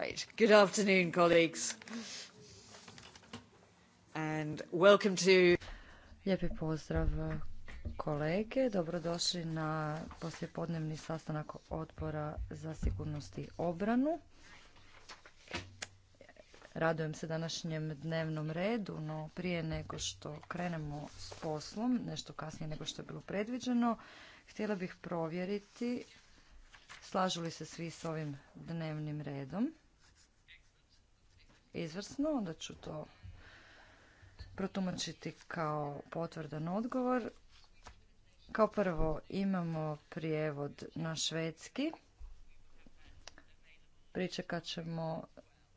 Right. Good afternoon, colleagues. welcome to... Lijepi pozdrav kolege. Dobrodošli na poslijepodnevni sastanak odbora za sigurnost i obranu. Radujem se današnjem dnevnom redu, no prije nego što krenemo s poslom, nešto kasnije nego što je bilo predviđeno, htjela bih provjeriti slažu li se svi s ovim dnevnim redom izvrsno, onda ću to protumačiti kao potvrdan odgovor. Kao prvo imamo prijevod na švedski. Pričekat ćemo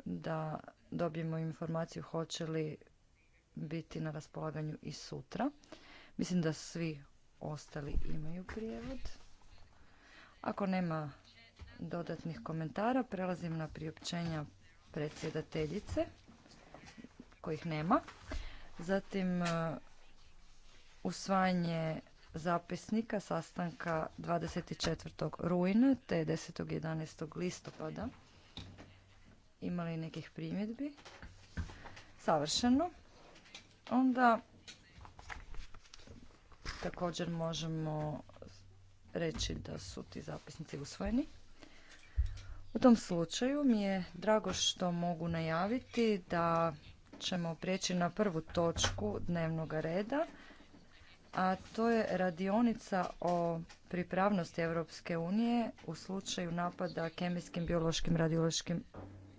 da dobijemo informaciju hoće li biti na raspolaganju i sutra. Mislim da svi ostali imaju prijevod. Ako nema dodatnih komentara, prelazim na priopćenja predsjedateljice kojih nema. Zatim e, usvajanje zapisnika sastanka 24. rujna te 10. 11. listopada. Imali nekih primjedbi? Savršeno. Onda također možemo reći da su ti zapisnici usvojeni. U tom slučaju mi je drago što mogu najaviti da ćemo prijeći na prvu točku dnevnog reda, a to je radionica o pripravnosti Europske unije u slučaju napada kemijskim, biološkim, radiološkim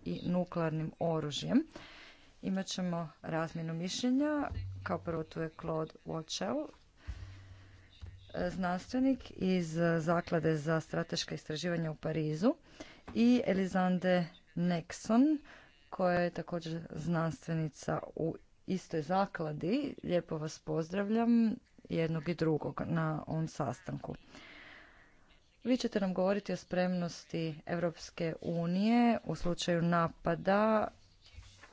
i nuklearnim oružjem. Imaćemo razmjenu mišljenja, kao prvo tu je Claude Watchell, znanstvenik iz Zaklade za strateška istraživanja u Parizu i Elizande Nexon koja je također znanstvenica u istoj zakladi. Lijepo vas pozdravljam jednog i drugog na ovom sastanku. Vi ćete nam govoriti o spremnosti Europske unije u slučaju napada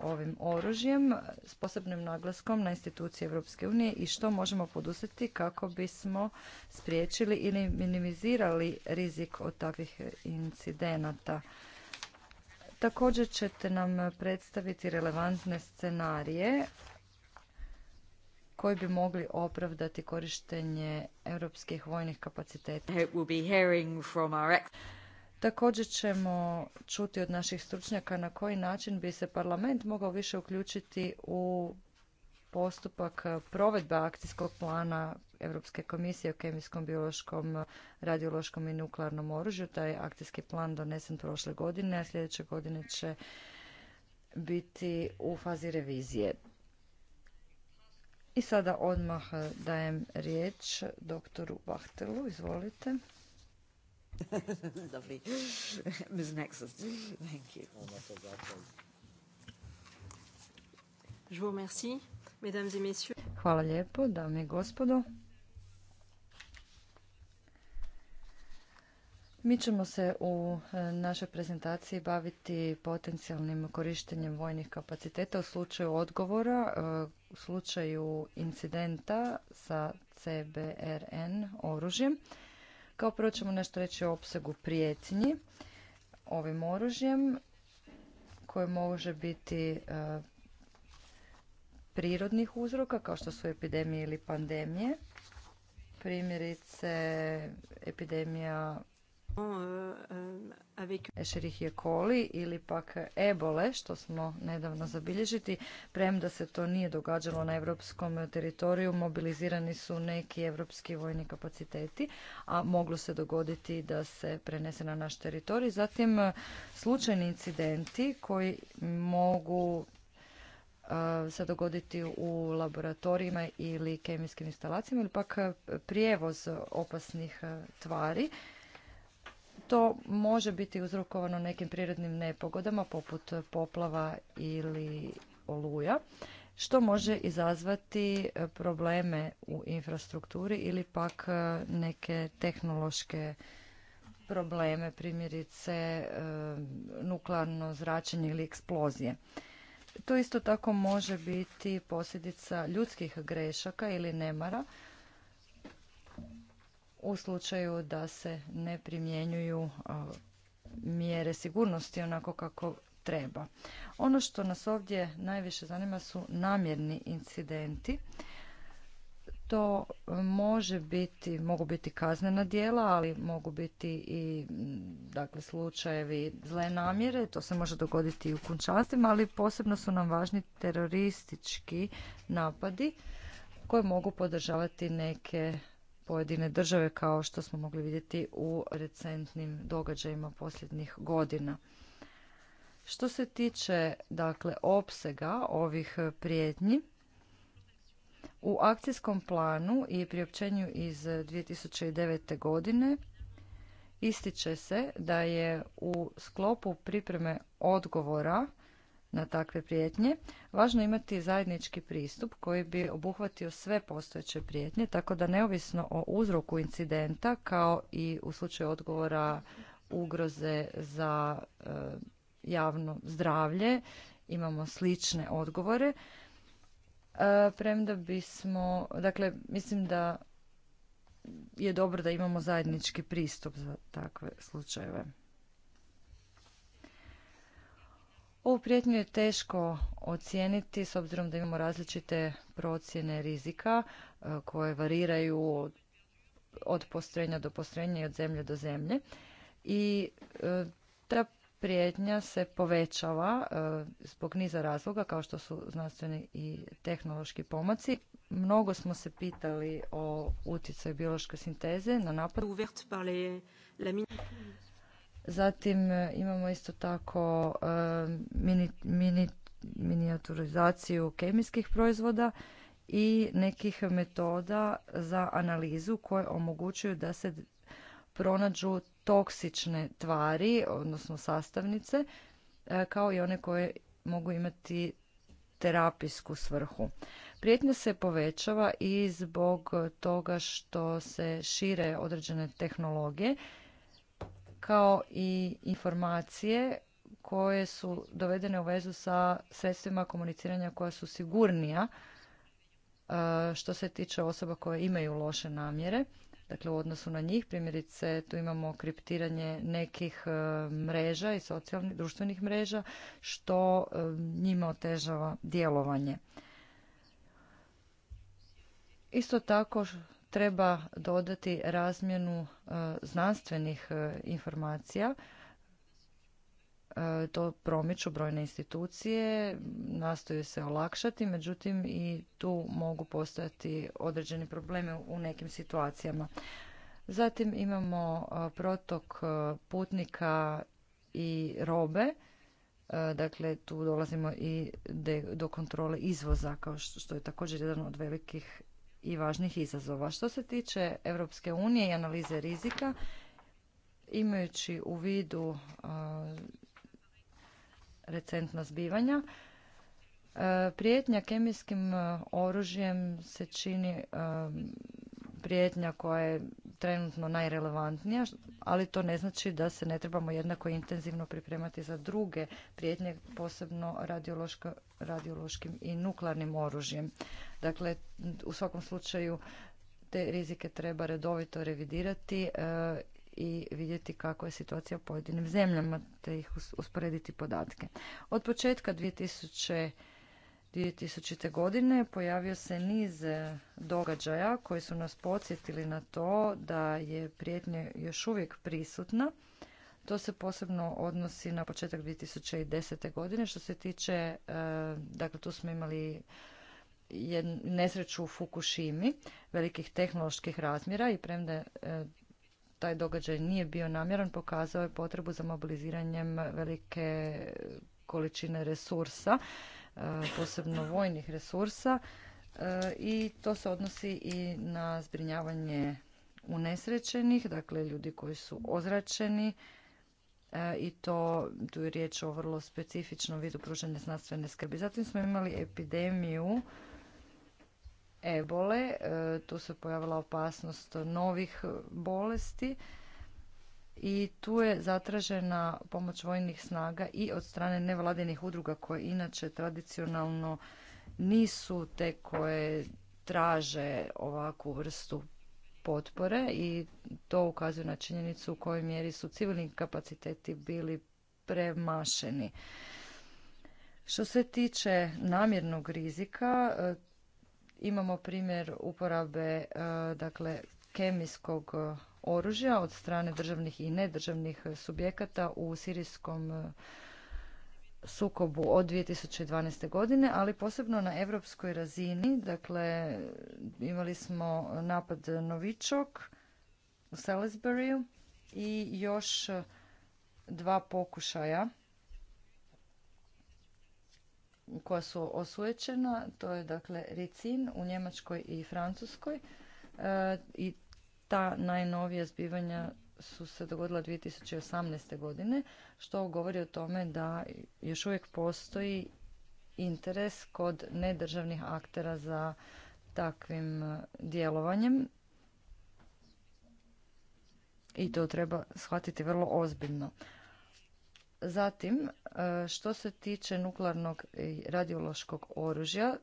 ovim oružjem s posebnim naglaskom na institucije Europske unije i što možemo poduzeti kako bismo spriječili ili minimizirali rizik od takvih incidenata. Također ćete nam predstaviti relevantne scenarije koji bi mogli opravdati korištenje europskih vojnih kapaciteta. Također ćemo čuti od naših stručnjaka na koji način bi se parlament mogao više uključiti u postupak provedbe akcijskog plana Europske komisije o kemijskom, biološkom, radiološkom i nuklearnom oružju. Taj akcijski plan donesen prošle godine, a sljedeće godine će biti u fazi revizije. I sada odmah dajem riječ doktoru Bahtelu. Izvolite. Ms. Hvala lijepo, dame i gospodo. Mi ćemo se u e, našoj prezentaciji baviti potencijalnim korištenjem vojnih kapaciteta u slučaju odgovora, e, u slučaju incidenta sa CBRN oružjem. Kao prvo ćemo nešto reći o opsegu prijetnji ovim oružjem koje može biti e, prirodnih uzroka kao što su epidemije ili pandemije. Primjerice epidemija Ešerih koli ili pak ebole, što smo nedavno zabilježiti. Premda se to nije događalo na europskom teritoriju, mobilizirani su neki europski vojni kapaciteti, a moglo se dogoditi da se prenese na naš teritorij. Zatim slučajni incidenti koji mogu se dogoditi u laboratorijima ili kemijskim instalacijama ili pak prijevoz opasnih tvari to može biti uzrokovano nekim prirodnim nepogodama poput poplava ili oluja, što može izazvati e, probleme u infrastrukturi ili pak e, neke tehnološke probleme, primjerice e, nuklearno zračenje ili eksplozije. To isto tako može biti posljedica ljudskih grešaka ili nemara u slučaju da se ne primjenjuju e, mjere sigurnosti onako kako treba. Ono što nas ovdje najviše zanima su namjerni incidenti. To može biti, mogu biti kaznena djela, ali mogu biti i dakle, slučajevi zle namjere. To se može dogoditi i u kunčanstvima, ali posebno su nam važni teroristički napadi koje mogu podržavati neke pojedine države kao što smo mogli vidjeti u recentnim događajima posljednjih godina. Što se tiče dakle opsega ovih prijetnji, u akcijskom planu i priopćenju iz 2009. godine ističe se da je u sklopu pripreme odgovora na takve prijetnje. Važno imati zajednički pristup koji bi obuhvatio sve postojeće prijetnje, tako da neovisno o uzroku incidenta kao i u slučaju odgovora ugroze za e, javno zdravlje imamo slične odgovore. E, premda bismo, dakle, mislim da je dobro da imamo zajednički pristup za takve slučajeve. Ovu prijetnju je teško ocijeniti s obzirom da imamo različite procjene rizika e, koje variraju od postrojenja do postrojenja i od zemlje do zemlje. I e, ta prijetnja se povećava e, zbog niza razloga kao što su znanstveni i tehnološki pomaci. Mnogo smo se pitali o utjecaju biološke sinteze na napad. Zatim e, imamo isto tako e, mini, minijaturizaciju kemijskih proizvoda i nekih metoda za analizu koje omogućuju da se pronađu toksične tvari, odnosno sastavnice, e, kao i one koje mogu imati terapijsku svrhu. Prijetnja se povećava i zbog toga što se šire određene tehnologije kao i informacije koje su dovedene u vezu sa sredstvima komuniciranja koja su sigurnija e, što se tiče osoba koje imaju loše namjere. Dakle, u odnosu na njih, primjerice, tu imamo kriptiranje nekih e, mreža i socijalnih, društvenih mreža, što e, njima otežava djelovanje. Isto tako treba dodati razmjenu e, znanstvenih e, informacija. E, to promiču brojne institucije, nastoju se olakšati, međutim i tu mogu postojati određeni problemi u nekim situacijama. Zatim imamo protok putnika i robe. Dakle, tu dolazimo i do kontrole izvoza, kao što je također jedan od velikih i važnih izazova. Što se tiče Europske unije i analize rizika, imajući u vidu recentna zbivanja, prijetnja kemijskim oružjem se čini prijetnja koja je trenutno najrelevantnija, ali to ne znači da se ne trebamo jednako intenzivno pripremati za druge prijetnje, posebno radiološkim i nuklearnim oružjem. Dakle, u svakom slučaju te rizike treba redovito revidirati e, i vidjeti kako je situacija u pojedinim zemljama te ih usporediti podatke. Od početka 2000 2000. godine pojavio se niz e, događaja koji su nas podsjetili na to da je prijetnja još uvijek prisutna. To se posebno odnosi na početak 2010. godine. Što se tiče, e, dakle tu smo imali nesreću u Fukushimi velikih tehnoloških razmjera i premda e, taj događaj nije bio namjeran, pokazao je potrebu za mobiliziranjem velike količine resursa, e, posebno vojnih resursa e, i to se odnosi i na zbrinjavanje unesrećenih, dakle ljudi koji su ozračeni i to tu je riječ o vrlo specifičnom vidu pružanja znanstvene skrbi. Zatim smo imali epidemiju ebole. E, tu se pojavila opasnost novih bolesti i tu je zatražena pomoć vojnih snaga i od strane nevladinih udruga koje inače tradicionalno nisu te koje traže ovakvu vrstu potpore i to ukazuje na činjenicu u kojoj mjeri su civilni kapaciteti bili premašeni. Što se tiče namjernog rizika, Imamo primjer uporabe e, dakle kemijskog e, oružja od strane državnih i nedržavnih subjekata u sirijskom e, sukobu od 2012. godine, ali posebno na europskoj razini. Dakle, imali smo napad Novičok u Salisburyu i još dva pokušaja koja su osujećena, to je dakle Ricin u Njemačkoj i Francuskoj e, i ta najnovija zbivanja su se dogodila 2018. godine, što govori o tome da još uvijek postoji interes kod nedržavnih aktera za takvim e, djelovanjem i to treba shvatiti vrlo ozbiljno. Zatim, e, što se tiče nuklearnog i radiološkog oružja,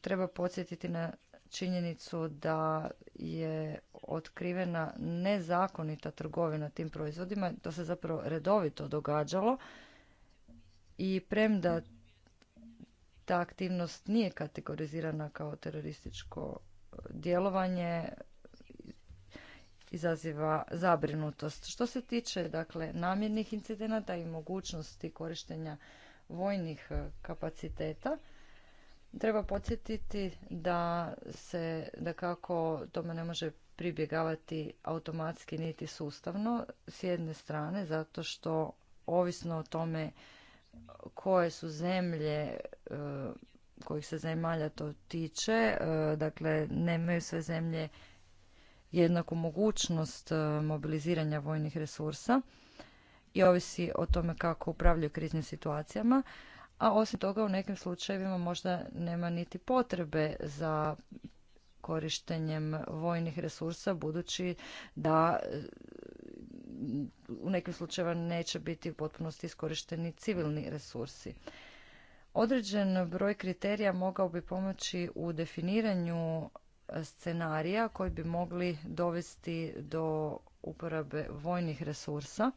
treba podsjetiti na činjenicu da je otkrivena nezakonita trgovina tim proizvodima. To se zapravo redovito događalo i premda ta aktivnost nije kategorizirana kao terorističko djelovanje, izaziva zabrinutost. Što se tiče dakle, namjernih incidenata i mogućnosti korištenja vojnih e, kapaciteta, treba podsjetiti da se da kako tome ne može pribjegavati automatski niti sustavno s jedne strane zato što ovisno o tome koje su zemlje e, kojih se zemalja to tiče e, dakle nemaju sve zemlje jednaku mogućnost e, mobiliziranja vojnih resursa i ovisi o tome kako upravljaju kriznim situacijama, a osim toga u nekim slučajevima možda nema niti potrebe za korištenjem vojnih resursa budući da e, u nekim slučajevima neće biti u potpunosti iskorišteni civilni resursi. Određen broj kriterija mogao bi pomoći u definiranju scenarija koji bi mogli dovesti do uporabe vojnih resursa.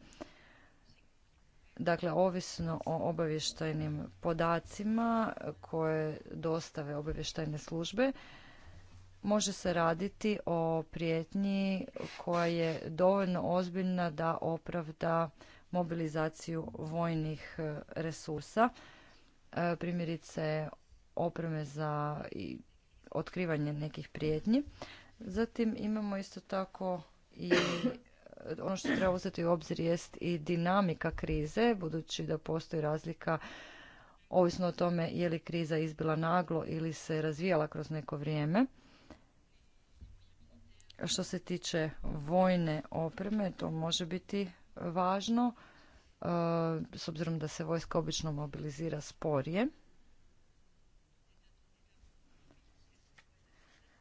Dakle, ovisno o obavještajnim podacima koje dostave obavještajne službe, može se raditi o prijetnji koja je dovoljno ozbiljna da opravda mobilizaciju vojnih e, resursa, e, primjerice opreme za otkrivanje nekih prijetnji. Zatim imamo isto tako i e, ono što treba uzeti u obzir jest i dinamika krize, budući da postoji razlika ovisno o tome je li kriza izbila naglo ili se razvijala kroz neko vrijeme. Što se tiče vojne opreme, to može biti važno, e, s obzirom da se vojska obično mobilizira sporije.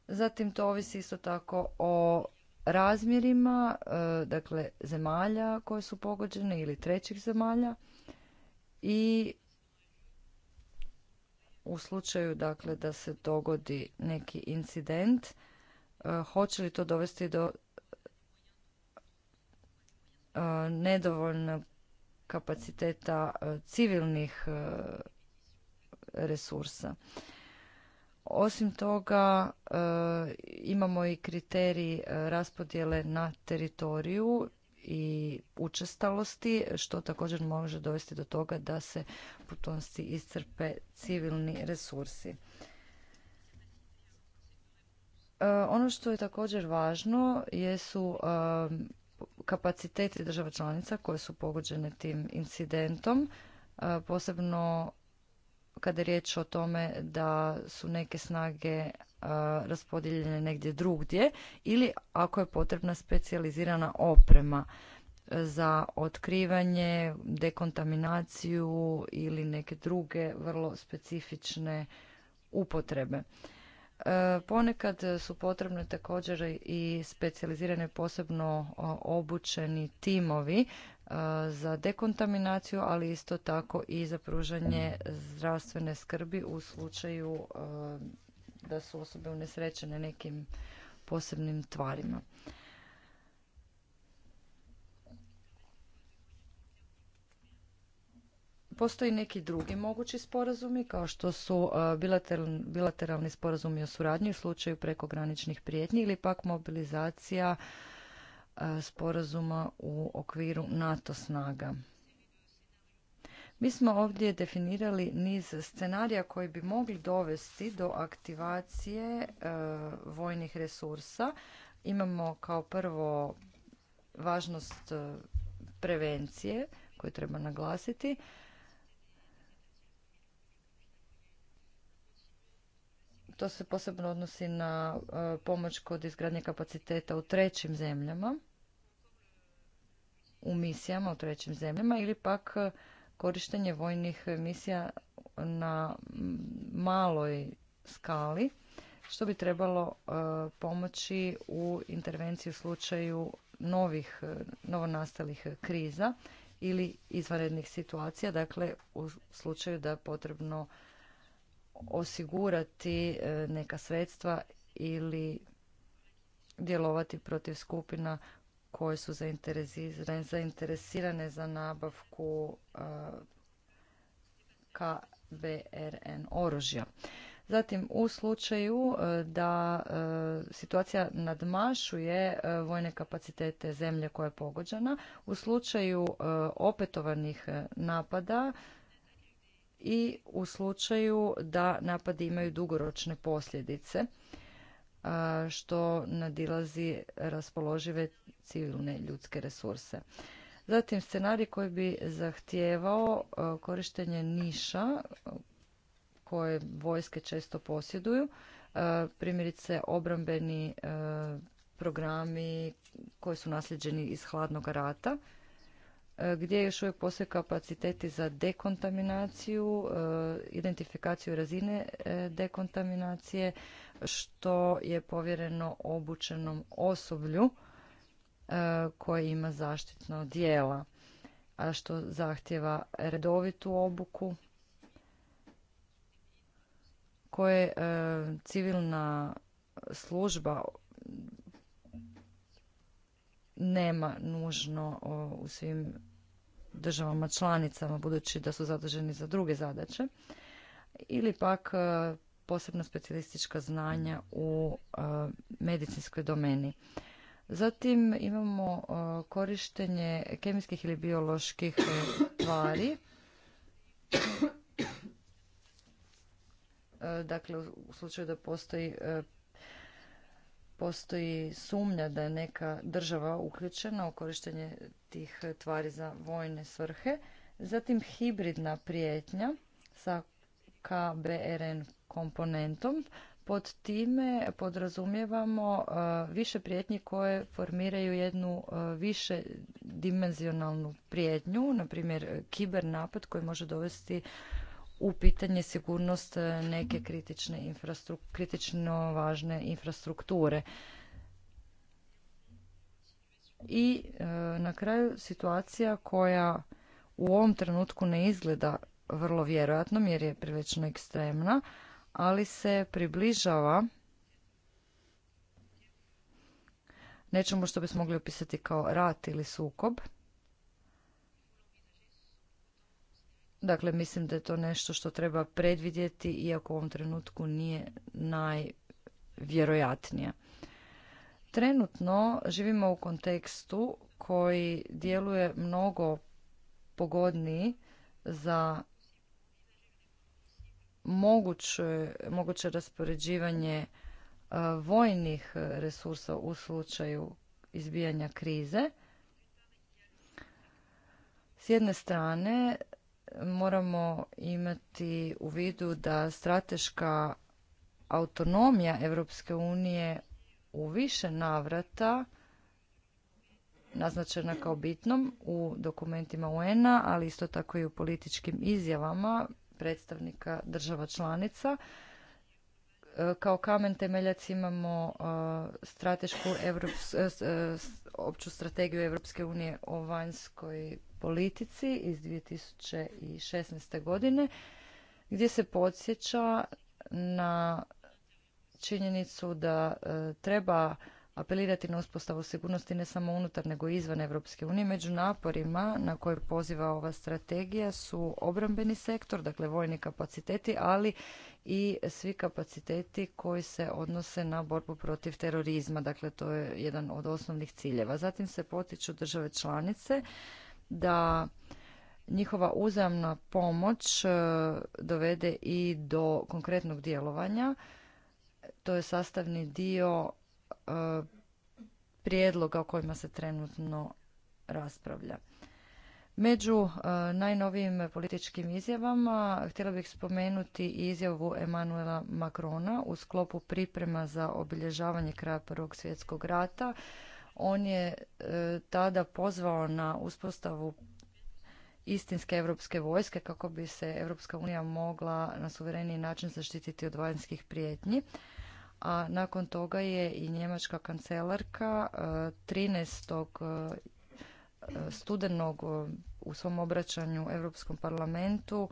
Zatim to ovisi isto tako o razmjerima, e, dakle zemalja koje su pogođene ili trećih zemalja i u slučaju dakle da se dogodi neki incident, e, hoće li to dovesti do e, nedovoljna kapaciteta civilnih resursa. Osim toga e, imamo i kriterij e, raspodjele na teritoriju i učestalosti, što također može dovesti do toga da se putonski iscrpe civilni resursi. E, ono što je također važno jesu kapaciteti država članica koje su pogođene tim incidentom, posebno kada je riječ o tome da su neke snage e, raspodijeljene negdje drugdje ili ako je potrebna specijalizirana oprema za otkrivanje, dekontaminaciju ili neke druge vrlo specifične upotrebe. E, ponekad su potrebne također i specijalizirane posebno obučeni timovi za dekontaminaciju, ali isto tako i za pružanje zdravstvene skrbi u slučaju da su osobe unesrećene nekim posebnim tvarima. Postoji neki drugi mogući sporazumi kao što su bilateralni sporazumi o suradnji u slučaju prekograničnih prijetnji ili pak mobilizacija E, sporazuma u okviru NATO snaga. Mi smo ovdje definirali niz scenarija koji bi mogli dovesti do aktivacije e, vojnih resursa. Imamo kao prvo važnost e, prevencije koju treba naglasiti. To se posebno odnosi na pomoć kod izgradnje kapaciteta u trećim zemljama u misijama u trećim zemljama ili pak e, korištenje vojnih misija na maloj skali što bi trebalo e, pomoći u intervenciji u slučaju novih, e, novonastalih kriza ili izvanrednih situacija, dakle u slučaju da je potrebno osigurati neka sredstva ili djelovati protiv skupina koje su zainteresirane za nabavku e, KBRN oružja. Zatim, u slučaju e, da e, situacija nadmašuje vojne kapacitete zemlje koja je pogođena, u slučaju opetovanih napada i u slučaju da napadi imaju dugoročne posljedice što nadilazi raspoložive civilne ljudske resurse. Zatim scenarij koji bi zahtijevao korištenje niša koje vojske često posjeduju, primjerice obrambeni programi koji su nasljeđeni iz hladnog rata, gdje još uvijek postoje kapaciteti za dekontaminaciju, identifikaciju razine e, dekontaminacije, što je povjereno obučenom osoblju e, koje ima zaštitno dijela, a što zahtjeva redovitu obuku koje e, civilna služba nema nužno u svim državama članicama budući da su zadrženi za druge zadaće ili pak e, posebna specijalistička znanja u e, medicinskoj domeni. Zatim imamo e, korištenje kemijskih ili bioloških e, tvari. Dakle, u slučaju da postoji postoji sumnja da je neka država uključena u korištenje tih tvari za vojne svrhe. Zatim hibridna prijetnja sa KBRN komponentom. Pod time podrazumijevamo e, više prijetnji koje formiraju jednu e, više dimenzionalnu prijetnju, na primjer kibernapad koji može dovesti u pitanje sigurnost e, neke kritične kritično važne infrastrukture. I na kraju situacija koja u ovom trenutku ne izgleda vrlo vjerojatnom jer je prilično ekstremna, ali se približava nečemu što bismo mogli opisati kao rat ili sukob. Dakle, mislim da je to nešto što treba predvidjeti, iako u ovom trenutku nije najvjerojatnije. Trenutno živimo u kontekstu koji djeluje mnogo pogodniji za moguće, moguće raspoređivanje e, vojnih resursa u slučaju izbijanja krize. S jedne strane moramo imati u vidu da strateška autonomija Europske unije u više navrata naznačena kao bitnom u dokumentima UN-a, ali isto tako i u političkim izjavama predstavnika država članica. E, kao kamen temeljac imamo e, stratešku e, opću strategiju Europske unije o vanjskoj politici iz 2016. godine gdje se podsjeća na činjenicu da treba apelirati na uspostavu sigurnosti ne samo unutar nego i izvan Europske unije. Među naporima na koje poziva ova strategija su obrambeni sektor, dakle vojni kapaciteti, ali i svi kapaciteti koji se odnose na borbu protiv terorizma. Dakle, to je jedan od osnovnih ciljeva. Zatim se potiču države članice da njihova uzajamna pomoć e, dovede i do konkretnog djelovanja. To je sastavni dio E, prijedloga o kojima se trenutno raspravlja. Među e, najnovijim političkim izjavama htjela bih spomenuti izjavu Emanuela Macrona u sklopu priprema za obilježavanje kraja Prvog svjetskog rata. On je e, tada pozvao na uspostavu istinske europske vojske kako bi se Europska unija mogla na suvereniji način zaštititi od vanjskih prijetnji a nakon toga je i njemačka kancelarka 13. E, e, studenog e, u svom obraćanju Europskom parlamentu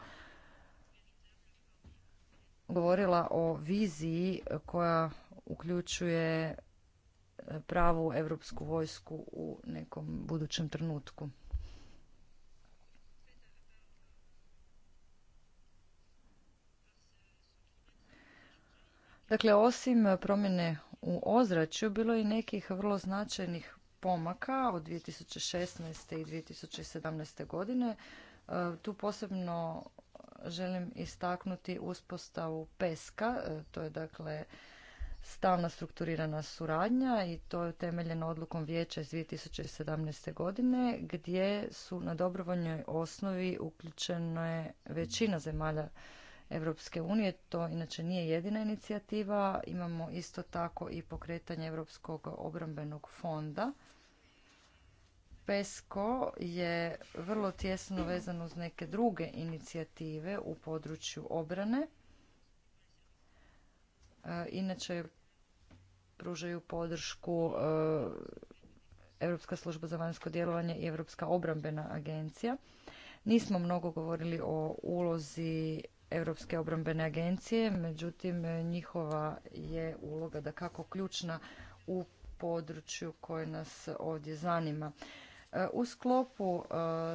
govorila o viziji koja uključuje pravu europsku vojsku u nekom budućem trenutku. Dakle, osim promjene u ozračju, bilo je i nekih vrlo značajnih pomaka od 2016. i 2017. godine. E, tu posebno želim istaknuti uspostavu PESKA, e, to je dakle stalna strukturirana suradnja i to je temeljeno odlukom vijeća iz 2017. godine gdje su na dobrovoljnoj osnovi uključene većina zemalja Europske unije. To inače nije jedina inicijativa. Imamo isto tako i pokretanje Europskog obrambenog fonda. PESCO je vrlo tjesno vezano uz neke druge inicijative u području obrane. E, inače pružaju podršku Europska služba za vanjsko djelovanje i Europska obrambena agencija. Nismo mnogo govorili o ulozi Europske obrambene agencije, međutim njihova je uloga da kako ključna u području koje nas ovdje zanima. E, u sklopu e,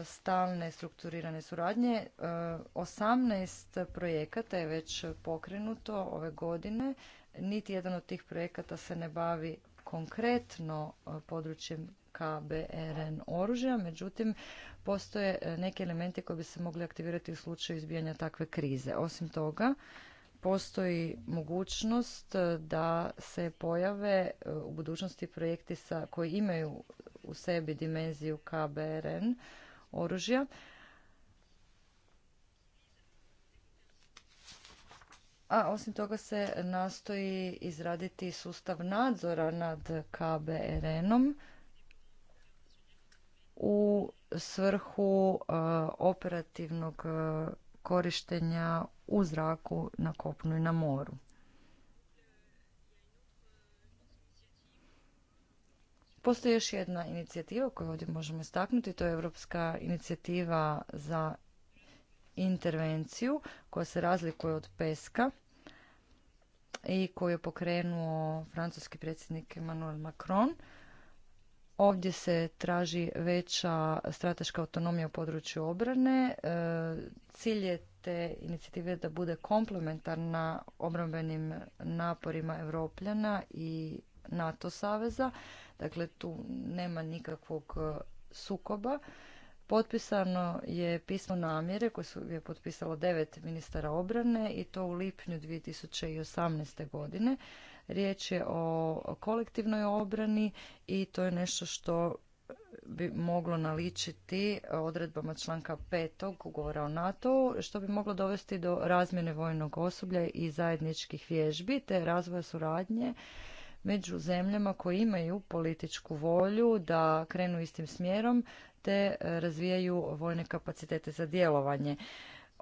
stalne strukturirane suradnje 18 e, projekata je već pokrenuto ove godine. Niti jedan od tih projekata se ne bavi konkretno područjem KBRN oružja, međutim postoje e, neki elementi koji bi se mogli aktivirati u slučaju izbijanja takve krize. Osim toga, postoji mogućnost e, da se pojave e, u budućnosti projekti sa, koji imaju u sebi dimenziju KBRN oružja. A osim toga se nastoji izraditi sustav nadzora nad KBRN-om u svrhu e, operativnog e, korištenja u zraku, na kopnu i na moru. Postoji još jedna inicijativa koju ovdje možemo istaknuti, to je Europska inicijativa za intervenciju koja se razlikuje od peska i koju je pokrenuo francuski predsjednik Emmanuel Macron. Ovdje se traži veća strateška autonomija u području obrane. E, cilj je te inicijative da bude komplementarna obrambenim naporima Europljana i NATO saveza. Dakle, tu nema nikakvog e, sukoba. Potpisano je pismo namjere koje su je potpisalo devet ministara obrane i to u lipnju 2018. godine. Riječ je o kolektivnoj obrani i to je nešto što bi moglo naličiti odredbama članka petog ugovora o NATO, što bi moglo dovesti do razmjene vojnog osoblja i zajedničkih vježbi, te razvoja suradnje među zemljama koje imaju političku volju da krenu istim smjerom, te razvijaju vojne kapacitete za djelovanje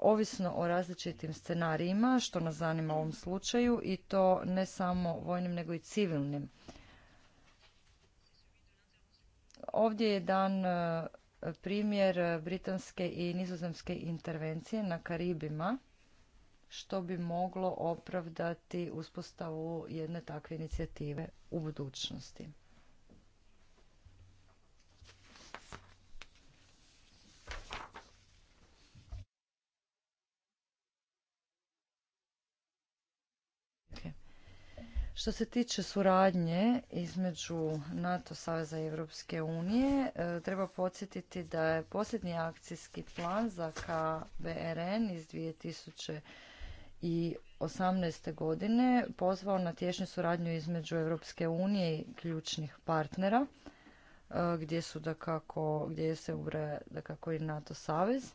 ovisno o različitim scenarijima, što nas zanima u ovom slučaju, i to ne samo vojnim, nego i civilnim. Ovdje je dan e, primjer britanske i nizozemske intervencije na Karibima, što bi moglo opravdati uspostavu jedne takve inicijative u budućnosti. Što se tiče suradnje između NATO Saveza i Europske unije, e, treba podsjetiti da je posljednji akcijski plan za KBRN iz 2018. godine pozvao na tješnju suradnju između Europske unije i ključnih partnera, e, gdje su da kako, gdje se ubraja da kako i NATO Savez.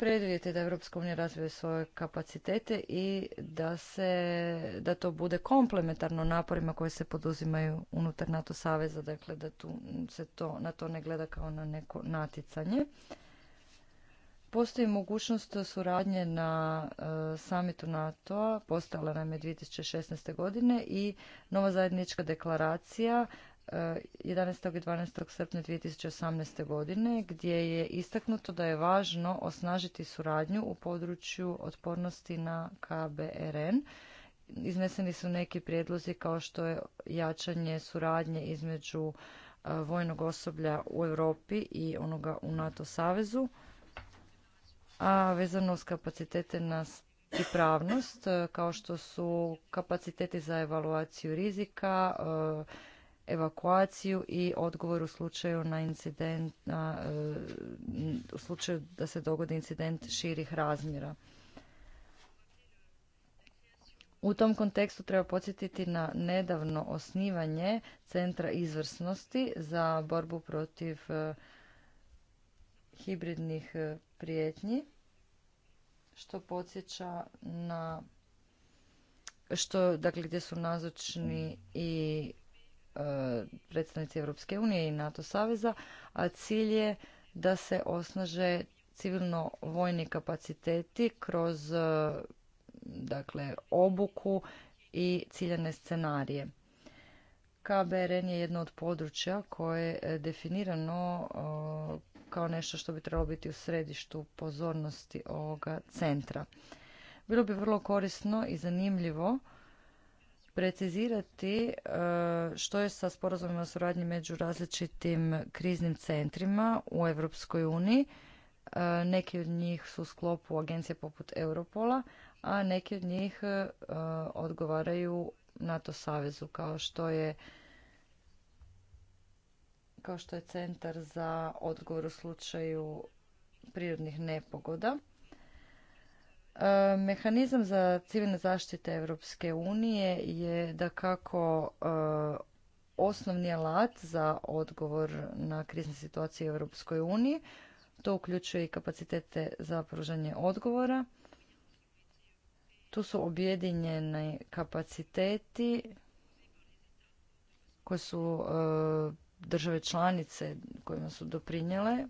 preduvjet da Europska unija razvije svoje kapacitete i da se da to bude komplementarno naporima koje se poduzimaju unutar NATO saveza, dakle da tu se to na to ne gleda kao na neko natjecanje. Postoji mogućnost suradnje na e, samitu NATO-a, postala nam je 2016. godine i nova zajednička deklaracija 11. i 12. srpnja 2018. godine gdje je istaknuto da je važno osnažiti suradnju u području otpornosti na KBRN. Izneseni su neki prijedlozi kao što je jačanje suradnje između e, vojnog osoblja u Europi i onoga u NATO savezu, a vezano uz kapacitete na pravnost, e, kao što su kapaciteti za evaluaciju rizika, e, evakuaciju i odgovor u slučaju na incident, na, e, u slučaju da se dogodi incident širih razmjera. U tom kontekstu treba podsjetiti na nedavno osnivanje Centra izvrsnosti za borbu protiv e, hibridnih e, prijetnji, što podsjeća na što, dakle, gdje su nazočni i E, predstavnici Europske unije i NATO saveza, a cilj je da se osnaže civilno-vojni kapaciteti kroz e, dakle obuku i ciljane scenarije. KBRN je jedno od područja koje je definirano e, kao nešto što bi trebalo biti u središtu pozornosti ovoga centra. Bilo bi vrlo korisno i zanimljivo precizirati e, što je sa sporazumima o suradnji među različitim kriznim centrima u Europskoj uniji. E, neki od njih su u sklopu agencije poput Europola, a neki od njih e, odgovaraju NATO savezu kao što je kao što je centar za odgovor u slučaju prirodnih nepogoda. E, mehanizam za civilne zaštite Europske unije je da kako e, osnovni alat za odgovor na krizne situacije u Europskoj uniji. To uključuje i kapacitete za pružanje odgovora. Tu su objedinjeni kapaciteti koje su e, države članice kojima su doprinjele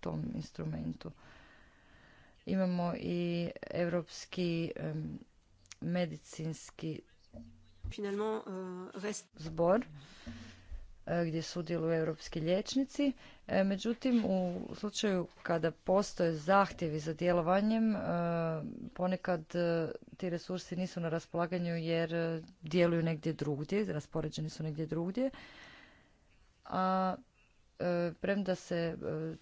tom instrumentu. Imamo i europski medicinski euh, zbor eh, gdje sudjeluju europski liječnici. Eh, međutim, u slučaju kada postoje zahtjevi za djelovanjem, eh, ponekad ti resursi nisu na raspolaganju jer djeluju negdje drugdje, raspoređeni su negdje drugdje. A E, premda se e,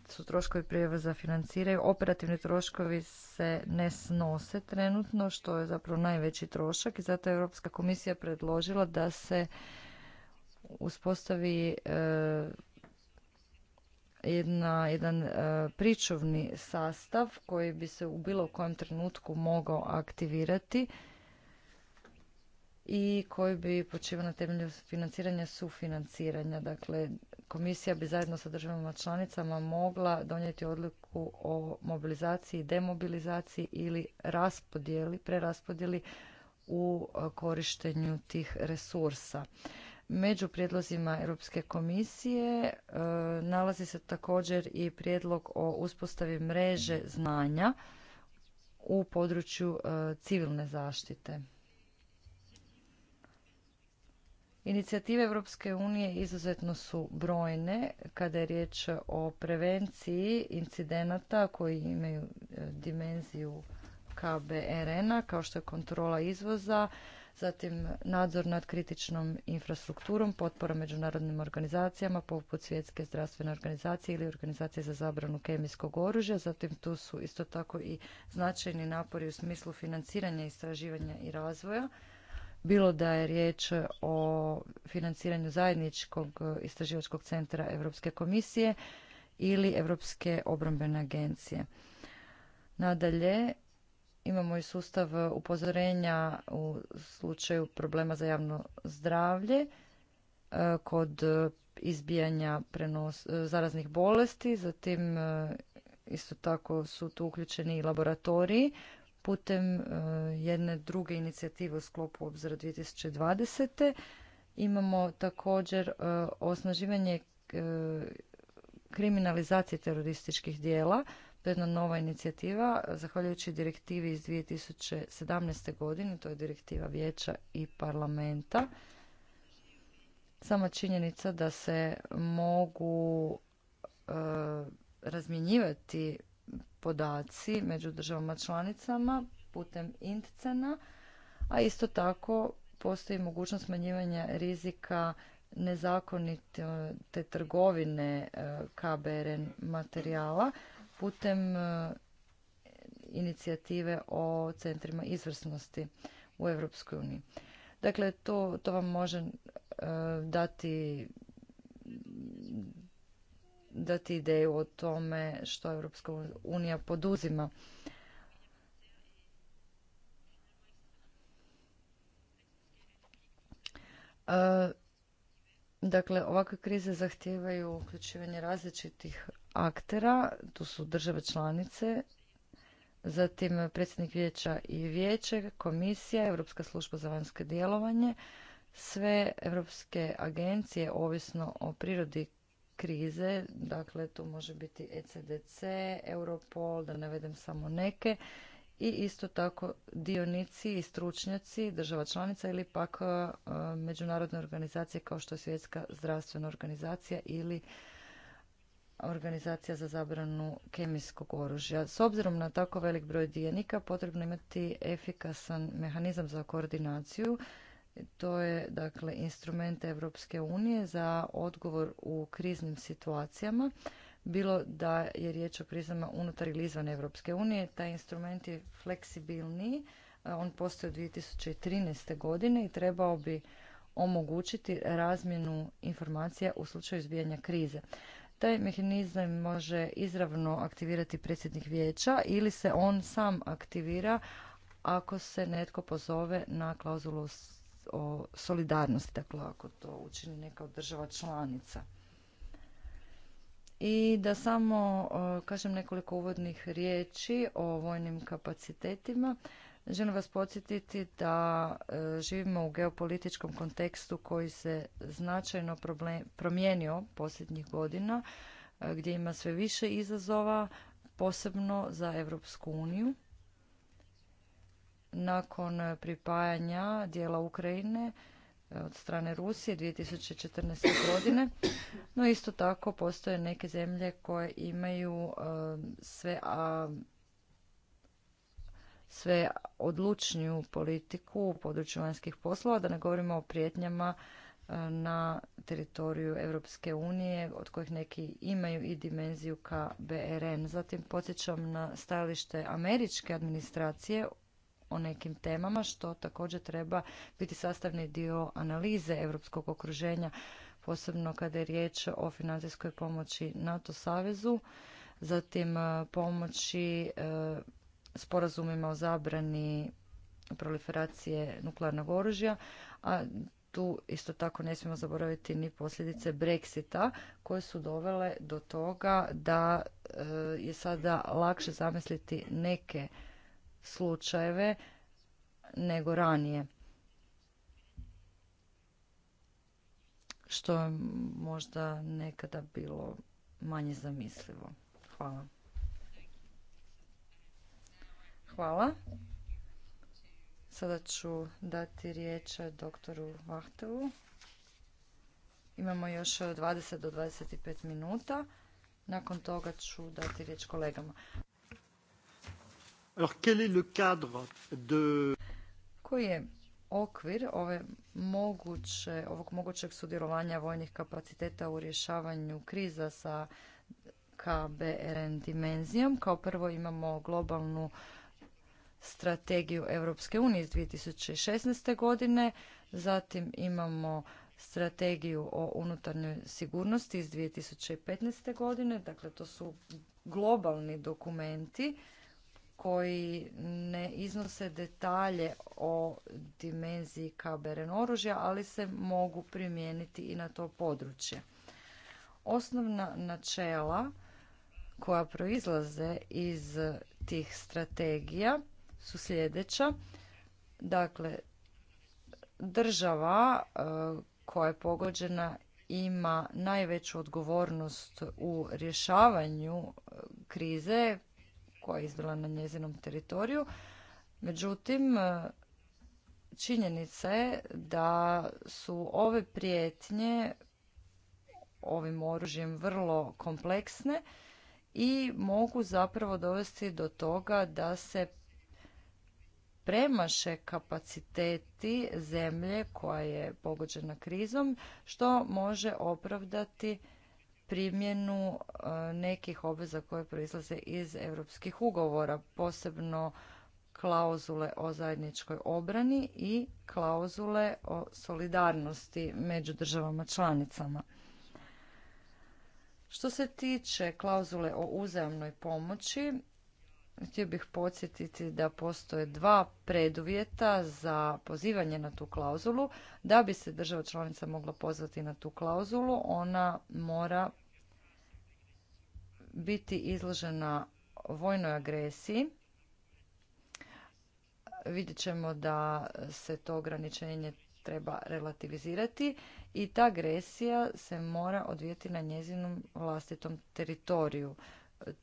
su troškovi prijevoza financiraju, operativni troškovi se ne snose trenutno, što je zapravo najveći trošak i zato je Europska komisija predložila da se uspostavi e, jedan pričovni sastav koji bi se u bilo kojem trenutku mogao aktivirati i koji bi počivao na temelju financiranja sufinanciranja. Dakle, komisija bi zajedno sa državama članicama mogla donijeti odluku o mobilizaciji, demobilizaciji ili raspodjeli, preraspodjeli u korištenju tih resursa. Među prijedlozima Europske komisije e, nalazi se također i prijedlog o uspostavi mreže znanja u području e, civilne zaštite. Inicijative Europske unije izuzetno su brojne kada je riječ o prevenciji incidenata koji imaju e, dimenziju KBRN-a kao što je kontrola izvoza, zatim nadzor nad kritičnom infrastrukturom, potpora međunarodnim organizacijama poput Svjetske zdravstvene organizacije ili Organizacije za zabranu kemijskog oružja, zatim tu su isto tako i značajni napori u smislu financiranja, istraživanja i razvoja bilo da je riječ o financiranju zajedničkog istraživačkog centra Europske komisije ili Europske obrambene agencije. Nadalje, imamo i sustav upozorenja u slučaju problema za javno zdravlje e, kod izbijanja prenos, e, zaraznih bolesti, zatim e, isto tako su tu uključeni i laboratoriji putem e, jedne druge inicijative u sklopu obzora 2020. Imamo također e, osnaživanje e, kriminalizacije terorističkih dijela. To je jedna nova inicijativa, zahvaljujući direktivi iz 2017. godine, to je direktiva vijeća i parlamenta. Sama činjenica da se mogu razmjenjivati podaci među državama članicama putem intcena, a isto tako postoji mogućnost smanjivanja rizika nezakonite trgovine e, KBRN materijala putem e, inicijative o centrima izvrsnosti u Europskoj uniji. Dakle, to, to vam može e, dati dati ideju o tome što Europska unija poduzima. E, dakle, ovakve krize zahtijevaju uključivanje različitih aktera, tu su države članice, zatim predsjednik vijeća i vijeće, komisija, Europska služba za vanjsko djelovanje, sve europske agencije, ovisno o prirodi krize, dakle tu može biti ECDC, Europol, da navedem samo neke, i isto tako dionici i stručnjaci država članica ili pak e, međunarodne organizacije kao što je Svjetska zdravstvena organizacija ili organizacija za zabranu kemijskog oružja. S obzirom na tako velik broj dionika potrebno imati efikasan mehanizam za koordinaciju to je dakle instrument Europske unije za odgovor u kriznim situacijama. Bilo da je riječ o krizama unutar ili izvan Europske unije, taj instrument je fleksibilniji. On postoji od 2013. godine i trebao bi omogućiti razmjenu informacija u slučaju izbijanja krize. Taj mehanizam može izravno aktivirati predsjednik vijeća ili se on sam aktivira ako se netko pozove na klauzulu o solidarnosti, dakle ako to učini neka od država članica. I da samo kažem nekoliko uvodnih riječi o vojnim kapacitetima. Želim vas podsjetiti da e, živimo u geopolitičkom kontekstu koji se značajno promijenio posljednjih godina, e, gdje ima sve više izazova, posebno za Europsku uniju nakon pripajanja dijela Ukrajine e, od strane Rusije 2014. godine, no isto tako postoje neke zemlje koje imaju e, sve a, sve odlučniju politiku u području vanjskih poslova, da ne govorimo o prijetnjama e, na teritoriju Europske unije, od kojih neki imaju i dimenziju KBRN. Zatim podsjećam na stajalište američke administracije o nekim temama što također treba biti sastavni dio analize europskog okruženja posebno kada je riječ o financijskoj pomoći NATO savezu, zatim e, pomoći e, sporazumima o zabrani proliferacije nuklearnog oružja, a tu isto tako ne smijemo zaboraviti ni posljedice Brexita koje su dovele do toga da e, je sada lakše zamisliti neke slučajeve nego ranije. Što je možda nekada bilo manje zamislivo. Hvala. Hvala. Sada ću dati riječ doktoru Vahtevu. Imamo još 20 do 25 minuta. Nakon toga ću dati riječ kolegama. Koji je okvir ove moguće, ovog mogućeg sudjelovanja vojnih kapaciteta u rješavanju kriza sa KBRN dimenzijom? Kao prvo imamo globalnu strategiju Europske unije iz 2016. godine, zatim imamo strategiju o unutarnjoj sigurnosti iz 2015. godine, dakle to su globalni dokumenti koji ne iznose detalje o dimenziji KBRN oružja, ali se mogu primijeniti i na to područje. Osnovna načela koja proizlaze iz tih strategija su sljedeća. Dakle, država e, koja je pogođena ima najveću odgovornost u rješavanju e, krize koja je izbila na njezinom teritoriju. Međutim, e, činjenica je da su ove prijetnje ovim oružjem vrlo kompleksne i mogu zapravo dovesti do toga da se premaše kapaciteti zemlje koja je pogođena krizom, što može opravdati primjenu e, nekih obveza koje proizlaze iz europskih ugovora, posebno klauzule o zajedničkoj obrani i klauzule o solidarnosti među državama članicama. Što se tiče klauzule o uzajamnoj pomoći, Htio bih podsjetiti da postoje dva preduvjeta za pozivanje na tu klauzulu. Da bi se država članica mogla pozvati na tu klauzulu, ona mora biti izložena vojnoj agresiji. Vidjet ćemo da se to ograničenje treba relativizirati i ta agresija se mora odvijeti na njezinom vlastitom teritoriju.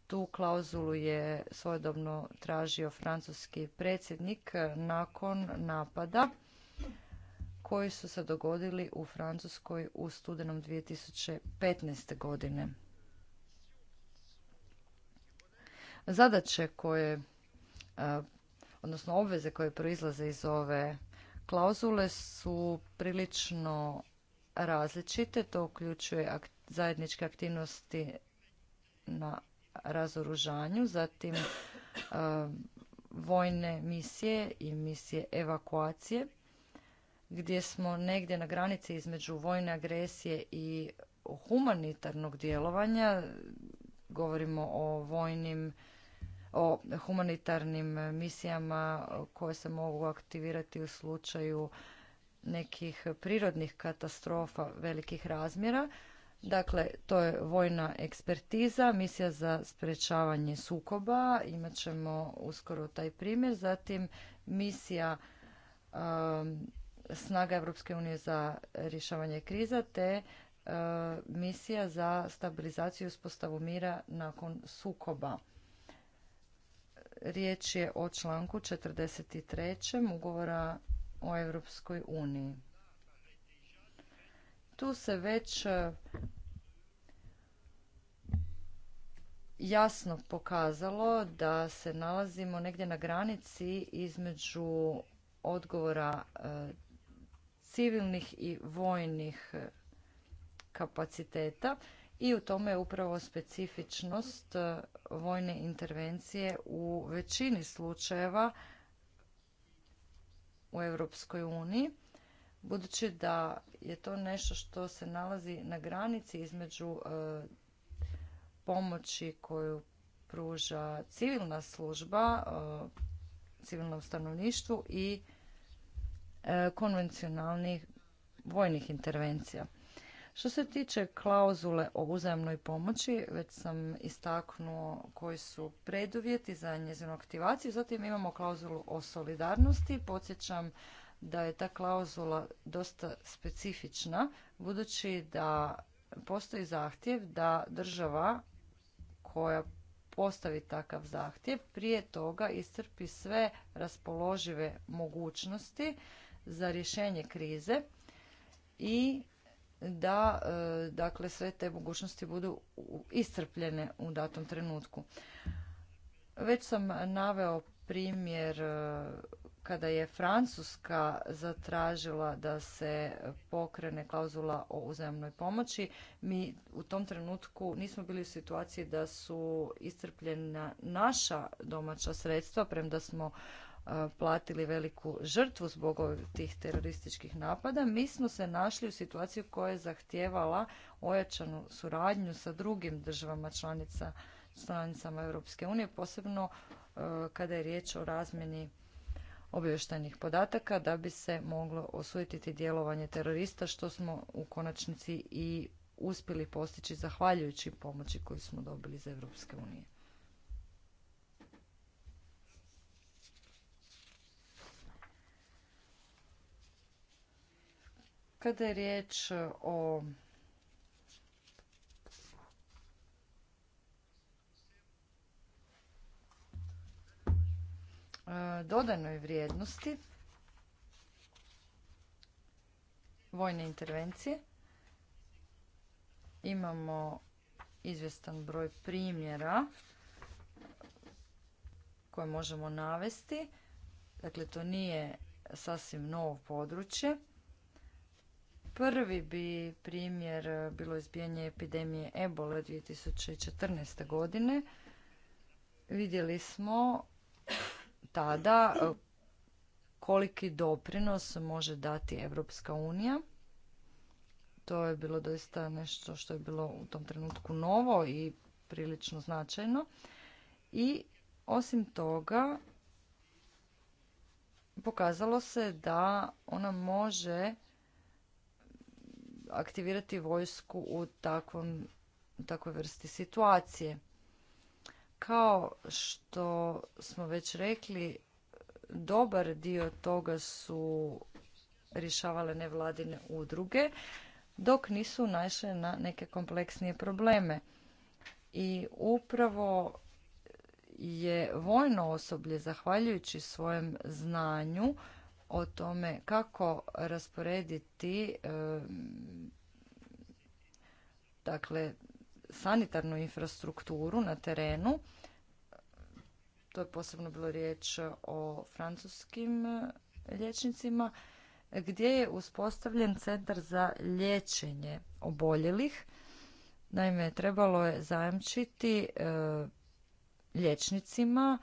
Tu klauzulu je svojedobno tražio francuski predsjednik nakon napada koji su se dogodili u Francuskoj u studenom 2015. godine. Zadaće koje, e, odnosno obveze koje proizlaze iz ove klauzule su prilično različite. To uključuje zajedničke aktivnosti na razoružanju, zatim e, vojne misije i misije evakuacije, gdje smo negdje na granici između vojne agresije i humanitarnog djelovanja. Govorimo o vojnim o humanitarnim misijama koje se mogu aktivirati u slučaju nekih prirodnih katastrofa velikih razmjera. Dakle, to je vojna ekspertiza, misija za sprečavanje sukoba, imat ćemo uskoro taj primjer. Zatim misija um, snaga Europske unije za rješavanje kriza te uh, misija za stabilizaciju i uspostavu mira nakon sukoba. Riječ je o članku 43. ugovora o Europskoj uniji tu se već e, jasno pokazalo da se nalazimo negdje na granici između odgovora e, civilnih i vojnih e, kapaciteta i u tome je upravo specifičnost vojne intervencije u većini slučajeva u Europskoj uniji budući da je to nešto što se nalazi na granici između e, pomoći koju pruža civilna služba e, civilnom stanovništvu i e, konvencionalnih vojnih intervencija. Što se tiče klauzule o uzajamnoj pomoći, već sam istaknuo koji su preduvjeti za njezinu aktivaciju. Zatim imamo klauzulu o solidarnosti. Podsjećam da je ta klauzula dosta specifična budući da postoji zahtjev da država koja postavi takav zahtjev prije toga iscrpi sve raspoložive mogućnosti za rješenje krize i da e, dakle sve te mogućnosti budu iscrpljene u datom trenutku. Već sam naveo primjer e, kada je Francuska zatražila da se pokrene klauzula o uzajamnoj pomoći, mi u tom trenutku nismo bili u situaciji da su iscrpljena naša domaća sredstva, premda smo e, platili veliku žrtvu zbog tih terorističkih napada, mi smo se našli u situaciji koja je zahtijevala ojačanu suradnju sa drugim državama članicama Europske unije, posebno e, kada je riječ o razmjeni obavještajnih podataka da bi se moglo osujetiti djelovanje terorista što smo u konačnici i uspjeli postići zahvaljujući pomoći koju smo dobili iz Europske unije. Kada je riječ o E, dodanoj vrijednosti vojne intervencije. Imamo izvjestan broj primjera koje možemo navesti. Dakle, to nije sasvim novo područje. Prvi bi primjer bilo izbijanje epidemije ebole 2014. godine. Vidjeli smo tada e, koliki doprinos može dati Europska unija. To je bilo doista nešto što je bilo u tom trenutku novo i prilično značajno. I osim toga pokazalo se da ona može aktivirati vojsku u takvoj vrsti situacije. Kao što smo već rekli, dobar dio toga su rješavale nevladine udruge, dok nisu našle na neke kompleksnije probleme. I upravo je vojno osoblje, zahvaljujući svojem znanju o tome kako rasporediti dakle, sanitarnu infrastrukturu na terenu. To je posebno bilo riječ o francuskim liječnicima gdje je uspostavljen centar za liječenje oboljelih. Naime, trebalo je zajamčiti e, liječnicima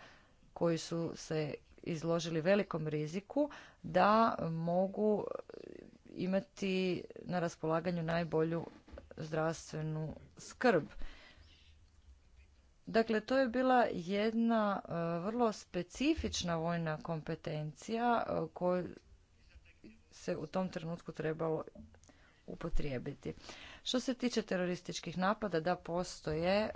koji su se izložili velikom riziku da mogu imati na raspolaganju najbolju zdravstvenu skrb. Dakle, to je bila jedna e, vrlo specifična vojna kompetencija e, koju se u tom trenutku trebalo upotrijebiti. Što se tiče terorističkih napada, da postoje e,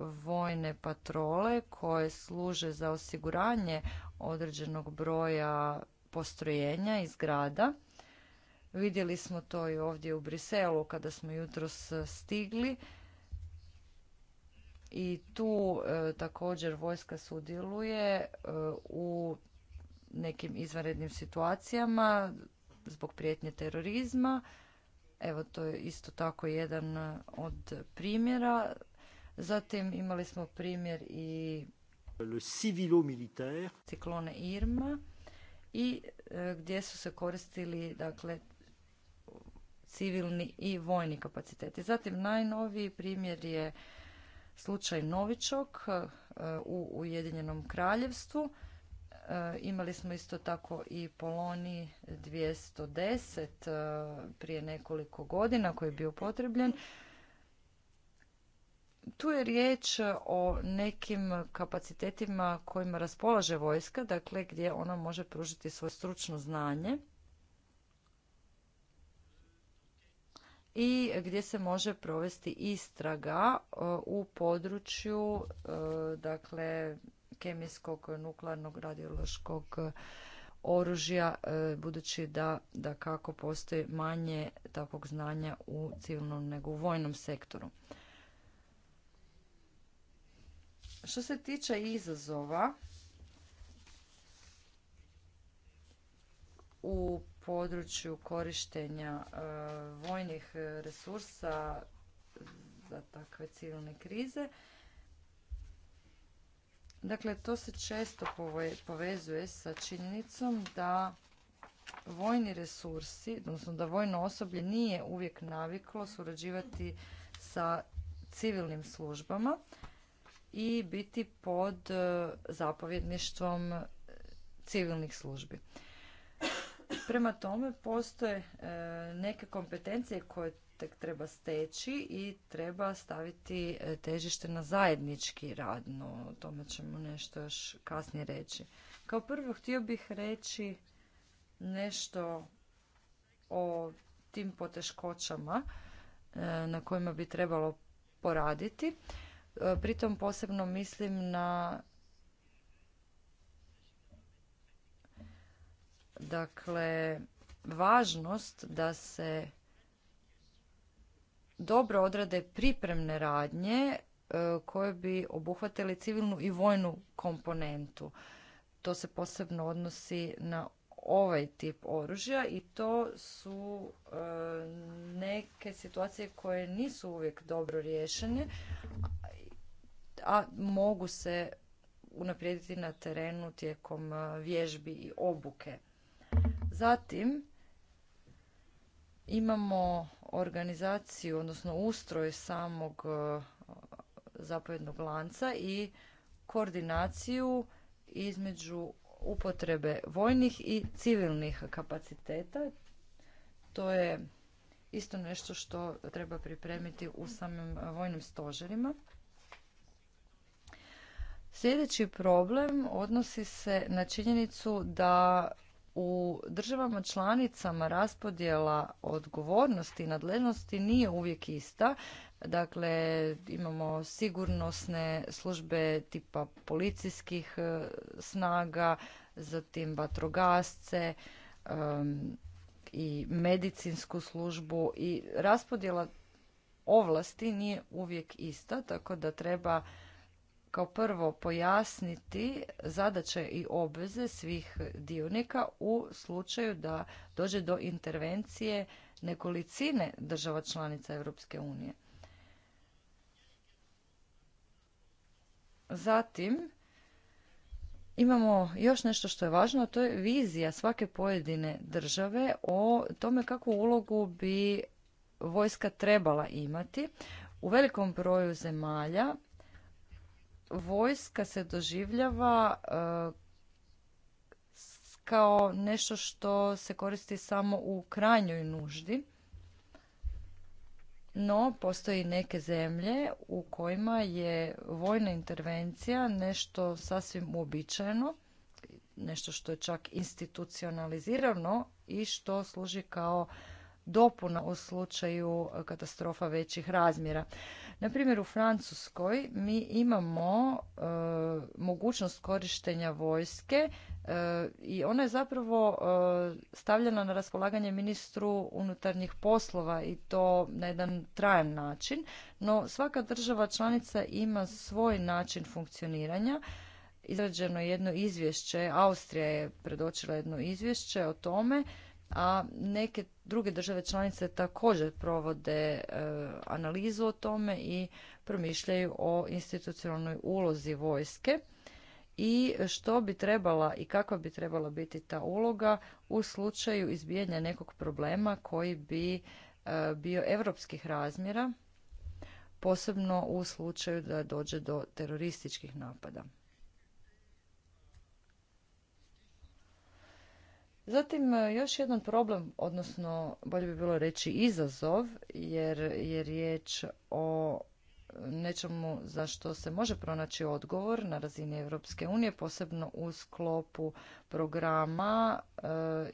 vojne patrole koje služe za osiguranje određenog broja postrojenja i zgrada Vidjeli smo to i ovdje u Briselu kada smo jutros e, stigli. I tu e, također vojska sudjeluje e, u nekim izvanrednim situacijama zbog prijetnje terorizma. Evo to je isto tako jedan od primjera. Zatim imali smo primjer i ciklone Irma i gdje su se koristili dakle civilni i vojni kapaciteti. Zatim najnoviji primjer je slučaj Novičok e, u Ujedinjenom kraljevstvu. E, imali smo isto tako i Poloni 210 e, prije nekoliko godina koji je bio potrebljen. Tu je riječ o nekim kapacitetima kojima raspolaže vojska, dakle gdje ona može pružiti svoje stručno znanje i gdje se može provesti istraga e, u području e, dakle kemijskog nuklearnog radiološkog e, oružja budući da da kako postoji manje takvog znanja u civilnom nego u vojnom sektoru. Što se tiče izazova u području korištenja e, vojnih resursa za takve civilne krize. Dakle, to se često povezuje sa činjenicom da vojni resursi, odnosno da vojno osoblje nije uvijek naviklo surađivati sa civilnim službama i biti pod e, zapovjedništvom civilnih službi. Prema tome, postoje e, neke kompetencije koje tek treba steći i treba staviti e, težište na zajednički rad, no o tome ćemo nešto još kasnije reći. Kao prvo htio bih reći nešto o tim poteškoćama e, na kojima bi trebalo poraditi. Pritom posebno mislim na Dakle, važnost da se dobro odrade pripremne radnje e, koje bi obuhvatile civilnu i vojnu komponentu. To se posebno odnosi na ovaj tip oružja i to su e, neke situacije koje nisu uvijek dobro riješene, a mogu se unaprijediti na terenu tijekom e, vježbi i obuke. Zatim imamo organizaciju, odnosno ustroj samog e, zapovjednog lanca i koordinaciju između upotrebe vojnih i civilnih kapaciteta. To je isto nešto što treba pripremiti u samim vojnim stožerima. Sljedeći problem odnosi se na činjenicu da u državama članicama raspodjela odgovornosti i nadležnosti nije uvijek ista. Dakle, imamo sigurnosne službe tipa policijskih e, snaga, zatim vatrogasce i medicinsku službu i raspodjela ovlasti nije uvijek ista, tako da treba kao prvo pojasniti zadaće i obveze svih dionika u slučaju da dođe do intervencije nekolicine država članica Europske unije. Zatim imamo još nešto što je važno, a to je vizija svake pojedine države o tome kakvu ulogu bi vojska trebala imati. U velikom broju zemalja vojska se doživljava e, kao nešto što se koristi samo u krajnjoj nuždi. No, postoji neke zemlje u kojima je vojna intervencija nešto sasvim uobičajeno, nešto što je čak institucionalizirano i što služi kao dopuna u slučaju katastrofa većih razmjera. Na primjer u Francuskoj mi imamo e, mogućnost korištenja vojske e, i ona je zapravo e, stavljena na raspolaganje ministru unutarnjih poslova i to na jedan trajan način, no svaka država članica ima svoj način funkcioniranja izrađeno jedno izvješće, Austrija je predočila jedno izvješće o tome a neke druge države članice također provode e, analizu o tome i promišljaju o institucionalnoj ulozi vojske i što bi trebala i kakva bi trebala biti ta uloga u slučaju izbijanja nekog problema koji bi e, bio europskih razmjera posebno u slučaju da dođe do terorističkih napada. Zatim, e, još jedan problem, odnosno bolje bi bilo reći izazov, jer je riječ o nečemu za što se može pronaći odgovor na razini Europske unije, posebno u sklopu programa e,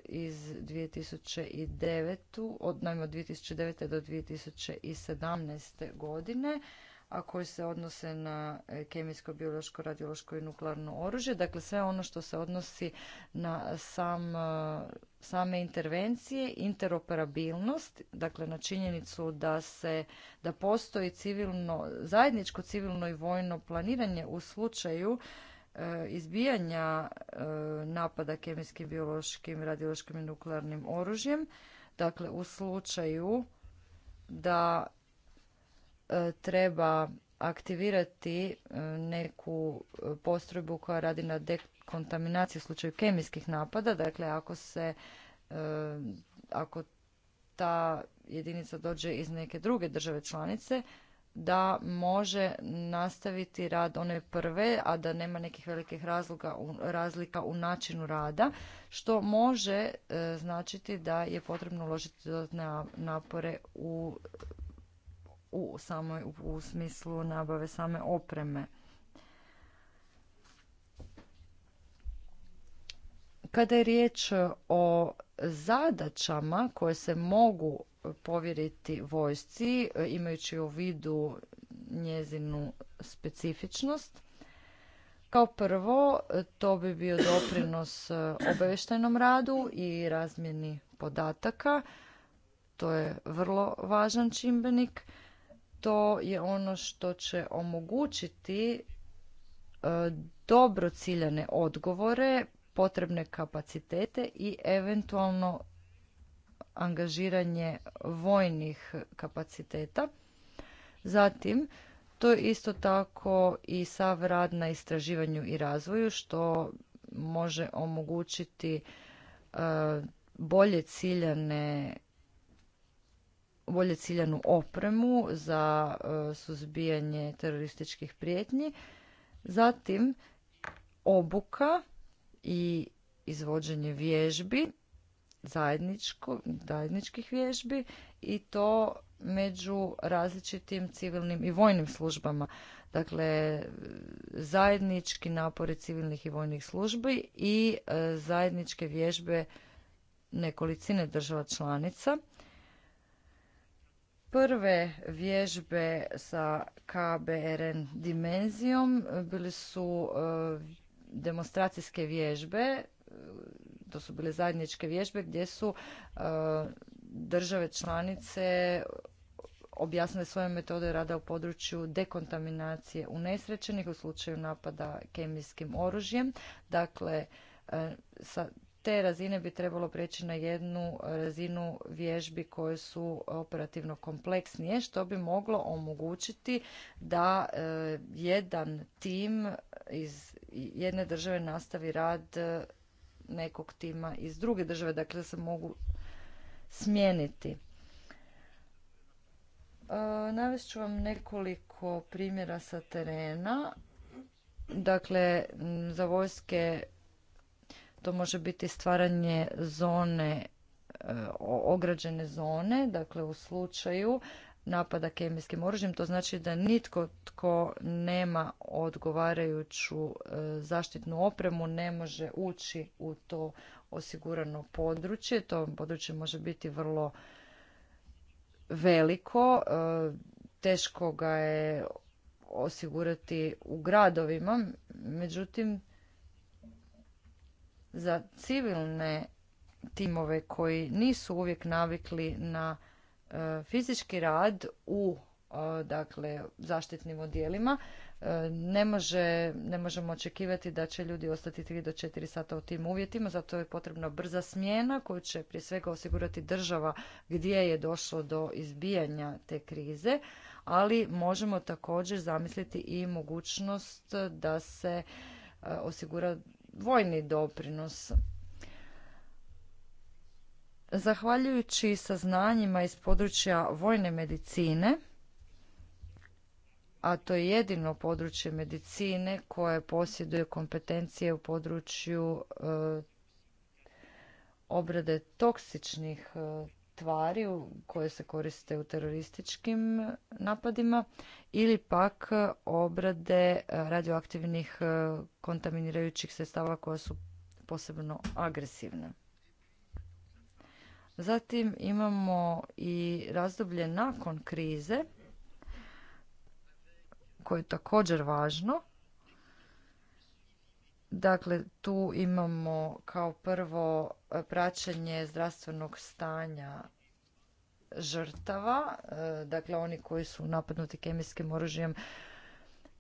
iz 2009. od, od 2009. do 2017. godine a koji se odnose na kemijsko, biološko, radiološko i nuklearno oružje. Dakle, sve ono što se odnosi na sam, e, same intervencije, interoperabilnost, dakle na činjenicu da se da postoji civilno, zajedničko civilno i vojno planiranje u slučaju e, izbijanja e, napada kemijskim, biološkim, radiološkim i nuklearnim oružjem. Dakle, u slučaju da E, treba aktivirati e, neku postrojbu koja radi na dekontaminaciji u slučaju kemijskih napada. Dakle, ako se e, ako ta jedinica dođe iz neke druge države članice, da može nastaviti rad one prve, a da nema nekih velikih razloga, razlika u načinu rada, što može značiti da je potrebno uložiti dodatne napore u u u smislu nabave same opreme. Kada je riječ o zadaćama koje se mogu povjeriti vojsci, imajući u vidu njezinu specifičnost, kao prvo, to bi bio doprinos obavještajnom radu i razmjeni podataka. To je vrlo važan čimbenik to je ono što će omogućiti e, dobro ciljane odgovore, potrebne kapacitete i eventualno angažiranje vojnih kapaciteta. Zatim, to je isto tako i sav rad na istraživanju i razvoju što može omogućiti e, bolje ciljane bolje ciljanu opremu za e, suzbijanje terorističkih prijetnji, zatim obuka i izvođenje vježbi, zajedničkih vježbi i to među različitim civilnim i vojnim službama. Dakle, zajednički napori civilnih i vojnih službi i e, zajedničke vježbe nekolicine država članica prve vježbe sa KBRN dimenzijom bili su e, demonstracijske vježbe, e, to su bile zajedničke vježbe gdje su e, države članice objasnile svoje metode rada u području dekontaminacije unesrećenih u slučaju napada kemijskim oružjem. Dakle, sa te razine bi trebalo preći na jednu razinu vježbi koje su operativno kompleksnije što bi moglo omogućiti da e, jedan tim iz jedne države nastavi rad e, nekog tima iz druge države, dakle da se mogu smijeniti. E, navest ću vam nekoliko primjera sa terena. Dakle, za vojske to može biti stvaranje zone, e, ograđene zone, dakle u slučaju napada kemijskim oružjem. To znači da nitko tko nema odgovarajuću e, zaštitnu opremu ne može ući u to osigurano područje. To područje može biti vrlo veliko, e, teško ga je osigurati u gradovima, međutim za civilne timove koji nisu uvijek navikli na e, fizički rad u e, dakle zaštitnim odjelima e, ne, može, ne možemo očekivati da će ljudi ostati 3 do 4 sata u tim uvjetima, zato je potrebna brza smjena koju će prije svega osigurati država gdje je došlo do izbijanja te krize, ali možemo također zamisliti i mogućnost da se osigura Vojni doprinos. Zahvaljujući saznanjima iz područja vojne medicine, a to je jedino područje medicine koje posjeduje kompetencije u području e, obrade toksičnih e, tvari koje se koriste u terorističkim napadima ili pak obrade e, radioaktivnih e, kontaminirajućih sredstava koja su posebno agresivne. Zatim imamo i razdoblje nakon krize koje je također važno Dakle, tu imamo kao prvo e, praćenje zdravstvenog stanja žrtava. E, dakle, oni koji su napadnuti kemijskim oružjem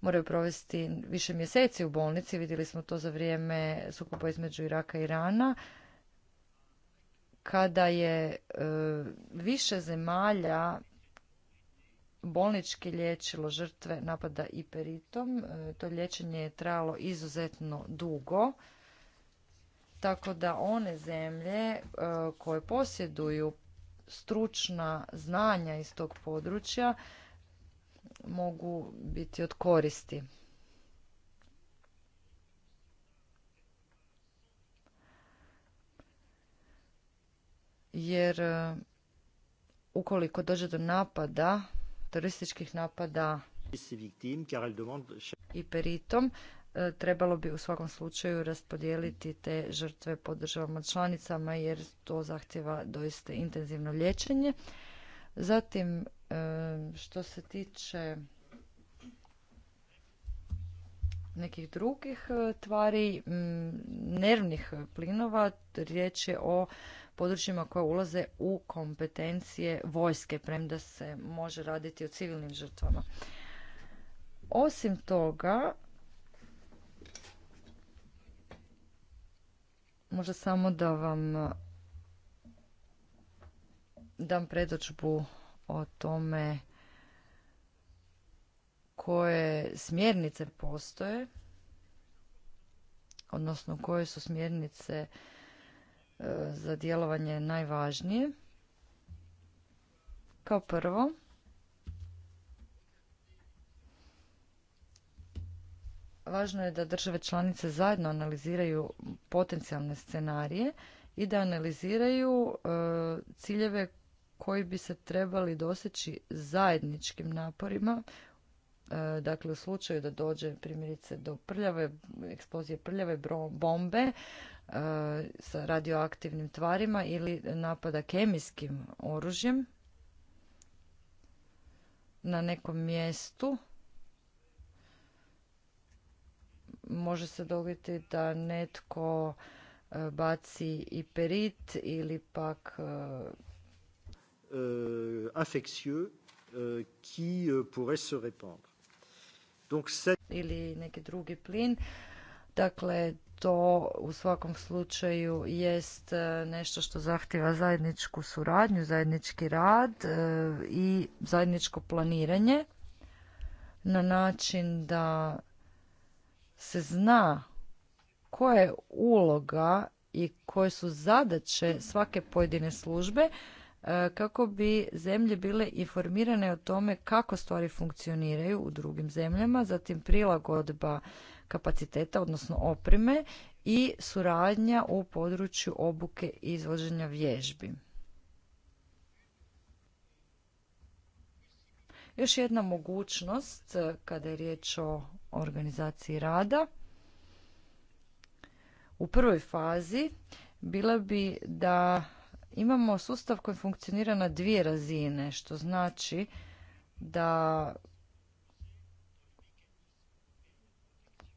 moraju provesti više mjeseci u bolnici. Vidjeli smo to za vrijeme sukoba između Iraka i Irana. Kada je e, više zemalja bolnički liječilo žrtve napada peritom, e, To liječenje je trajalo izuzetno dugo. Tako da one zemlje e, koje posjeduju stručna znanja iz tog područja mogu biti od koristi. Jer e, ukoliko dođe do napada terorističkih napada i peritom e, trebalo bi u svakom slučaju raspodijeliti te žrtve po državama članicama jer to zahtjeva doista intenzivno liječenje. Zatim, e, što se tiče nekih drugih e, tvari, nervnih plinova, riječ je o područjima koja ulaze u kompetencije vojske, premda se može raditi o civilnim žrtvama. Osim toga, možda samo da vam dam predočbu o tome koje smjernice postoje, odnosno koje su smjernice E, za djelovanje najvažnije. Kao prvo, važno je da države članice zajedno analiziraju potencijalne scenarije i da analiziraju e, ciljeve koji bi se trebali doseći zajedničkim naporima. E, dakle, u slučaju da dođe primjerice do prljave, eksplozije prljave bombe, E, sa radioaktivnim tvarima ili napada kemijskim oružjem na nekom mjestu može se dogoditi da netko e, baci iperit ili pak euh, se répandre. ili neki drugi plin. Dakle, to u svakom slučaju jest e, nešto što zahtjeva zajedničku suradnju, zajednički rad e, i zajedničko planiranje na način da se zna koja je uloga i koje su zadaće svake pojedine službe e, kako bi zemlje bile informirane o tome kako stvari funkcioniraju u drugim zemljama, zatim prilagodba kapaciteta, odnosno opreme i suradnja u području obuke i izvođenja vježbi. Još jedna mogućnost eh, kada je riječ o organizaciji rada u prvoj fazi bila bi da imamo sustav koji funkcionira na dvije razine, što znači da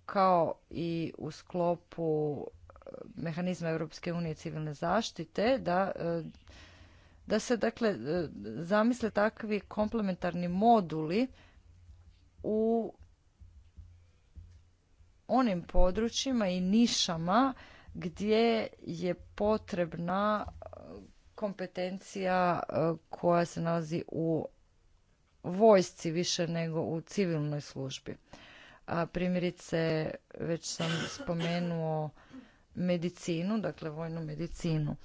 kao i u sklopu eh, mehanizma Europske unije civilne zaštite da eh, da se dakle eh, zamisle takvi komplementarni moduli u onim područjima i nišama gdje je potrebna kompetencija koja se nalazi u vojsci više nego u civilnoj službi a primjerice već sam spomenuo medicinu, dakle vojnu medicinu.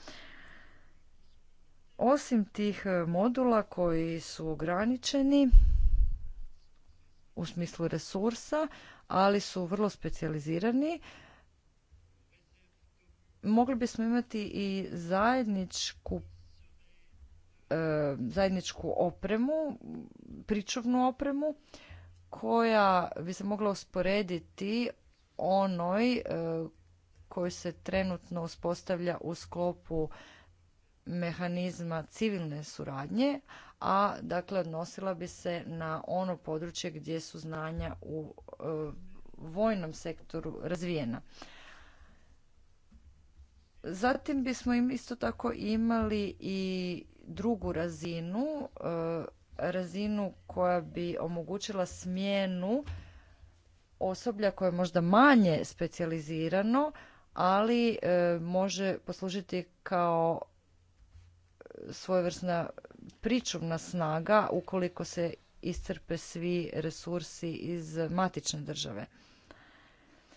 Osim tih e, modula koji su ograničeni u smislu resursa, ali su vrlo specijalizirani, mogli bismo imati i zajedničku e, zajedničku opremu, pričuvnu opremu koja bi se mogla usporediti onoj e, koji se trenutno uspostavlja u sklopu mehanizma civilne suradnje, a dakle odnosila bi se na ono područje gdje su znanja u e, vojnom sektoru razvijena. Zatim bismo im isto tako imali i drugu razinu e, razinu koja bi omogućila smjenu osoblja koje je možda manje specijalizirano, ali e, može poslužiti kao svojevrsna pričuvna snaga ukoliko se iscrpe svi resursi iz matične države.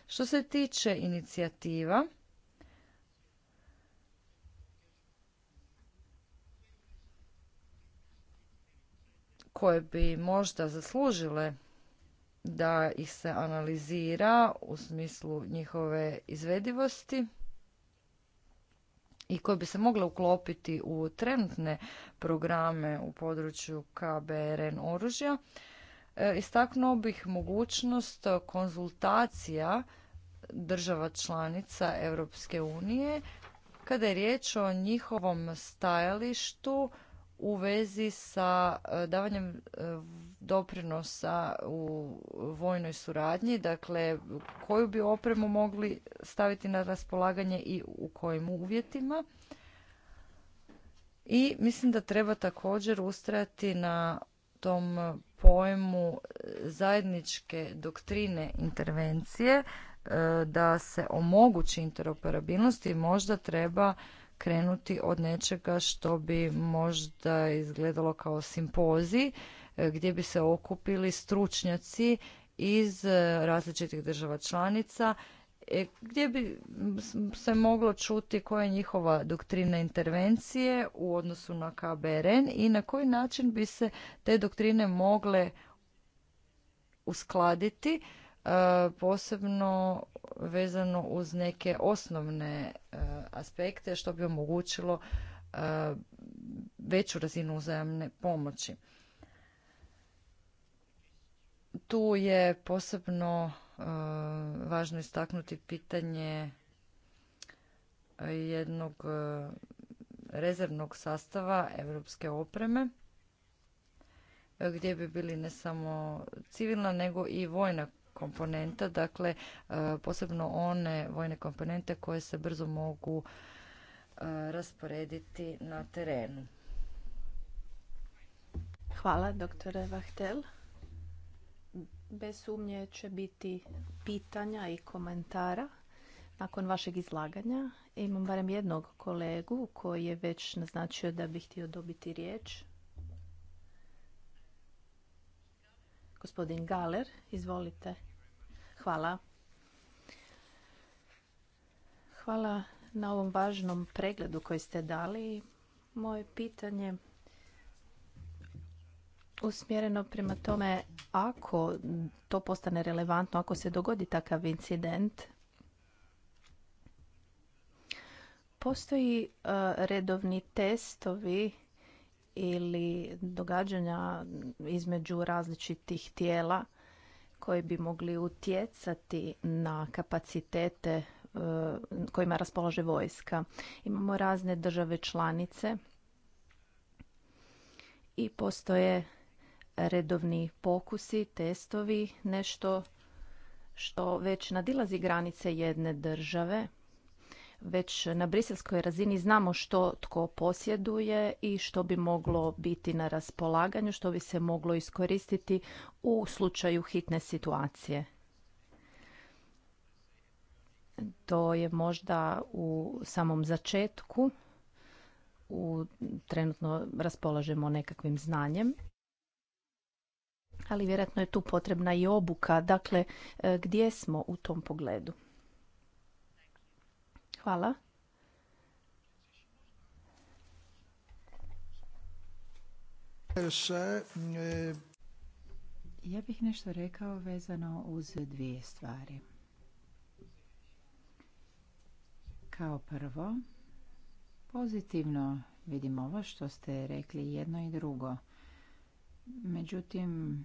Što se tiče inicijativa, koje bi možda zaslužile da ih se analizira u smislu njihove izvedivosti i koje bi se mogle uklopiti u trenutne programe u području KBRN oružja. E, istaknuo bih mogućnost konzultacija država članica Europske unije kada je riječ o njihovom stajalištu u vezi sa e, davanjem e, doprinosa u vojnoj suradnji, dakle koju bi opremu mogli staviti na raspolaganje i u kojim uvjetima. I mislim da treba također ustrajati na tom pojmu e, zajedničke doktrine intervencije da se omogući interoperabilnost i možda treba krenuti od nečega što bi možda izgledalo kao simpozij e, gdje bi se okupili stručnjaci iz e, različitih država članica e, gdje bi se moglo čuti koja je njihova doktrina intervencije u odnosu na KBRN i na koji način bi se te doktrine mogle uskladiti E, posebno vezano uz neke osnovne e, aspekte što bi omogućilo e, veću razinu uzajamne pomoći. Tu je posebno važno istaknuti pitanje jednog rezervnog sastava europske opreme gdje bi bili ne samo civilna nego i vojna komponenta, dakle e, posebno one vojne komponente koje se brzo mogu e, rasporediti na terenu. Hvala, doktore Vahtel. Bez sumnje će biti pitanja i komentara nakon vašeg izlaganja. Imam barem jednog kolegu koji je već naznačio da bi htio dobiti riječ. Gospodin Galer, izvolite. Hvala. Hvala na ovom važnom pregledu koji ste dali. Moje pitanje usmjereno prema tome ako to postane relevantno, ako se dogodi takav incident, postoji e, redovni testovi ili događanja između različitih tijela koji bi mogli utjecati na kapacitete e, kojima raspolaže vojska. Imamo razne države članice i postoje redovni pokusi, testovi, nešto što već nadilazi granice jedne države već na briselskoj razini znamo što tko posjeduje i što bi moglo biti na raspolaganju, što bi se moglo iskoristiti u slučaju hitne situacije. To je možda u samom začetku. U, trenutno raspolažemo nekakvim znanjem ali vjerojatno je tu potrebna i obuka. Dakle, e, gdje smo u tom pogledu? Hvala. E, ja bih nešto rekao vezano uz dvije stvari. Kao prvo, pozitivno vidim ovo što ste rekli jedno i drugo. Međutim,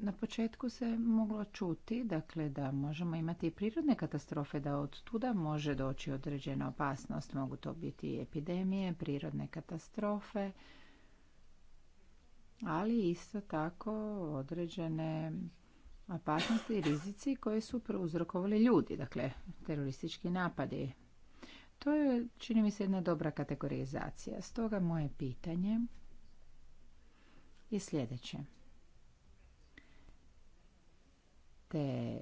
na početku se moglo čuti dakle, da možemo imati i prirodne katastrofe, da od tuda može doći određena opasnost. Mogu to biti i epidemije, prirodne katastrofe, ali isto tako određene opasnosti i rizici koje su prouzrokovali ljudi, dakle teroristički napadi. To je, čini mi se, jedna dobra kategorizacija. Stoga moje pitanje je sljedeće. te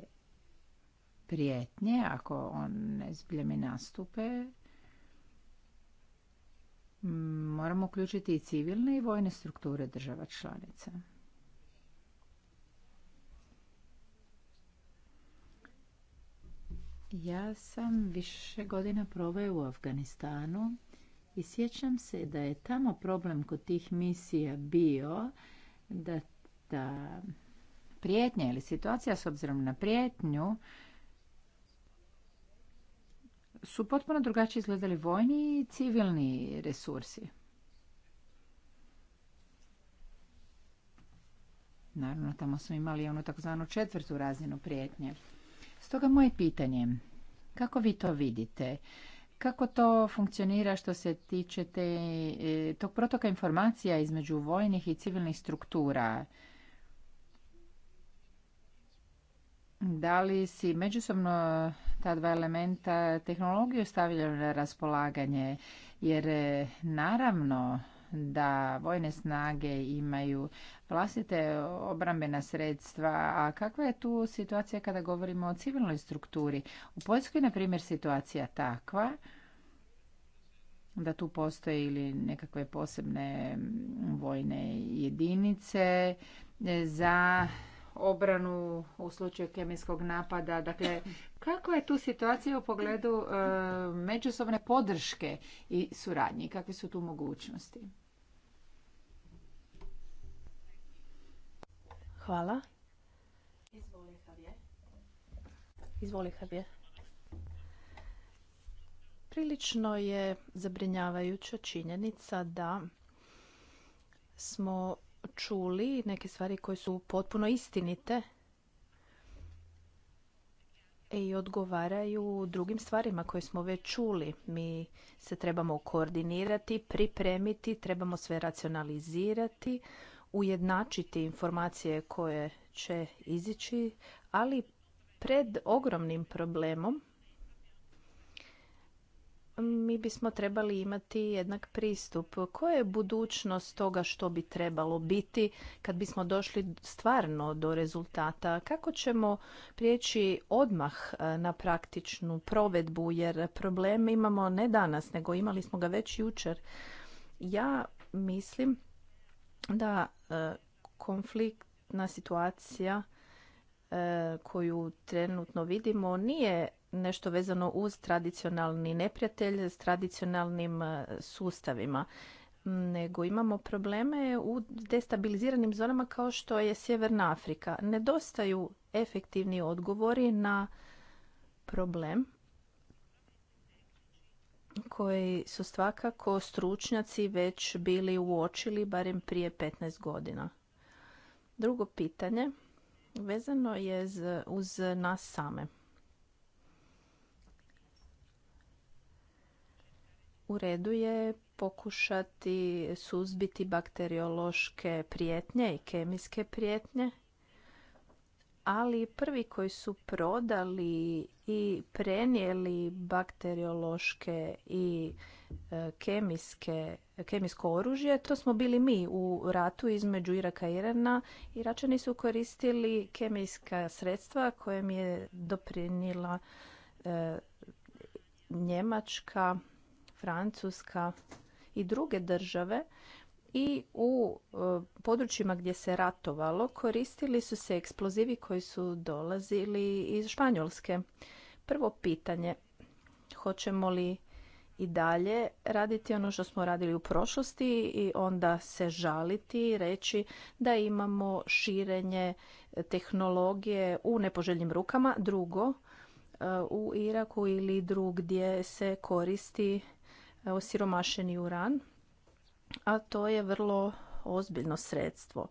prijetnje, ako one mi nastupe, moramo uključiti i civilne i vojne strukture država članica. Ja sam više godina proveo u Afganistanu i sjećam se da je tamo problem kod tih misija bio da prijetnja ili situacija s obzirom na prijetnju su potpuno drugačije izgledali vojni i civilni resursi. Naravno, tamo smo imali onu takozvanu četvrtu razinu prijetnje. Stoga moje pitanje, kako vi to vidite? Kako to funkcionira što se tiče te, e, tog protoka informacija između vojnih i civilnih struktura? da li si međusobno ta dva elementa tehnologiju stavljaju na raspolaganje? Jer e, naravno da vojne snage imaju vlastite obrambena sredstva, a kakva je tu situacija kada govorimo o civilnoj strukturi? U Poljskoj, na primjer, situacija takva da tu postoje ili nekakve posebne vojne jedinice za obranu u slučaju kemijskog napada. Dakle, kakva je tu situacija u pogledu e, međusobne podrške i suradnje? Kakve su tu mogućnosti? Hvala. Izvoli, Havije. Prilično je zabrinjavajuća činjenica da smo čuli neke stvari koje su potpuno istinite i odgovaraju drugim stvarima koje smo već čuli. Mi se trebamo koordinirati, pripremiti, trebamo sve racionalizirati, ujednačiti informacije koje će izići, ali pred ogromnim problemom mi bismo trebali imati jednak pristup. Koja je budućnost toga što bi trebalo biti kad bismo došli stvarno do rezultata? Kako ćemo prijeći odmah e, na praktičnu provedbu? Jer problem imamo ne danas, nego imali smo ga već jučer. Ja mislim da e, konfliktna situacija e, koju trenutno vidimo nije nešto vezano uz tradicionalni neprijatelj s tradicionalnim e, sustavima nego imamo probleme u destabiliziranim zonama kao što je Sjeverna Afrika. Nedostaju efektivni odgovori na problem koji su svakako stručnjaci već bili uočili barem prije 15 godina. Drugo pitanje vezano je uz nas same. u redu je pokušati suzbiti bakteriološke prijetnje i kemijske prijetnje, ali prvi koji su prodali i prenijeli bakteriološke i e, kemijske, kemijsko oružje, to smo bili mi u ratu između Iraka i Irana. Iračani su koristili kemijska sredstva kojem je doprinila e, Njemačka Francuska i druge države i u e, područjima gdje se ratovalo koristili su se eksplozivi koji su dolazili iz Španjolske. Prvo pitanje, hoćemo li i dalje raditi ono što smo radili u prošlosti i onda se žaliti i reći da imamo širenje tehnologije u nepoželjnim rukama. Drugo, e, u Iraku ili drugdje se koristi osiromašeni uran, a to je vrlo ozbiljno sredstvo.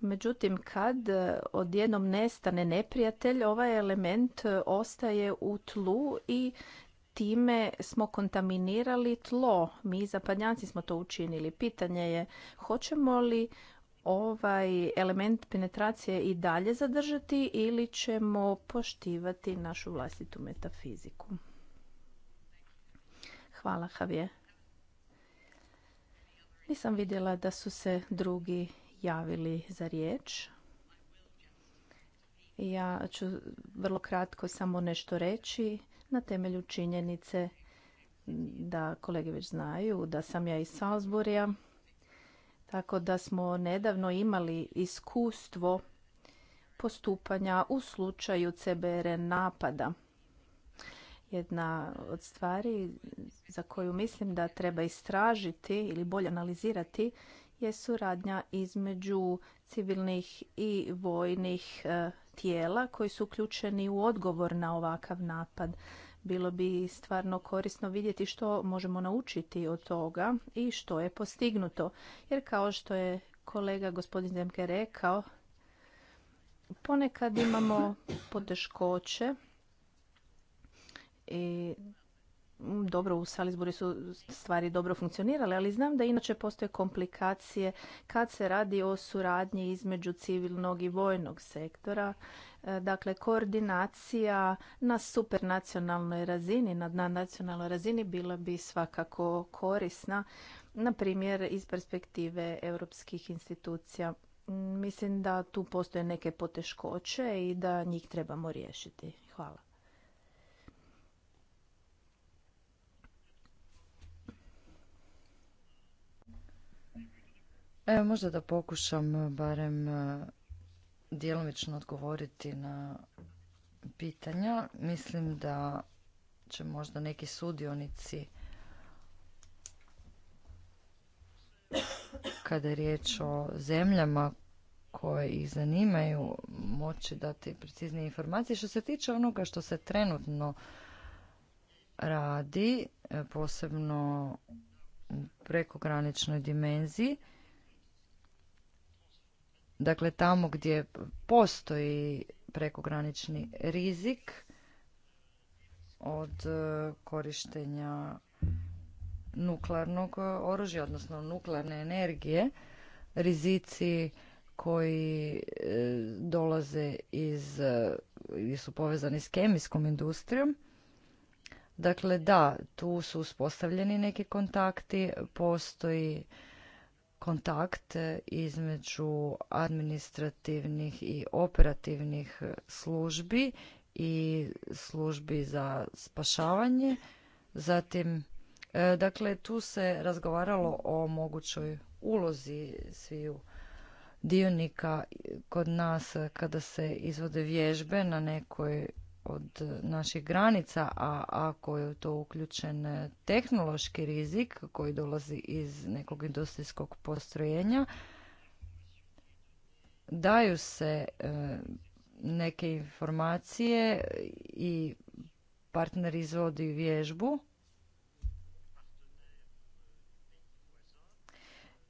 Međutim, kad e, odjednom nestane neprijatelj, ovaj element e, ostaje u tlu i time smo kontaminirali tlo. Mi zapadnjaci smo to učinili. Pitanje je hoćemo li ovaj element penetracije i dalje zadržati ili ćemo poštivati našu vlastitu metafiziku. Hvala, Havije. Nisam vidjela da su se drugi javili za riječ. Ja ću vrlo kratko samo nešto reći na temelju činjenice da kolege već znaju da sam ja iz Salzburja. Tako da smo nedavno imali iskustvo postupanja u slučaju CBRN napada jedna od stvari za koju mislim da treba istražiti ili bolje analizirati je suradnja između civilnih i vojnih e, tijela koji su uključeni u odgovor na ovakav napad. Bilo bi stvarno korisno vidjeti što možemo naučiti od toga i što je postignuto. Jer kao što je kolega gospodin Zemke rekao, ponekad imamo poteškoće i dobro u Salisbury su stvari dobro funkcionirale, ali znam da inače postoje komplikacije kad se radi o suradnji između civilnog i vojnog sektora. E, dakle, koordinacija na supernacionalnoj razini, na nacionalnoj razini bila bi svakako korisna, na primjer iz perspektive europskih institucija. Mislim da tu postoje neke poteškoće i da njih trebamo riješiti. Hvala. Evo, možda da pokušam e, barem e, djelomično odgovoriti na pitanja. Mislim da će možda neki sudionici kada je riječ o zemljama koje ih zanimaju moći dati preciznije informacije. Što se tiče onoga što se trenutno radi, e, posebno u prekograničnoj dimenziji, Dakle, tamo gdje postoji prekogranični rizik od e, korištenja nuklearnog oružja, odnosno nuklearne energije, rizici koji e, dolaze iz i e, su povezani s kemijskom industrijom. Dakle, da, tu su uspostavljeni neki kontakti, postoji kontakt između administrativnih i operativnih službi i službi za spašavanje. Zatim, e, dakle, tu se razgovaralo o mogućoj ulozi sviju dionika kod nas kada se izvode vježbe na nekoj od e, naših granica, a ako je to uključen e, tehnološki rizik koji dolazi iz nekog industrijskog postrojenja, daju se e, neke informacije i partner izvodi vježbu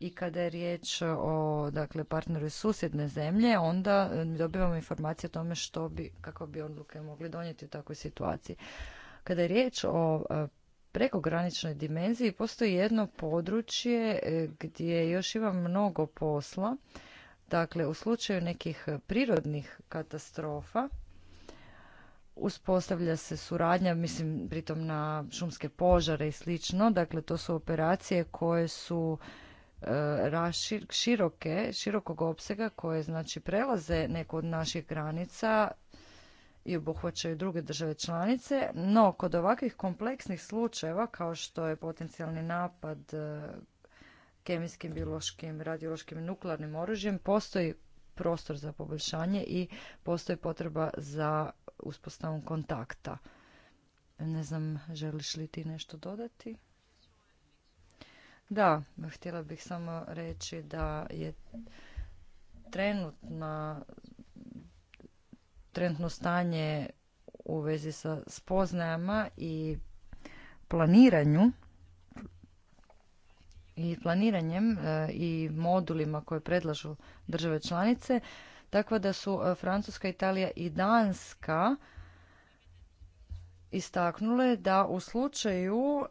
i kada je riječ o dakle, partneru iz susjedne zemlje, onda eh, dobivamo informacije o tome što bi, kako bi odluke mogli donijeti u takvoj situaciji. Kada je riječ o eh, prekograničnoj dimenziji, postoji jedno područje eh, gdje još ima mnogo posla. Dakle, u slučaju nekih prirodnih katastrofa, uspostavlja se suradnja, mislim pritom na šumske požare i slično. Dakle, to su operacije koje su E, široke, širokog opsega koje znači prelaze neko od naših granica i obuhvaćaju druge države članice, no kod ovakvih kompleksnih slučajeva kao što je potencijalni napad e, kemijskim, biološkim, radiološkim i nuklearnim oružjem postoji prostor za poboljšanje i postoji potreba za uspostavom kontakta. Ne znam, želiš li ti nešto dodati? Da, htjela bih samo reći da je trenutna, trenutno stanje u vezi sa spoznajama i planiranju i planiranjem e, i modulima koje predlažu države članice, tako da su e, Francuska, Italija i Danska istaknule da u slučaju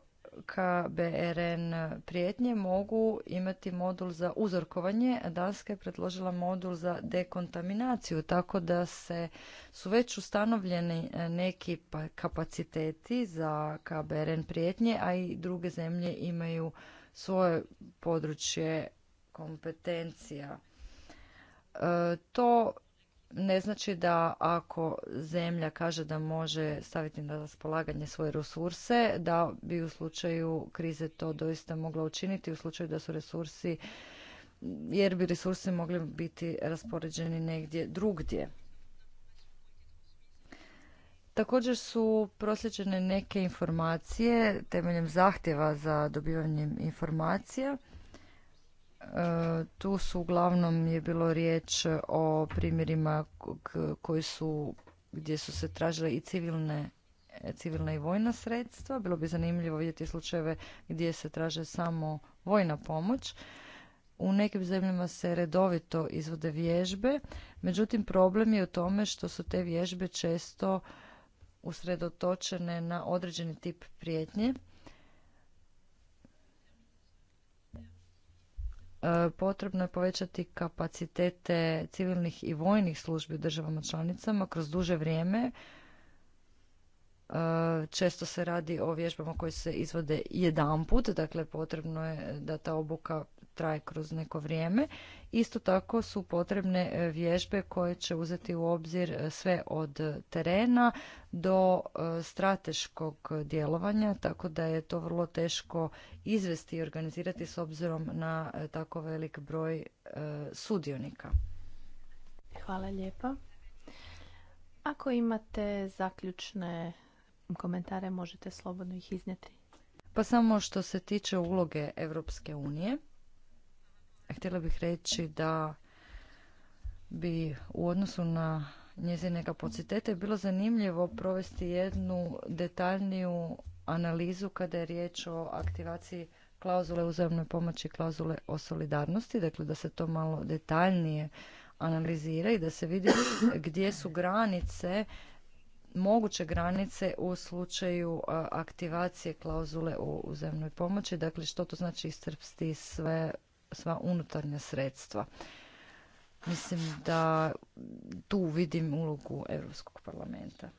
KBRN prijetnje mogu imati modul za uzorkovanje. Danska je predložila modul za dekontaminaciju, tako da se su već ustanovljeni e, neki pa, kapaciteti za KBRN prijetnje, a i druge zemlje imaju svoje područje kompetencija. E, to ne znači da ako zemlja kaže da može staviti na raspolaganje svoje resurse, da bi u slučaju krize to doista mogla učiniti, u slučaju da su resursi, jer bi resursi mogli biti raspoređeni negdje drugdje. Također su prosljeđene neke informacije temeljem zahtjeva za dobivanjem informacija tu su uglavnom je bilo riječ o primjerima koji su gdje su se tražile i civilne civilna i vojna sredstva. Bilo bi zanimljivo vidjeti slučajeve gdje se traže samo vojna pomoć. U nekim zemljama se redovito izvode vježbe, međutim problem je u tome što su te vježbe često usredotočene na određeni tip prijetnje E, potrebno je povećati kapacitete civilnih i vojnih službi u državama članicama kroz duže vrijeme. E, često se radi o vježbama koje se izvode jedan put, dakle potrebno je da ta obuka traje kroz neko vrijeme. Isto tako su potrebne e, vježbe koje će uzeti u obzir e, sve od terena do e, strateškog djelovanja, tako da je to vrlo teško izvesti i organizirati s obzirom na tako velik broj sudionika. Hvala lijepa. Ako imate zaključne komentare, možete slobodno ih iznijeti. Pa samo što se tiče uloge Europske unije, htjela bih reći da bi u odnosu na njezine kapacitete bilo zanimljivo provesti jednu detaljniju analizu kada je riječ o aktivaciji klauzule uzajamnoj pomoći klauzule o solidarnosti, dakle da se to malo detaljnije analizira i da se vidi gdje su granice, moguće granice u slučaju aktivacije klauzule o uzajamnoj pomoći, dakle što to znači iscrpsti sve sva unutarnja sredstva. Mislim da tu vidim ulogu Europskog parlamenta.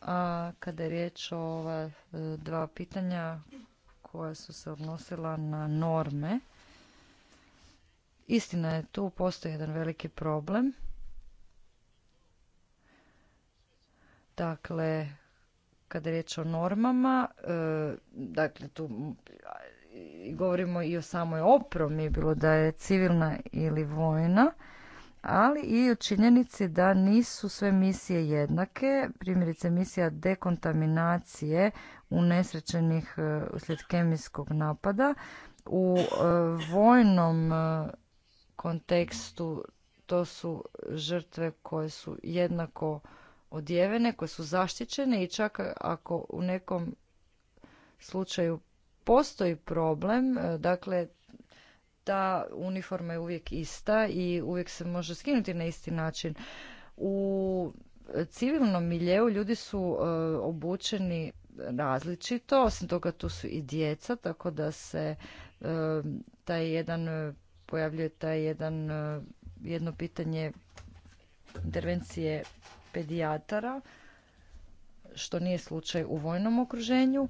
A kada je riječ o ova e, dva pitanja koja su se odnosila na norme, istina je tu postoji jedan veliki problem. Dakle, kada je riječ o normama, e, dakle tu govorimo i o samoj opromi, bilo da je civilna ili vojna, ali i o činjenici da nisu sve misije jednake. Primjerice, misija dekontaminacije unesrećenih e, uslijed kemijskog napada. U e, vojnom kontekstu to su žrtve koje su jednako odjevene, koje su zaštićene i čak ako u nekom slučaju postoji problem, e, dakle ta uniforma je uvijek ista i uvijek se može skinuti na isti način. U civilnom miljeu ljudi su e, obučeni različito, osim toga tu su i djeca, tako da se e, taj jedan pojavljuje taj jedan jedno pitanje intervencije pedijatara, što nije slučaj u vojnom okruženju.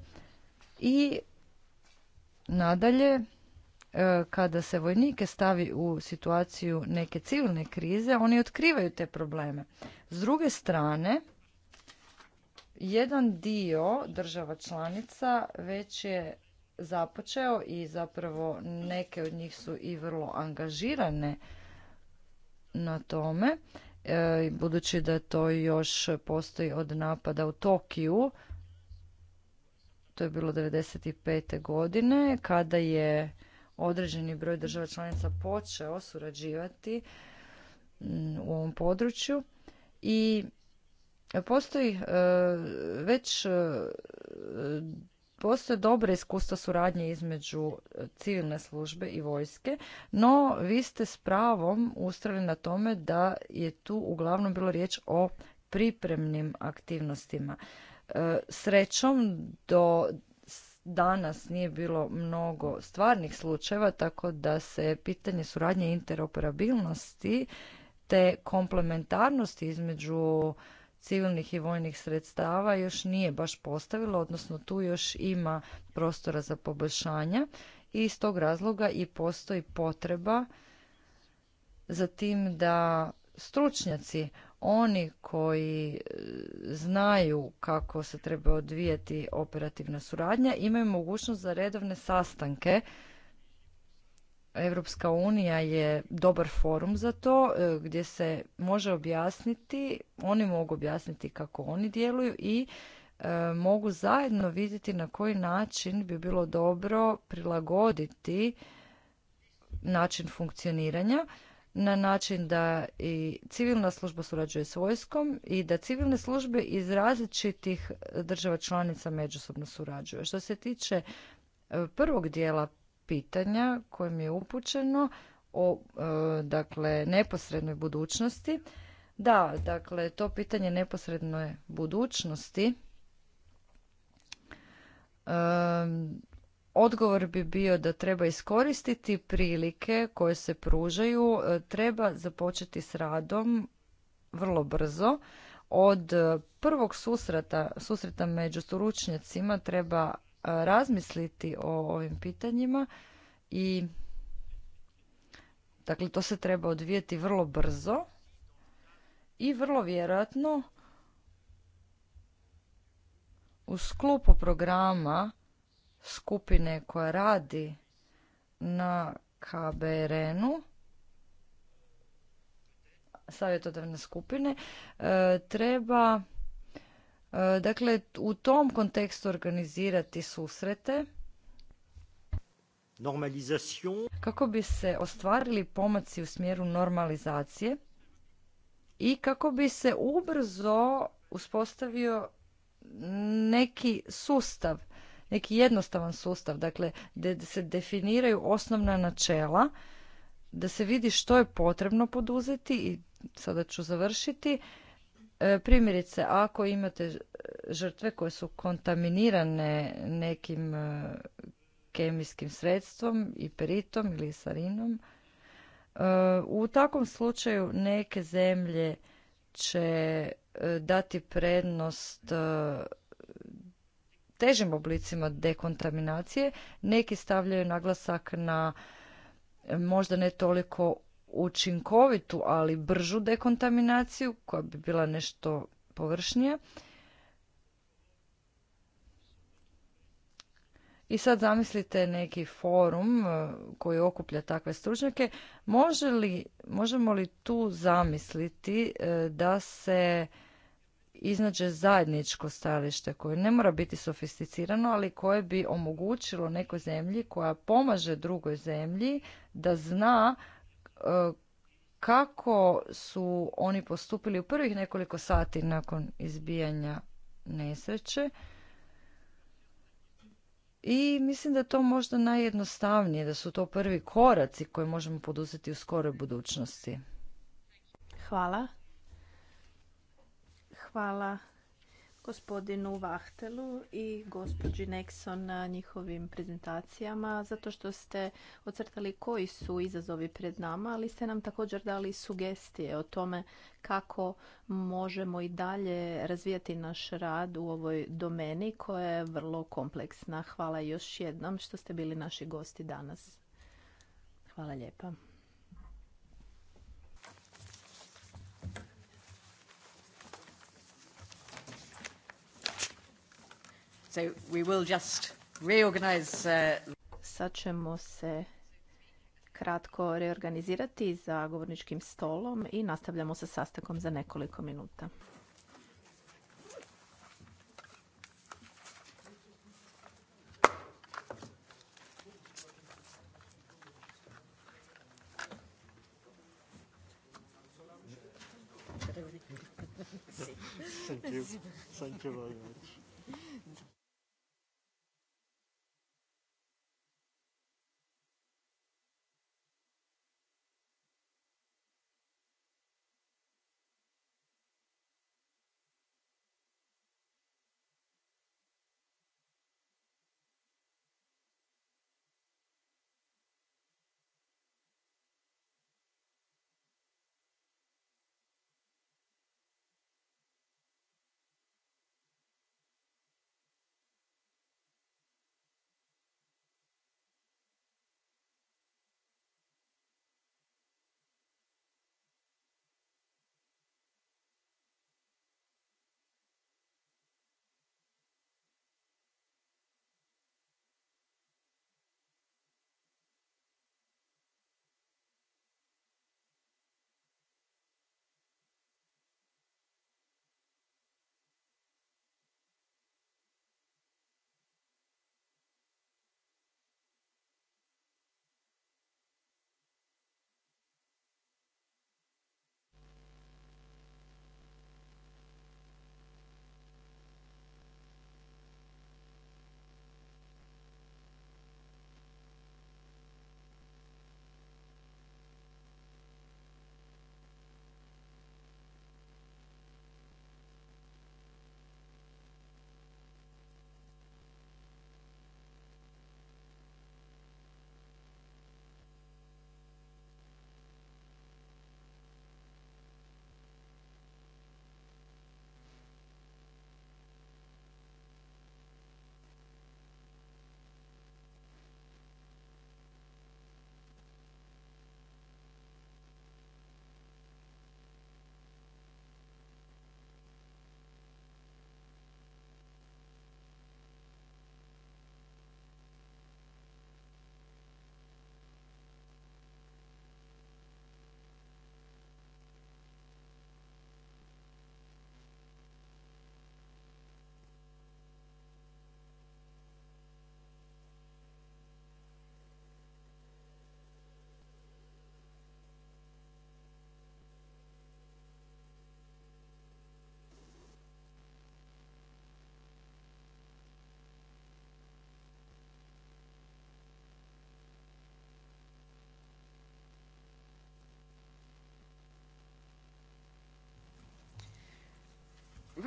I nadalje, e, kada se vojnike stavi u situaciju neke civilne krize, oni otkrivaju te probleme. S druge strane, jedan dio država članica već je započeo i zapravo neke od njih su i vrlo angažirane na tome E, budući da to još postoji od napada u Tokiju, to je bilo 1995. godine, kada je određeni broj država članica počeo surađivati u ovom području i postoji e, već e, Postoje dobre iskustva suradnje između e, civilne službe i vojske, no vi ste s pravom ustrali na tome da je tu uglavnom bilo riječ o pripremnim aktivnostima. E, srećom do danas nije bilo mnogo stvarnih slučajeva, tako da se pitanje suradnje interoperabilnosti te komplementarnosti između civilnih i vojnih sredstava još nije baš postavilo, odnosno tu još ima prostora za poboljšanja i iz tog razloga i postoji potreba za tim da stručnjaci, oni koji e, znaju kako se treba odvijati operativna suradnja, imaju mogućnost za redovne sastanke Europska unija je dobar forum za to e, gdje se može objasniti, oni mogu objasniti kako oni djeluju i e, mogu zajedno vidjeti na koji način bi bilo dobro prilagoditi način funkcioniranja na način da i civilna služba surađuje s vojskom i da civilne službe iz različitih država članica međusobno surađuju. Što se tiče e, prvog dijela pitanja koje mi je upućeno o e, dakle neposrednoj budućnosti. Da, dakle to pitanje neposredne budućnosti odgovor bi bio da treba iskoristiti prilike koje se pružaju, e, treba započeti s radom vrlo brzo. Od prvog susreta, susreta među stručnjacima treba razmisliti o ovim pitanjima i dakle to se treba odvijeti vrlo brzo i vrlo vjerojatno u sklopu programa skupine koja radi na KBRN-u savjetodavne skupine e, treba E, dakle, u tom kontekstu organizirati susrete kako bi se ostvarili pomaci u smjeru normalizacije i kako bi se ubrzo uspostavio neki sustav, neki jednostavan sustav, dakle da se definiraju osnovna načela, da se vidi što je potrebno poduzeti i sada ću završiti E, primjerice, ako imate žrtve koje su kontaminirane nekim e, kemijskim sredstvom i peritom ili sarinom, e, u takvom slučaju neke zemlje će dati prednost težim oblicima dekontaminacije. Neki stavljaju naglasak na možda ne toliko učinkovitu, ali bržu dekontaminaciju koja bi bila nešto površnija. I sad zamislite neki forum e, koji okuplja takve stručnjake. Može li, možemo li tu zamisliti e, da se iznađe zajedničko stajalište koje ne mora biti sofisticirano, ali koje bi omogućilo nekoj zemlji koja pomaže drugoj zemlji da zna E, kako su oni postupili u prvih nekoliko sati nakon izbijanja nesreće. I mislim da je to možda najjednostavnije, da su to prvi koraci koje možemo poduzeti u skoroj budućnosti. Hvala. Hvala gospodinu Vahtelu i gospođi Nexon na njihovim prezentacijama zato što ste ocrtali koji su izazovi pred nama, ali ste nam također dali sugestije o tome kako možemo i dalje razvijati naš rad u ovoj domeni koja je vrlo kompleksna. Hvala još jednom što ste bili naši gosti danas. Hvala lijepa. Uh, Sad ćemo se kratko reorganizirati za govorničkim stolom i nastavljamo sa sastankom za nekoliko minuta.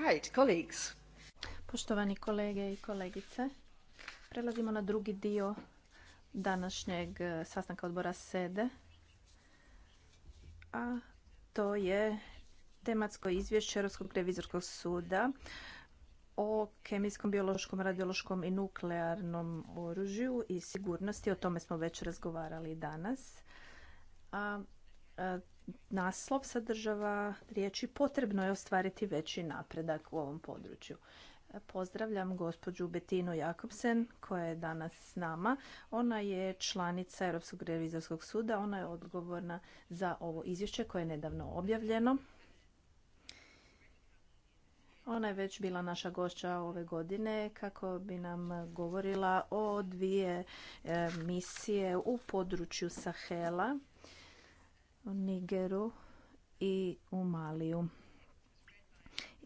Right, Poštovani kolege i kolegice, prelazimo na drugi dio današnjeg eh, sastanka odbora SEDE, a to je tematsko izvješće Europskog revizorskog suda o kemijskom, biološkom, radiološkom i nuklearnom oružju i sigurnosti. O tome smo već razgovarali danas. A eh, naslov sadržava riječi potrebno je ostvariti veći napredak u ovom području. Pozdravljam gospođu Betinu Jakobsen koja je danas s nama. Ona je članica Europskog revizorskog suda. Ona je odgovorna za ovo izvješće koje je nedavno objavljeno. Ona je već bila naša gošća ove godine kako bi nam govorila o dvije e, misije u području Sahela Nigeru i u Maliju.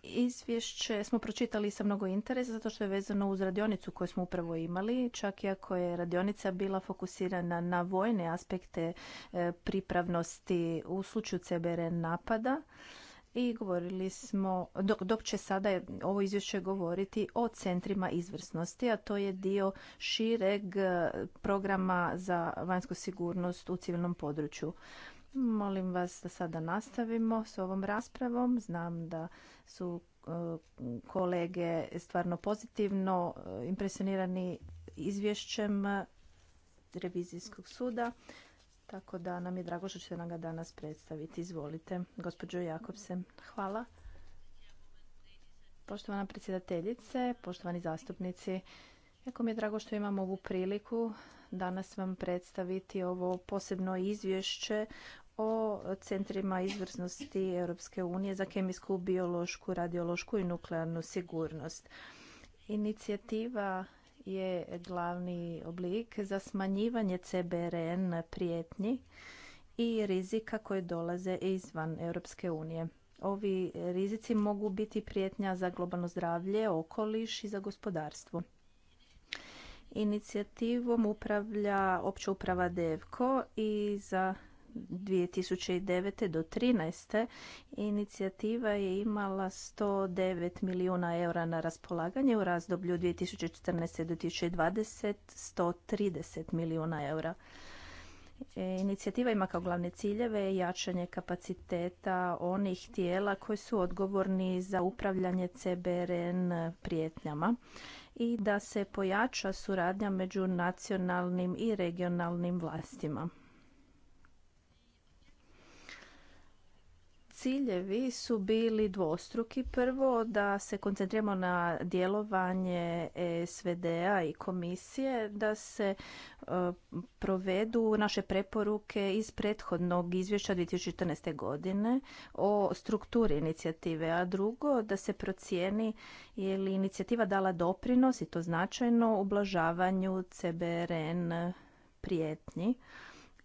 Izvješće smo pročitali sa mnogo interesa zato što je vezano uz radionicu koju smo upravo imali, čak i ako je radionica bila fokusirana na vojne aspekte e, pripravnosti u slučaju CBRN napada i govorili smo, dok, dok će sada ovo izvješće govoriti o centrima izvrsnosti, a to je dio šireg e, programa za vanjsku sigurnost u civilnom području. Molim vas da sada nastavimo s ovom raspravom. Znam da su e, kolege stvarno pozitivno e, impresionirani izvješćem revizijskog suda, tako da nam je drago što ćete nam ga danas predstaviti. Izvolite, gospođo Jakobse. Hvala. Poštovana predsjedateljice, poštovani zastupnici, jako mi je drago što imam ovu priliku danas vam predstaviti ovo posebno izvješće o centrima izvrsnosti Europske unije za kemijsku, biološku, radiološku i nuklearnu sigurnost. Inicijativa je glavni oblik za smanjivanje CBRN prijetnji i rizika koje dolaze izvan Europske unije. Ovi rizici mogu biti prijetnja za globalno zdravlje, okoliš i za gospodarstvo. Inicijativom upravlja opća uprava DEVKO i za 2009. do 2013. inicijativa je imala 109 milijuna eura na raspolaganje u razdoblju 2014. do 2020. 130 milijuna eura. E, inicijativa ima kao glavne ciljeve jačanje kapaciteta onih tijela koji su odgovorni za upravljanje CBRN prijetnjama i da se pojača suradnja među nacionalnim i regionalnim vlastima. Ciljevi su bili dvostruki. Prvo da se koncentriramo na djelovanje SVD-a i komisije, da se e, provedu naše preporuke iz prethodnog izvješća 2014. godine o strukturi inicijative, a drugo da se procijeni je li inicijativa dala doprinos i to značajno ublažavanju CBRN prijetnji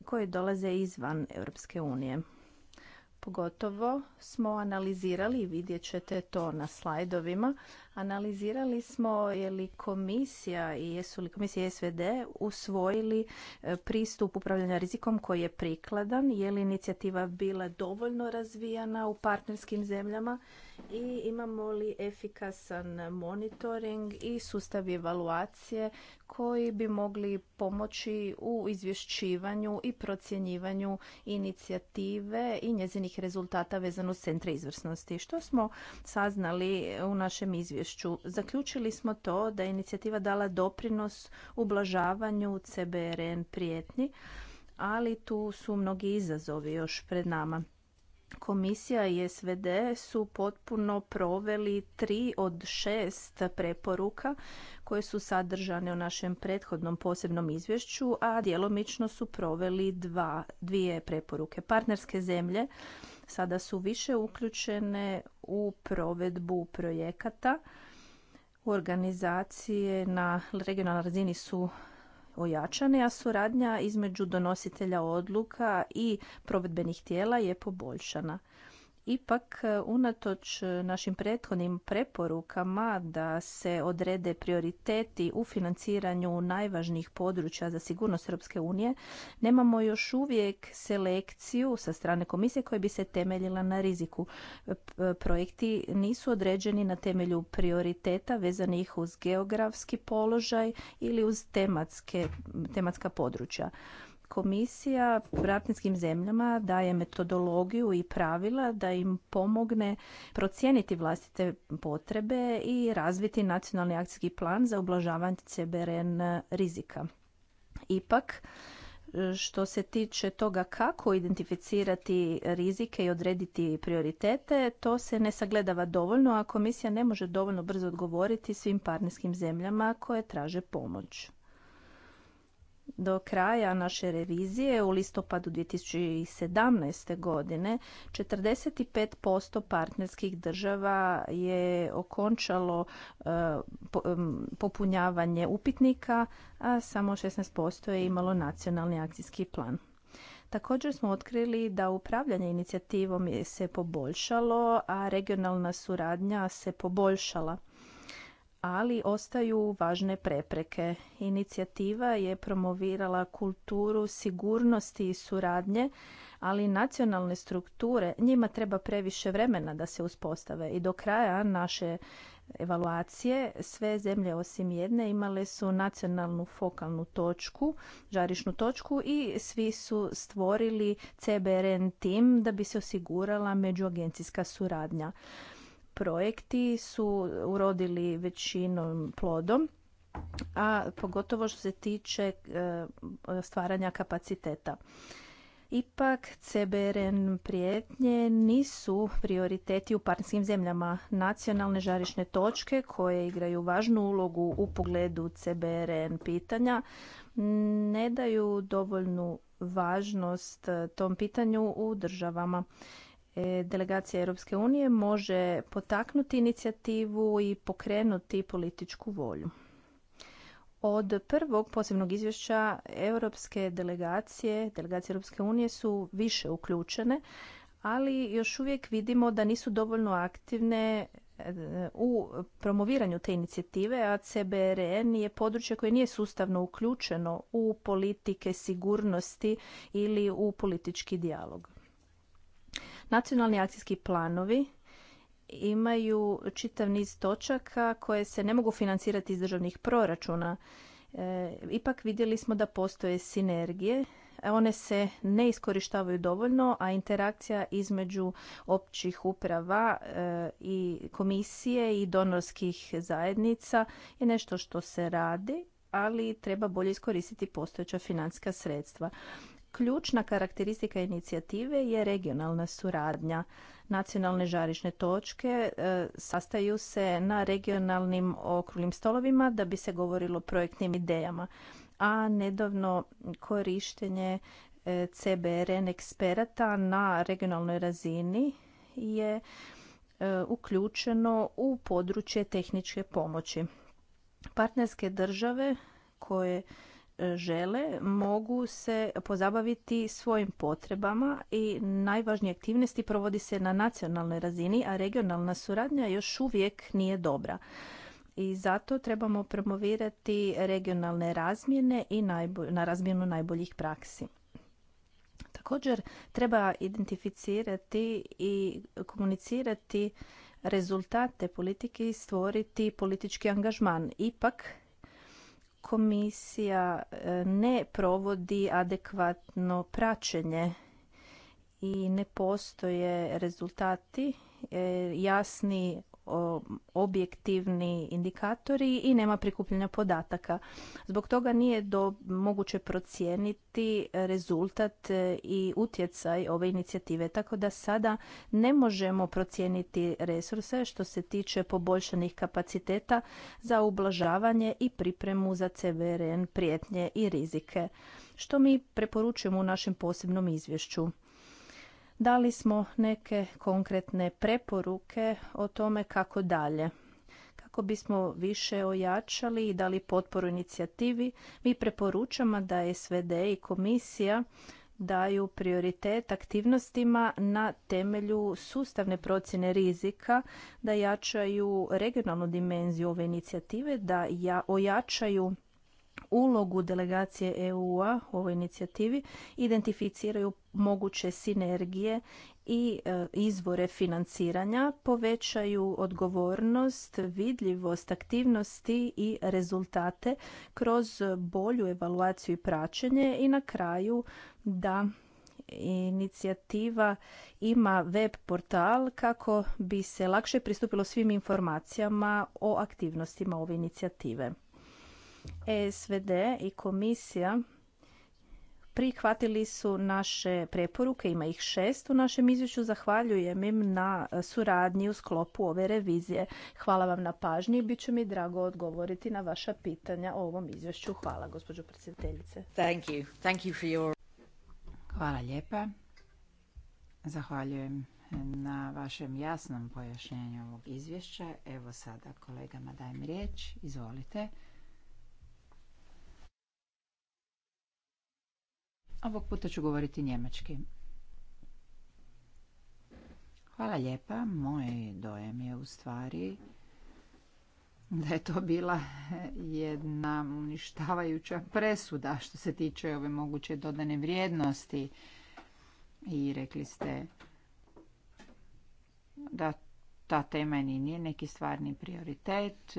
koje dolaze izvan Europske unije. Pogotovo smo analizirali i vidjet ćete to na slajdovima Analizirali smo je li komisija i jesu li komisija SVD usvojili e, pristup upravljanja rizikom koji je prikladan, je li inicijativa bila dovoljno razvijana u partnerskim zemljama i imamo li efikasan monitoring i sustav evaluacije koji bi mogli pomoći u izvješćivanju i procjenjivanju inicijative i njezinih rezultata vezano uz centre izvrsnosti. Što smo saznali u našem izvješću? izvješću. Zaključili smo to da je inicijativa dala doprinos ublažavanju CBRN prijetnji, ali tu su mnogi izazovi još pred nama. Komisija i SVD su potpuno proveli tri od šest preporuka koje su sadržane u našem prethodnom posebnom izvješću, a djelomično su proveli dvije preporuke. Partnerske zemlje sada su više uključene u provedbu projekata. Organizacije na regionalnoj razini su ojačane, a suradnja između donositelja odluka i provedbenih tijela je poboljšana. Ipak, e, unatoč e, našim prethodnim preporukama da se odrede prioriteti u financiranju najvažnijih područja za sigurnost Europske unije, nemamo još uvijek selekciju sa strane komisije koja bi se temeljila na riziku. E, projekti nisu određeni na temelju prioriteta vezanih uz geografski položaj ili uz tematske, tematska područja komisija ratnskim zemljama daje metodologiju i pravila da im pomogne procijeniti vlastite potrebe i razviti nacionalni akcijski plan za ublažavanje CBRN rizika. Ipak, što se tiče toga kako identificirati rizike i odrediti prioritete, to se ne sagledava dovoljno, a komisija ne može dovoljno brzo odgovoriti svim partnerskim zemljama koje traže pomoć do kraja naše revizije u listopadu 2017. godine 45% partnerskih država je okončalo e, popunjavanje upitnika, a samo 16% je imalo nacionalni akcijski plan. Također smo otkrili da upravljanje inicijativom se poboljšalo, a regionalna suradnja se poboljšala ali ostaju važne prepreke. Inicijativa je promovirala kulturu sigurnosti i suradnje, ali nacionalne strukture njima treba previše vremena da se uspostave i do kraja naše evaluacije sve zemlje osim jedne imale su nacionalnu fokalnu točku, žarišnu točku i svi su stvorili CBRN tim da bi se osigurala međuagencijska suradnja projekti su urodili većinom plodom, a pogotovo što se tiče e, stvaranja kapaciteta. Ipak, CBRN prijetnje nisu prioriteti u partnerskim zemljama. Nacionalne žarišne točke koje igraju važnu ulogu u pogledu CBRN pitanja ne daju dovoljnu važnost e, tom pitanju u državama. E, delegacija Europske unije može potaknuti inicijativu i pokrenuti političku volju. Od prvog posebnog izvješća europske delegacije, delegacije Europske unije su više uključene, ali još uvijek vidimo da nisu dovoljno aktivne e, u promoviranju te inicijative, a CBRN je područje koje nije sustavno uključeno u politike sigurnosti ili u politički dijalog. Nacionalni akcijski planovi imaju čitav niz točaka koje se ne mogu financirati iz državnih proračuna. E, ipak vidjeli smo da postoje sinergije, one se ne iskorištavaju dovoljno, a interakcija između općih uprava e, i komisije i donorskih zajednica je nešto što se radi ali treba bolje iskoristiti postojeća financijska sredstva. Ključna karakteristika inicijative je regionalna suradnja. Nacionalne žarišne točke e, sastaju se na regionalnim okruglim stolovima da bi se govorilo o projektnim idejama. A nedavno korištenje e, CBRN eksperata na regionalnoj razini je e, uključeno u područje tehničke pomoći. Partnerske države koje žele mogu se pozabaviti svojim potrebama i najvažnije aktivnosti provodi se na nacionalnoj razini, a regionalna suradnja još uvijek nije dobra. I zato trebamo promovirati regionalne razmjene i na razmjenu najboljih praksi. Također treba identificirati i komunicirati rezultate politike i stvoriti politički angažman. Ipak komisija e, ne provodi adekvatno praćenje i ne postoje rezultati e, jasni objektivni indikatori i nema prikupljanja podataka. Zbog toga nije do, moguće procijeniti rezultat e, i utjecaj ove inicijative, tako da sada ne možemo procijeniti resurse što se tiče poboljšanih kapaciteta za ublažavanje i pripremu za CVRN prijetnje i rizike, što mi preporučujemo u našem posebnom izvješću dali smo neke konkretne preporuke o tome kako dalje. Kako bismo više ojačali i dali potporu inicijativi, mi preporučamo da SVD i komisija daju prioritet aktivnostima na temelju sustavne procjene rizika, da jačaju regionalnu dimenziju ove inicijative, da ojačaju ulogu delegacije EU-a u ovoj inicijativi, identificiraju moguće sinergije i e, izvore financiranja, povećaju odgovornost, vidljivost aktivnosti i rezultate kroz bolju evaluaciju i praćenje i na kraju da inicijativa ima web portal kako bi se lakše pristupilo svim informacijama o aktivnostima ove inicijative. E SVD i komisija prihvatili su naše preporuke, ima ih šest u našem izvješću. Zahvaljujem im na suradnji u sklopu ove revizije. Hvala vam na pažnji i bit će mi drago odgovoriti na vaša pitanja o ovom izvješću. Hvala, gospođo predsjedateljice. Thank Hvala lijepa. Zahvaljujem na vašem jasnom pojašnjenju ovog izvješća. Evo sada kolegama dajem riječ. Izvolite. Ovog puta ću govoriti njemački. Hvala lijepa. Moj dojem je u stvari da je to bila jedna uništavajuća presuda što se tiče ove moguće dodane vrijednosti. I rekli ste da ta tema nije neki stvarni prioritet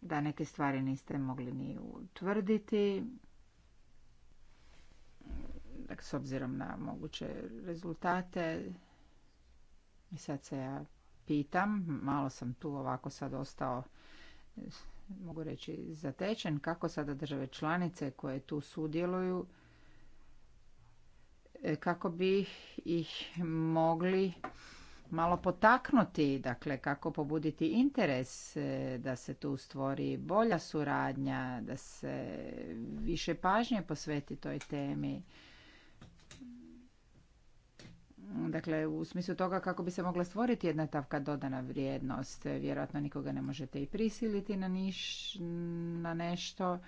da neke stvari niste mogli ni utvrditi dakle, s obzirom na moguće rezultate. I sad se ja pitam, malo sam tu ovako sad ostao, mogu reći, zatečen, kako sada države članice koje tu sudjeluju, e, kako bi ih mogli malo potaknuti, dakle kako pobuditi interes e, da se tu stvori bolja suradnja, da se više pažnje posveti toj temi. Dakle, u smislu toga kako bi se mogla stvoriti jedna tavka dodana vrijednost. Vjerojatno nikoga ne možete i prisiliti na, niš, na nešto.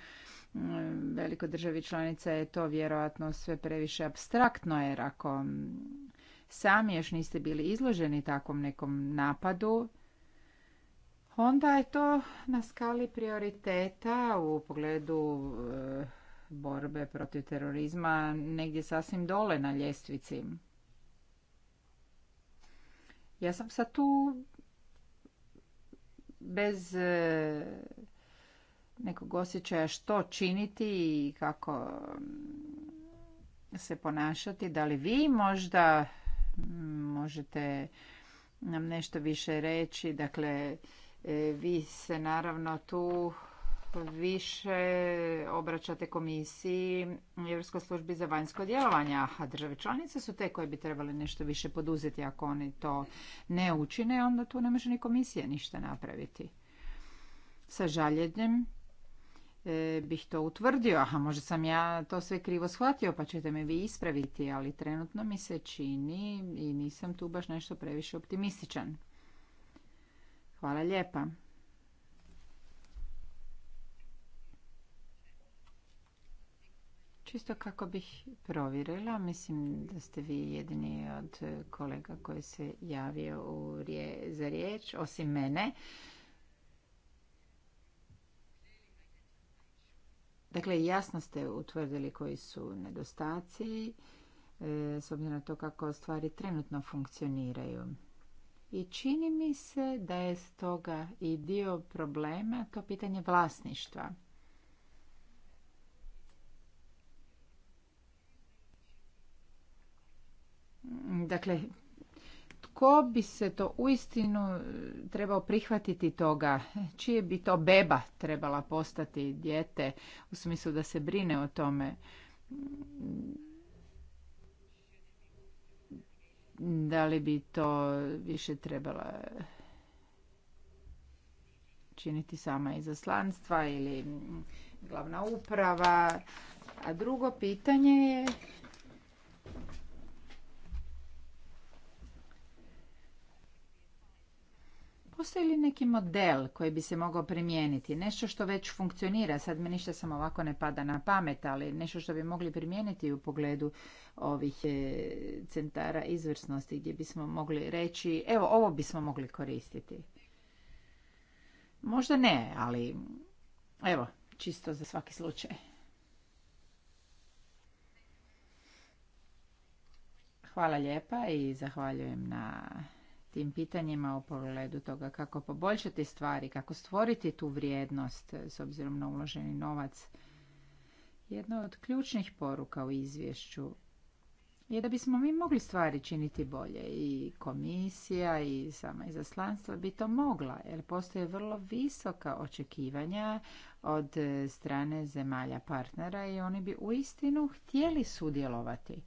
Veliko državi članica je to vjerojatno sve previše abstraktno jer ako sami još niste bili izloženi takvom nekom napadu, onda je to na skali prioriteta u pogledu e, borbe protiv terorizma negdje sasvim dole na ljestvici. Ja sam sad tu bez e, nekog osjećaja što činiti i kako se ponašati. Da li vi možda možete nam nešto više reći. Dakle, e, vi se naravno tu više obraćate komisiji Europskoj službi za vanjsko djelovanje, a države članice su te koje bi trebali nešto više poduzeti. Ako oni to ne učine, onda tu ne može ni komisija ništa napraviti. Sa žaljenjem E, bih to utvrdio, a možda sam ja to sve krivo shvatio, pa ćete me vi ispraviti, ali trenutno mi se čini i nisam tu baš nešto previše optimističan. Hvala lijepa. Čisto kako bih provjerila, mislim da ste vi jedini od kolega koji se javio za riječ, osim mene. Dakle, jasno ste utvrdili koji su nedostaci e, s obzirom na to kako stvari trenutno funkcioniraju. I čini mi se da je stoga i dio problema to pitanje vlasništva. Dakle, tko bi se to uistinu e, trebao prihvatiti toga? Čije bi to beba trebala postati dijete u smislu da se brine o tome? Da li bi to više trebala činiti sama izaslanstva ili glavna uprava? A drugo pitanje je Postoji li neki model koji bi se mogao primijeniti? Nešto što već funkcionira, sad mi ništa samo ovako ne pada na pamet, ali nešto što bi mogli primijeniti u pogledu ovih e, centara izvrsnosti gdje bismo mogli reći, evo ovo bismo mogli koristiti. Možda ne, ali evo, čisto za svaki slučaj. Hvala lijepa i zahvaljujem na tim pitanjima u pogledu toga kako poboljšati stvari, kako stvoriti tu vrijednost eh, s obzirom na uloženi novac. Jedna od ključnih poruka u izvješću je da bismo mi mogli stvari činiti bolje i komisija i sama izaslanstva bi to mogla jer postoje vrlo visoka očekivanja od eh, strane zemalja partnera i oni bi uistinu htjeli sudjelovati.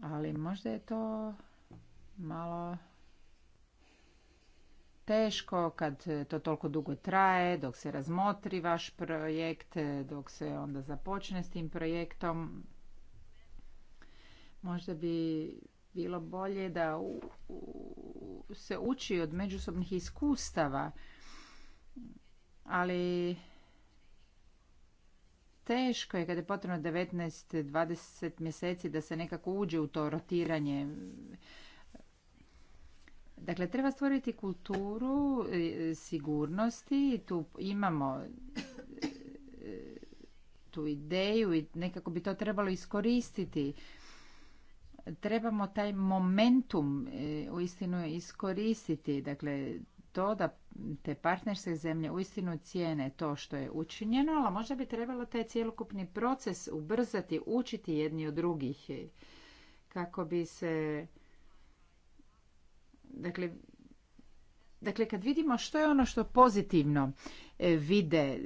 ali možda je to malo teško kad to toliko dugo traje, dok se razmotri vaš projekt, dok se onda započne s tim projektom. Možda bi bilo bolje da se uči od međusobnih iskustava, ali teško je kada je potrebno 19-20 mjeseci da se nekako uđe u to rotiranje. Dakle, treba stvoriti kulturu e, sigurnosti. Tu imamo e, tu ideju i nekako bi to trebalo iskoristiti. Trebamo taj momentum e, u istinu iskoristiti. Dakle, to da te partnerske zemlje uistinu cijene to što je učinjeno, ali možda bi trebalo taj cjelokupni proces ubrzati, učiti jedni od drugih kako bi se dakle Dakle, kad vidimo što je ono što pozitivno e, vide e,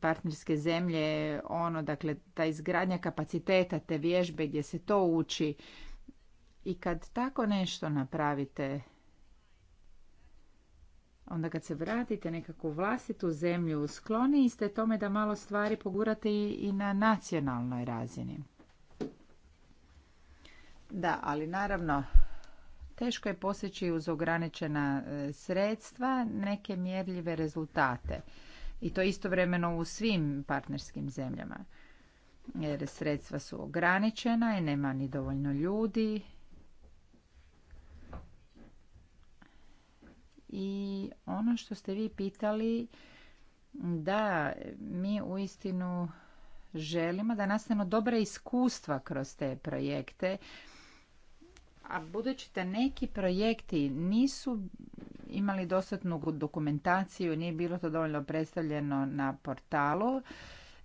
partnerske zemlje, ono, dakle, ta izgradnja kapaciteta, te vježbe gdje se to uči i kad tako nešto napravite, onda kad se vratite nekako u vlastitu zemlju, skloni ste tome da malo stvari pogurate i, i na nacionalnoj razini. Da, ali naravno, teško je postići uz ograničena e, sredstva neke mjerljive rezultate. I to istovremeno u svim partnerskim zemljama. Jer sredstva su ograničena i nema ni dovoljno ljudi i ono što ste vi pitali, da, mi uistinu želimo da nastanu dobra iskustva kroz te projekte, a budući da neki projekti nisu imali dostatnu dokumentaciju, nije bilo to dovoljno predstavljeno na portalu,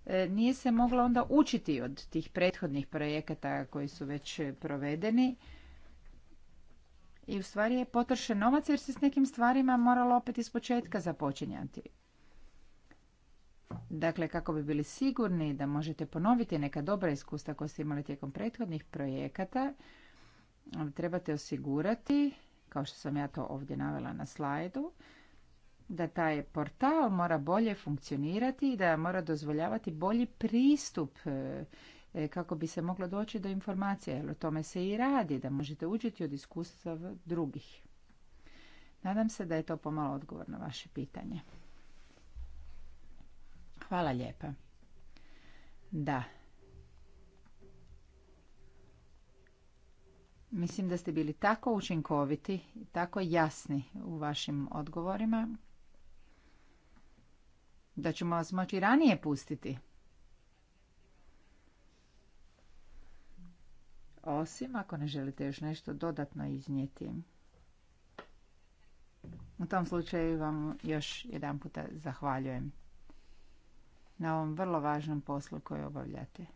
e, nije se moglo onda učiti od tih prethodnih projekata koji su već provedeni i u stvari je potrošen novac jer se s nekim stvarima moralo opet iz početka započinjati. Dakle, kako bi bili sigurni da možete ponoviti neka dobra iskustva koja ste imali tijekom prethodnih projekata, trebate osigurati, kao što sam ja to ovdje navela na slajdu, da taj portal mora bolje funkcionirati i da mora dozvoljavati bolji pristup e, E, kako bi se moglo doći do informacija, jer o tome se i radi, da možete učiti od iskustva drugih. Nadam se da je to pomalo odgovor na vaše pitanje. Hvala lijepa. Da. Mislim da ste bili tako učinkoviti i tako jasni u vašim odgovorima da ćemo vas moći ranije pustiti. osim ako ne želite još nešto dodatno iznijeti. U tom slučaju vam još jedan puta zahvaljujem na ovom vrlo važnom poslu koji obavljate.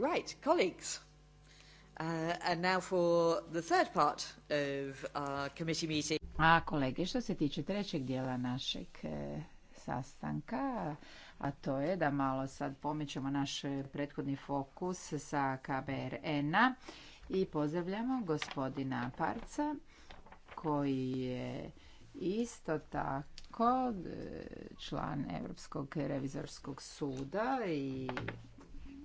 Right, colleagues. Uh, and now for the third part of our committee meeting. A kolege, što se tiče trećeg dijela našeg e, sastanka, a to je da malo sad pomećemo naš prethodni fokus sa KBRN-a i pozdravljamo gospodina Parca koji je isto tako e, član Europskog revizorskog suda i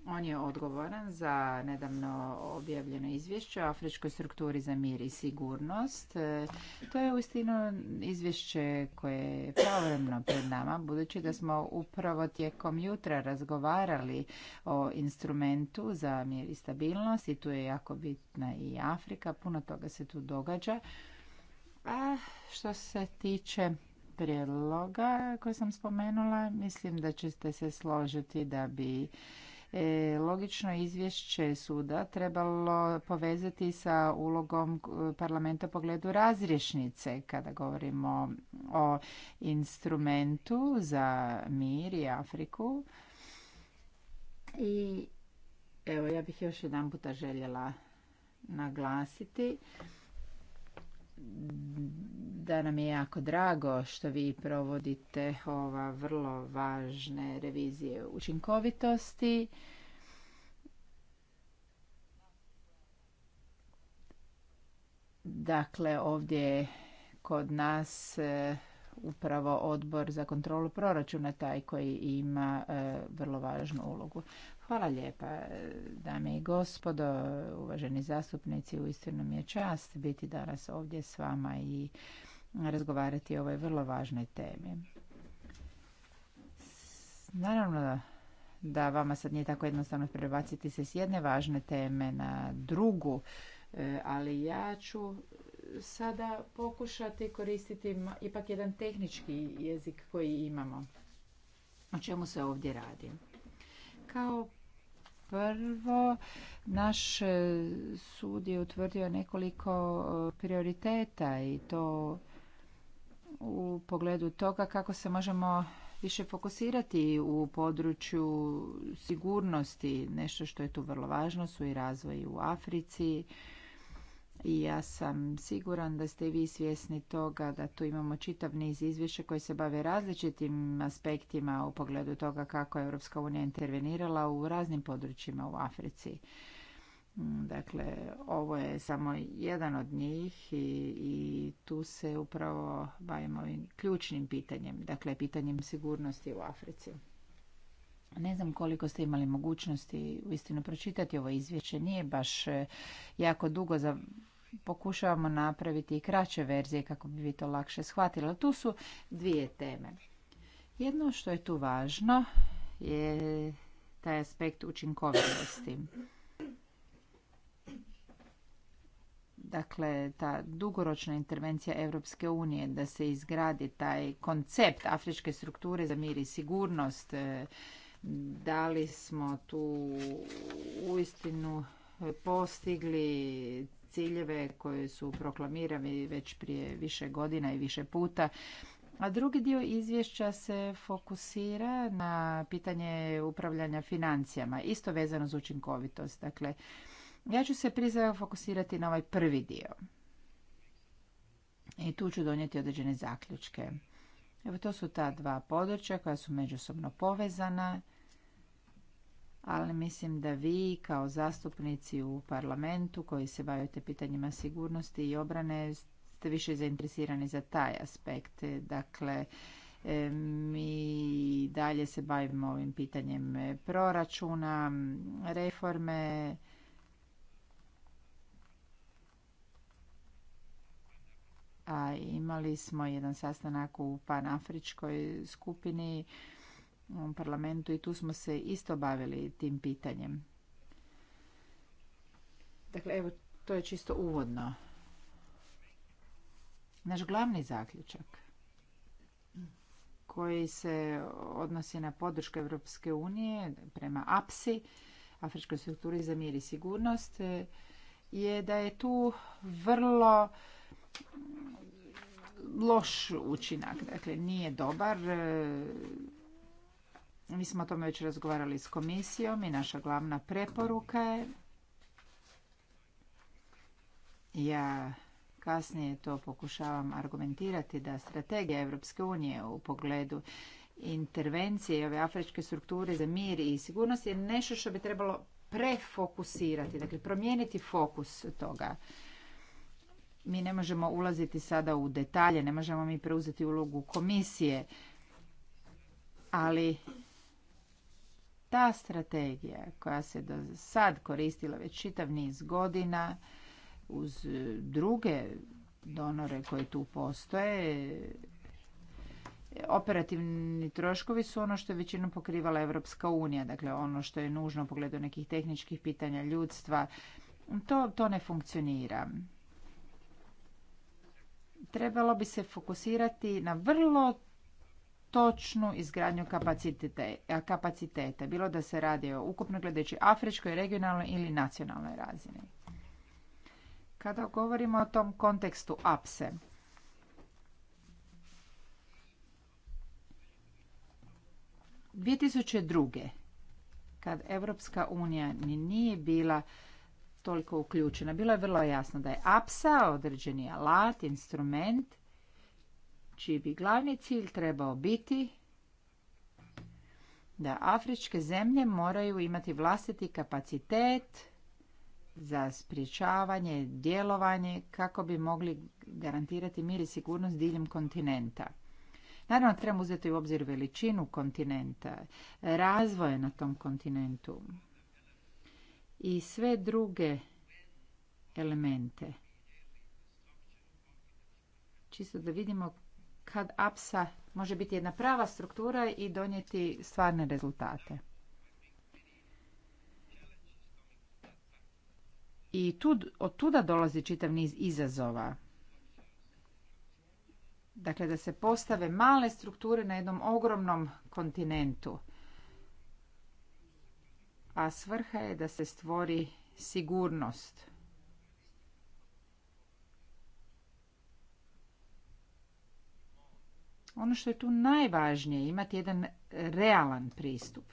on je odgovoran za nedavno objavljeno izvješće o afričkoj strukturi za mir i sigurnost. E, to je uistinu izvješće koje je pravremno pred nama, budući da smo upravo tijekom jutra razgovarali o instrumentu za mir i stabilnost i tu je jako bitna i Afrika. Puno toga se tu događa. A što se tiče prijedloga koje sam spomenula, mislim da ćete se složiti da bi E, logično izvješće suda trebalo povezati sa ulogom e, parlamenta u pogledu razrješnice kada govorimo o instrumentu za mir i Afriku. I evo ja bih još jedan puta željela naglasiti da nam je jako drago što vi provodite ova vrlo važne revizije učinkovitosti. Dakle, ovdje kod nas e, upravo odbor za kontrolu proračuna taj koji ima e, vrlo važnu ulogu. Hvala lijepa, dame i gospodo, uvaženi zastupnici, uistinu mi je čast biti danas ovdje s vama i razgovarati o ovoj vrlo važnoj temi. Naravno da vama sad nije tako jednostavno prebaciti se s jedne važne teme na drugu, e, ali ja ću sada pokušati koristiti ipak jedan tehnički jezik koji imamo. O čemu se ovdje radi? Kao prvo, naš sud je utvrdio nekoliko e, prioriteta i to u pogledu toga kako se možemo više fokusirati u području sigurnosti. Nešto što je tu vrlo važno su i razvoj u Africi, i ja sam siguran da ste i vi svjesni toga da tu imamo čitav niz izvješća koji se bave različitim aspektima u pogledu toga kako je Europska unija intervenirala u raznim područjima u Africi. Mm, dakle, ovo je samo jedan od njih i, i tu se upravo bavimo ovim ključnim pitanjem, dakle pitanjem sigurnosti u Africi. Ne znam koliko ste imali mogućnosti uistinu pročitati ovo izvješće. Nije baš eh, jako dugo za pokušavamo napraviti i kraće verzije kako bi vi to lakše shvatili. Tu su dvije teme. Jedno što je tu važno je taj aspekt učinkovitosti. Dakle, ta dugoročna intervencija Europske unije da se izgradi taj koncept afričke strukture za mir i sigurnost, e, da li smo tu uistinu postigli ciljeve koje su proklamirani već prije više godina i više puta. A drugi dio izvješća se fokusira na pitanje upravljanja financijama, isto vezano za učinkovitost. Dakle, ja ću se prije fokusirati na ovaj prvi dio. I tu ću donijeti određene zaključke. Evo, to su ta dva područja koja su međusobno povezana ali mislim da vi kao zastupnici u parlamentu koji se bavite pitanjima sigurnosti i obrane ste više zainteresirani za taj aspekt. Dakle, e, mi dalje se bavimo ovim pitanjem proračuna, reforme, a imali smo jedan sastanak u panafričkoj skupini ovom parlamentu i tu smo se isto bavili tim pitanjem. Dakle, evo, to je čisto uvodno. Naš glavni zaključak koji se odnosi na podršku Europske unije prema APSI, Afričkoj strukturi za mir i sigurnost, je da je tu vrlo loš učinak. Dakle, nije dobar. Mi smo o tome već razgovarali s komisijom i naša glavna preporuka je ja kasnije to pokušavam argumentirati da strategija Europske unije u pogledu intervencije ove afričke strukture za mir i sigurnost je nešto što bi trebalo prefokusirati, dakle promijeniti fokus toga. Mi ne možemo ulaziti sada u detalje, ne možemo mi preuzeti ulogu komisije, ali ta strategija koja se do sad koristila već čitav niz godina uz e, druge donore koje tu postoje, e, operativni troškovi su ono što je većinom pokrivala Evropska unija, dakle ono što je nužno u pogledu nekih tehničkih pitanja ljudstva, to, to ne funkcionira. Trebalo bi se fokusirati na vrlo točnu izgradnju kapaciteta, bilo da se radi o ukupno gledajući afričkoj, regionalnoj ili nacionalnoj razini. Kada govorimo o tom kontekstu APSE, 2002. kad Evropska unija ni nije bila toliko uključena, bilo je vrlo jasno da je APSA određeni alat, instrument čiji bi glavni cilj trebao biti da afričke zemlje moraju imati vlastiti kapacitet za sprječavanje, djelovanje kako bi mogli garantirati mir i sigurnost diljem kontinenta. Naravno, trebamo uzeti u obzir veličinu kontinenta, razvoje na tom kontinentu i sve druge elemente. Čisto da vidimo kad APSA može biti jedna prava struktura i donijeti stvarne rezultate. I od tuda dolazi čitav niz izazova. Dakle, da se postave male strukture na jednom ogromnom kontinentu. A svrha je da se stvori sigurnost. Ono što je tu najvažnije, imati jedan realan pristup.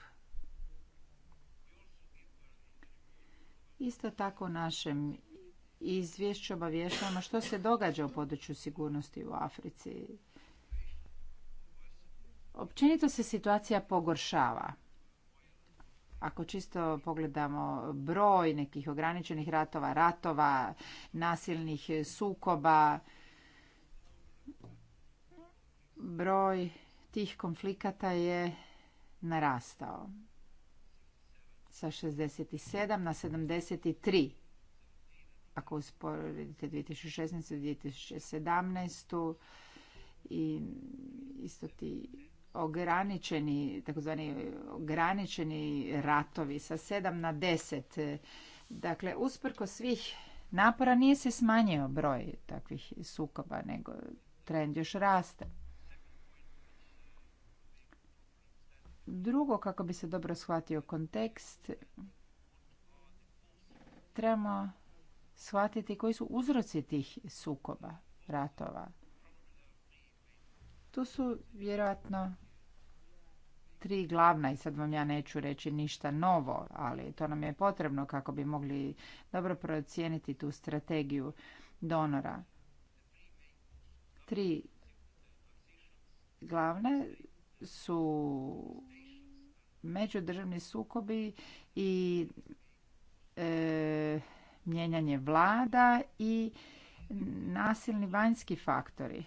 Isto tako u našem izvješću obavještavamo što se događa u području sigurnosti u Africi. Općenito se situacija pogoršava. Ako čisto pogledamo broj nekih ograničenih ratova, ratova, nasilnih sukoba, broj tih konflikata je narastao sa 67 na 73. Ako usporedite 2016. 2017. i isto ti ograničeni, takozvani ograničeni ratovi sa 7 na 10. Dakle, usprko svih napora nije se smanjio broj takvih sukoba, nego trend još raste. Drugo, kako bi se dobro shvatio kontekst, trebamo shvatiti koji su uzroci tih sukoba, ratova. Tu su vjerojatno tri glavna i sad vam ja neću reći ništa novo, ali to nam je potrebno kako bi mogli dobro procijeniti tu strategiju donora. Tri glavne su međudržavni sukobi i e, mijenjanje vlada i nasilni vanjski faktori.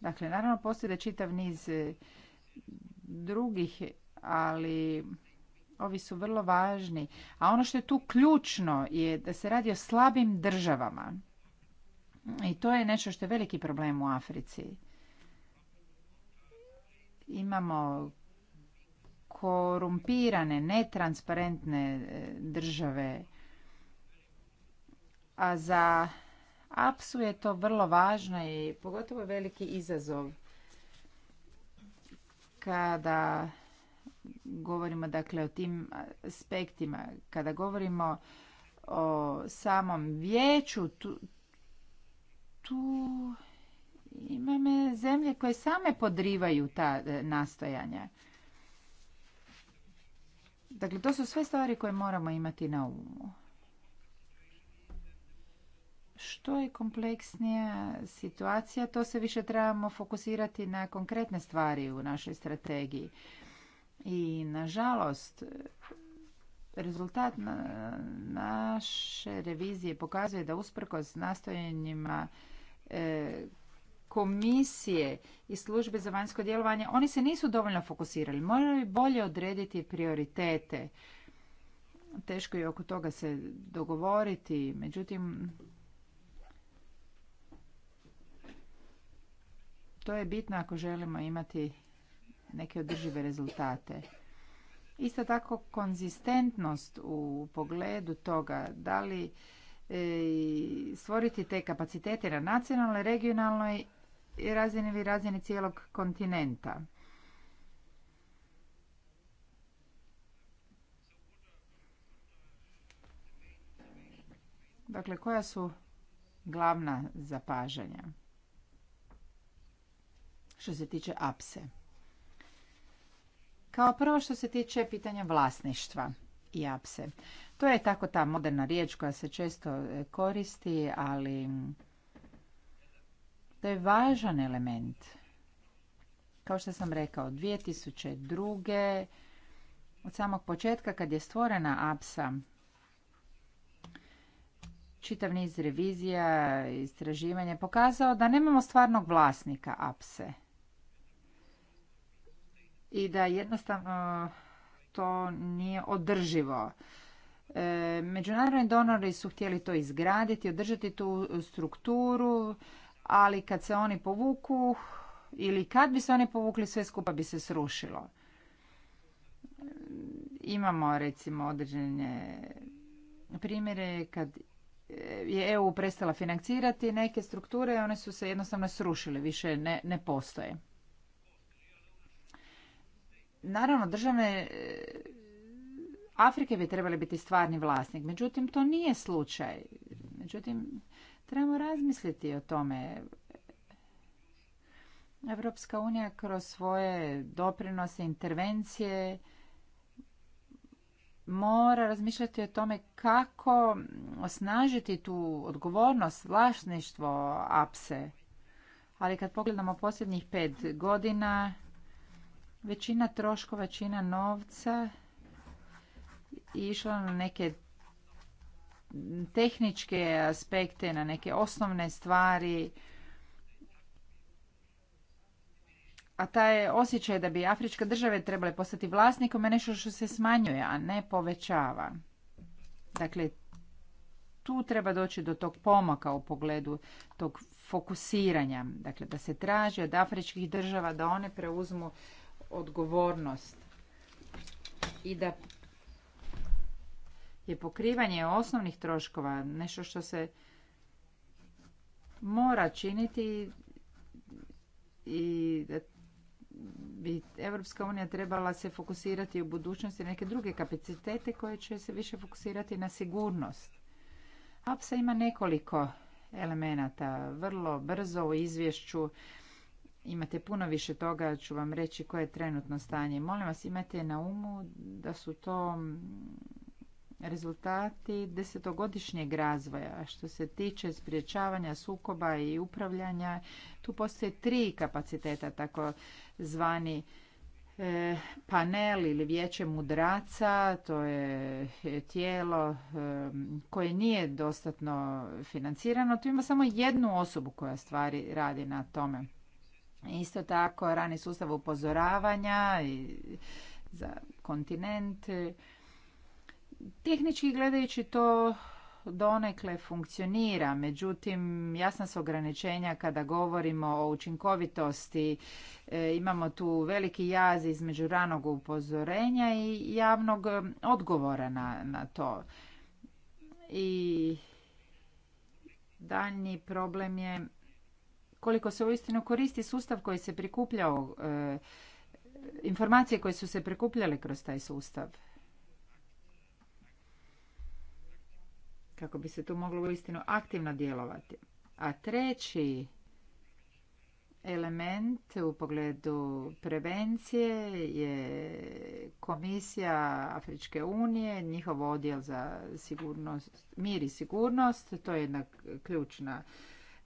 Dakle, naravno postoji da čitav niz e, drugih, ali ovi su vrlo važni. A ono što je tu ključno je da se radi o slabim državama. I to je nešto što je veliki problem u Africi. Imamo korumpirane, netransparentne e, države. A za APSU je to vrlo važno i pogotovo veliki izazov kada govorimo dakle o tim aspektima, kada govorimo o samom vijeću, tu, tu imamo zemlje koje same podrivaju ta e, nastojanja. Dakle, to su sve stvari koje moramo imati na umu. Što je kompleksnija situacija, to se više trebamo fokusirati na konkretne stvari u našoj strategiji. I, nažalost, rezultat naše revizije pokazuje da usprkos nastojanjima e, komisije i službe za vanjsko djelovanje, oni se nisu dovoljno fokusirali. Moraju bolje odrediti prioritete. Teško je oko toga se dogovoriti, međutim, to je bitno ako želimo imati neke održive rezultate. Isto tako konzistentnost u pogledu toga da li e, stvoriti te kapacitete na nacionalnoj, regionalnoj razini i razini cijelog kontinenta. Dakle, koja su glavna zapažanja što se tiče apse? Kao prvo što se tiče pitanja vlasništva i apse. To je tako ta moderna riječ koja se često koristi, ali to je važan element. Kao što sam rekao, 2002. od samog početka kad je stvorena APSA, čitav niz revizija, istraživanja pokazao da nemamo stvarnog vlasnika APSE. I da jednostavno to nije održivo. E, međunarodni donori su htjeli to izgraditi, održati tu strukturu, ali kad se oni povuku ili kad bi se oni povukli sve skupa bi se srušilo. Imamo recimo određene primjere kad eh, je EU prestala financirati neke strukture, one su se jednostavno srušile, više ne, ne postoje. Naravno, državne eh, Afrike bi trebali biti stvarni vlasnik, međutim to nije slučaj. Međutim, Trebamo razmisliti o tome. Evropska unija kroz svoje doprinose, intervencije mora razmišljati o tome kako osnažiti tu odgovornost, vlasništvo apse. Ali kad pogledamo posljednjih pet godina, većina troškova, većina novca išla na neke tehničke aspekte, na neke osnovne stvari. A taj osjećaj da bi afričke države trebale postati vlasnikom je nešto što se smanjuje, a ne povećava. Dakle, tu treba doći do tog pomaka u pogledu tog fokusiranja. Dakle, da se traži od afričkih država da one preuzmu odgovornost i da je pokrivanje osnovnih troškova, nešto što se mora činiti i da bi Evropska unija trebala se fokusirati u budućnosti neke druge kapacitete koje će se više fokusirati na sigurnost. APSA e ima nekoliko elemenata. Vrlo brzo u izvješću imate puno više toga, ću vam reći koje je trenutno stanje. Molim vas imajte na umu da su to rezultati desetogodišnjeg razvoja. što se tiče sprječavanja sukoba i upravljanja, tu postoje tri kapaciteta, tako zvani e, panel ili vijeće mudraca, to je tijelo e, koje nije dostatno financirano. Tu ima samo jednu osobu koja stvari radi na tome. Isto tako, rani sustav upozoravanja za kontinent, Tehnički gledajući to donekle funkcionira, međutim jasna su ograničenja kada govorimo o učinkovitosti. E, imamo tu veliki jaz između ranog upozorenja i javnog e, odgovora na, na to. I daljnji problem je koliko se uistinu koristi sustav koji se prikupljao, e, informacije koje su se prikupljale kroz taj sustav. kako bi se tu moglo uistinu aktivno djelovati. A treći element u pogledu prevencije je Komisija Afričke unije, njihov odjel za sigurnost, mir i sigurnost. To je jedna ključna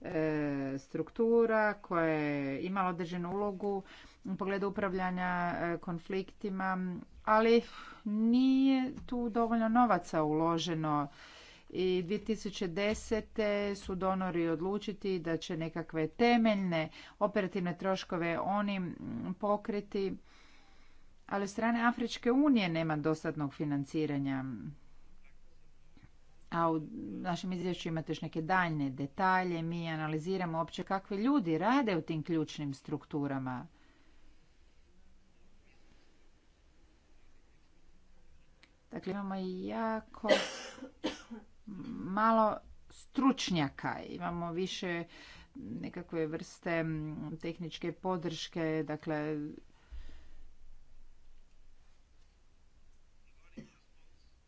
e, struktura koja je imala određenu ulogu u pogledu upravljanja e, konfliktima, ali nije tu dovoljno novaca uloženo i 2010. su donori odlučiti da će nekakve temeljne operativne troškove oni pokriti, ali strane Afričke unije nema dostatnog financiranja. A u našem izvješću imate još neke daljne detalje, mi analiziramo uopće kakvi ljudi rade u tim ključnim strukturama. Dakle, imamo jako malo stručnjaka, imamo više nekakve vrste tehničke podrške, dakle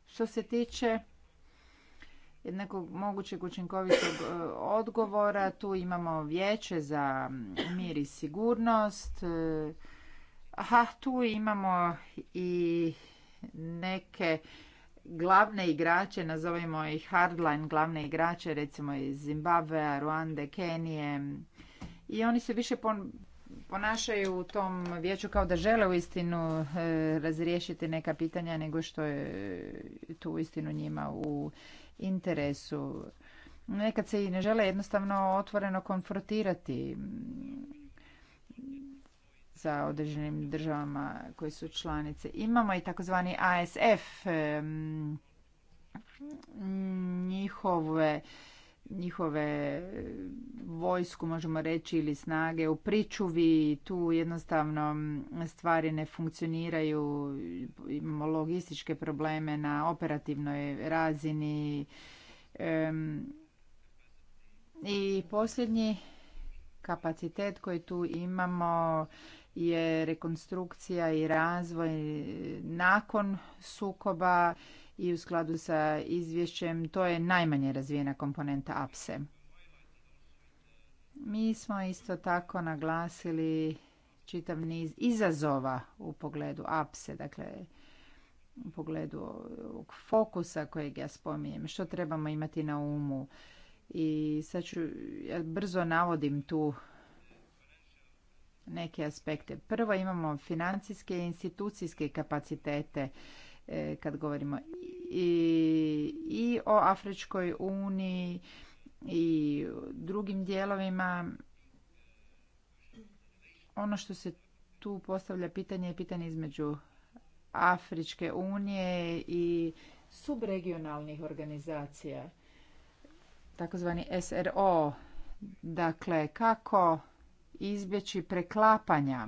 što se tiče jednakog mogućeg učinkovitog e, odgovora, tu imamo vijeće za mir i sigurnost. E, aha, tu imamo i neke glavne igrače, nazovimo ih hardline glavne igrače, recimo iz Zimbabvea, Ruande, Kenije. I oni se više ponašaju u tom vijeću kao da žele u istinu e, razriješiti neka pitanja nego što je tu u istinu njima u interesu. Nekad se i ne žele jednostavno otvoreno konfrontirati sa određenim državama koje su članice. Imamo i takozvani ASF, njihove njihove vojsku, možemo reći, ili snage u pričuvi. Tu jednostavno stvari ne funkcioniraju, imamo logističke probleme na operativnoj razini. I posljednji kapacitet koji tu imamo je rekonstrukcija i razvoj nakon sukoba i u skladu sa izvješćem to je najmanje razvijena komponenta APSE. Mi smo isto tako naglasili čitav niz izazova u pogledu APSE, dakle u pogledu ovog fokusa kojeg ja spominjem, što trebamo imati na umu. I sad ću, ja brzo navodim tu neke aspekte. Prvo imamo financijske i institucijske kapacitete e, kad govorimo i, i o Afričkoj uniji i drugim dijelovima. Ono što se tu postavlja pitanje je pitanje između Afričke unije i subregionalnih organizacija, takozvani SRO. Dakle, kako izbjeći preklapanja.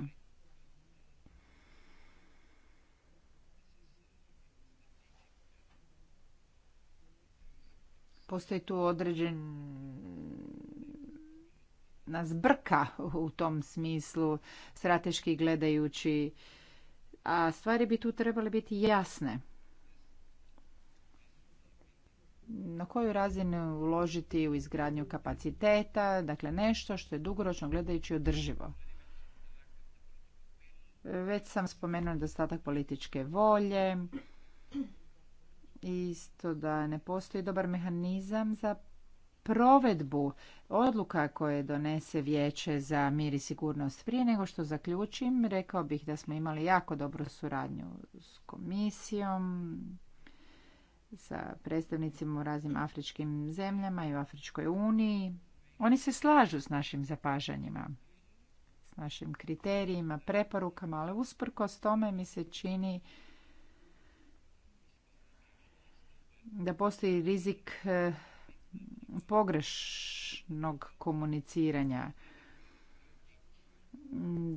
Postoji tu određen nas brka u tom smislu strateški gledajući, a stvari bi tu trebale biti jasne na koju razinu uložiti u izgradnju kapaciteta, dakle nešto što je dugoročno gledajući održivo. Već sam spomenula dostatak političke volje, isto da ne postoji dobar mehanizam za provedbu odluka koje donese vijeće za mir i sigurnost. Prije nego što zaključim, rekao bih da smo imali jako dobru suradnju s komisijom, sa predstavnicima u raznim afričkim zemljama i u Afričkoj uniji. Oni se slažu s našim zapažanjima, s našim kriterijima, preporukama, ali usprkos tome mi se čini da postoji rizik eh, pogrešnog komuniciranja.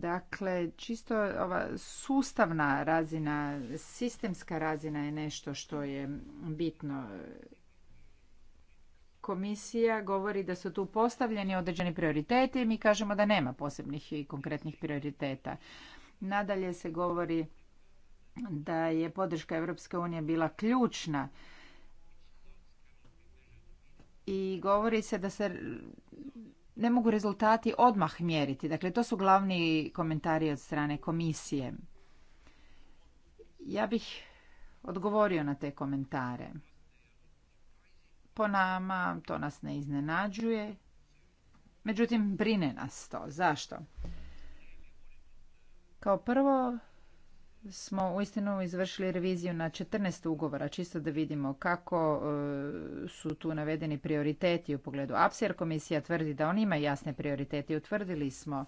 Dakle, čisto ova sustavna razina, sistemska razina je nešto što je bitno. Komisija govori da su tu postavljeni određeni prioriteti i mi kažemo da nema posebnih i konkretnih prioriteta. Nadalje se govori da je podrška Europske unije bila ključna i govori se da se ne mogu rezultati odmah mjeriti. Dakle, to su glavni komentari od strane komisije. Ja bih odgovorio na te komentare. Po nama to nas ne iznenađuje, međutim brine nas to. Zašto? Kao prvo, smo uistinu izvršili reviziju na 14 ugovora, čisto da vidimo kako e, su tu navedeni prioriteti u pogledu APSER. Komisija tvrdi da on ima jasne prioritete. Utvrdili smo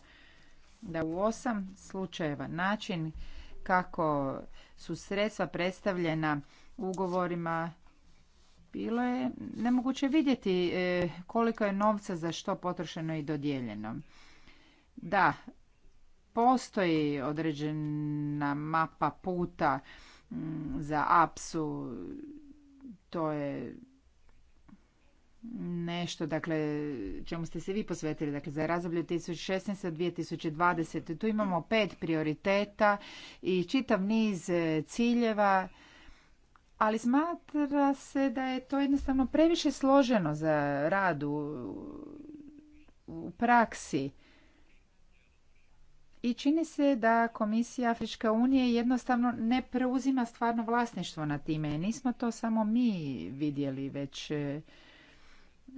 da u osam slučajeva način kako su sredstva predstavljena ugovorima bilo je nemoguće vidjeti e, koliko je novca za što potrošeno i dodijeljeno. Da, postoji određena mapa puta mm, za apsu to je nešto dakle čemu ste se vi posvetili dakle za razdoblje 2016 2020 tu imamo pet prioriteta i čitav niz e, ciljeva ali smatra se da je to jednostavno previše složeno za rad u praksi i čini se da Komisija Afrička unije jednostavno ne preuzima stvarno vlasništvo na time. Nismo to samo mi vidjeli, već e,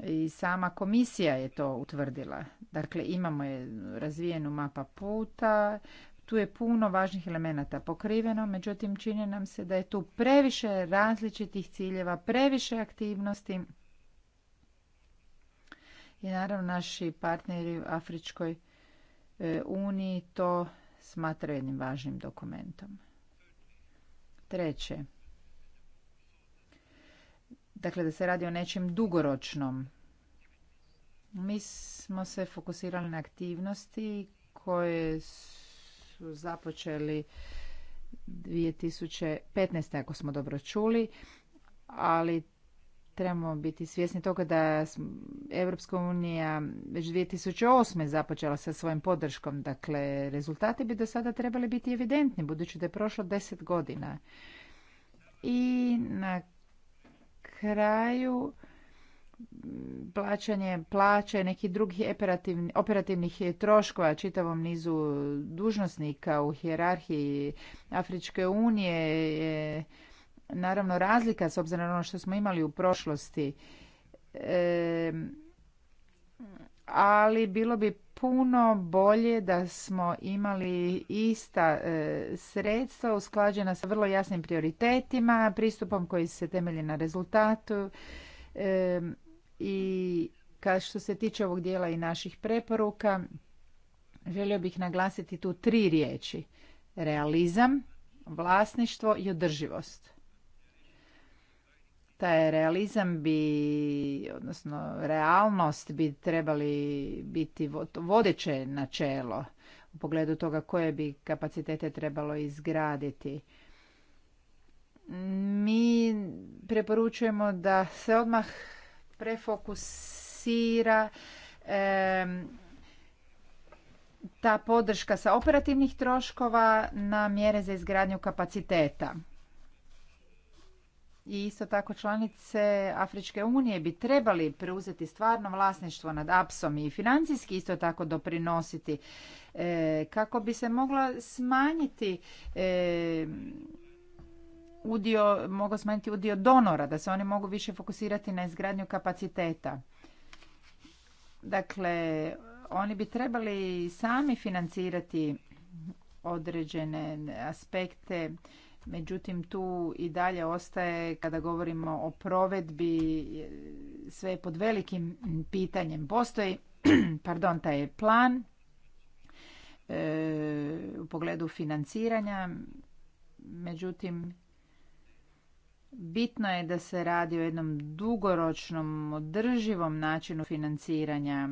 i sama komisija je to utvrdila. Dakle, imamo je razvijenu mapa puta, tu je puno važnih elemenata pokriveno, međutim čini nam se da je tu previše različitih ciljeva, previše aktivnosti. I naravno naši partneri u Afričkoj E, uniji to smatra jednim važnim dokumentom. Treće, dakle da se radi o nečem dugoročnom. Mi smo se fokusirali na aktivnosti koje su započeli 2015. ako smo dobro čuli, ali trebamo biti svjesni toga da Europska unija već 2008. započela sa svojim podrškom. Dakle, rezultati bi do sada trebali biti evidentni, budući da je prošlo deset godina. I na kraju plaćanje plaće nekih drugih operativni, operativnih troškova čitavom nizu dužnosnika u hjerarhiji Afričke unije je naravno razlika s obzirom na ono što smo imali u prošlosti. ali bilo bi puno bolje da smo imali ista e, sredstva usklađena sa vrlo jasnim prioritetima, pristupom koji se temelji na rezultatu i kao što se tiče ovog dijela i naših preporuka, želio bih naglasiti tu tri riječi. Realizam, vlasništvo i održivost taj realizam bi, odnosno realnost bi trebali biti vodeće načelo u pogledu toga koje bi kapacitete trebalo izgraditi. Mi preporučujemo da se odmah prefokusira ta podrška sa operativnih troškova na mjere za izgradnju kapaciteta i isto tako članice Afričke unije bi trebali preuzeti stvarno vlasništvo nad apsom i financijski isto tako doprinositi e, kako bi se mogla smanjiti e, udio, mogao smanjiti udio donora, da se oni mogu više fokusirati na izgradnju kapaciteta. Dakle, oni bi trebali sami financirati određene aspekte Međutim, tu i dalje ostaje, kada govorimo o provedbi, sve pod velikim pitanjem. Postoji pardon, taj plan e, u pogledu financiranja, međutim, bitno je da se radi o jednom dugoročnom, održivom načinu financiranja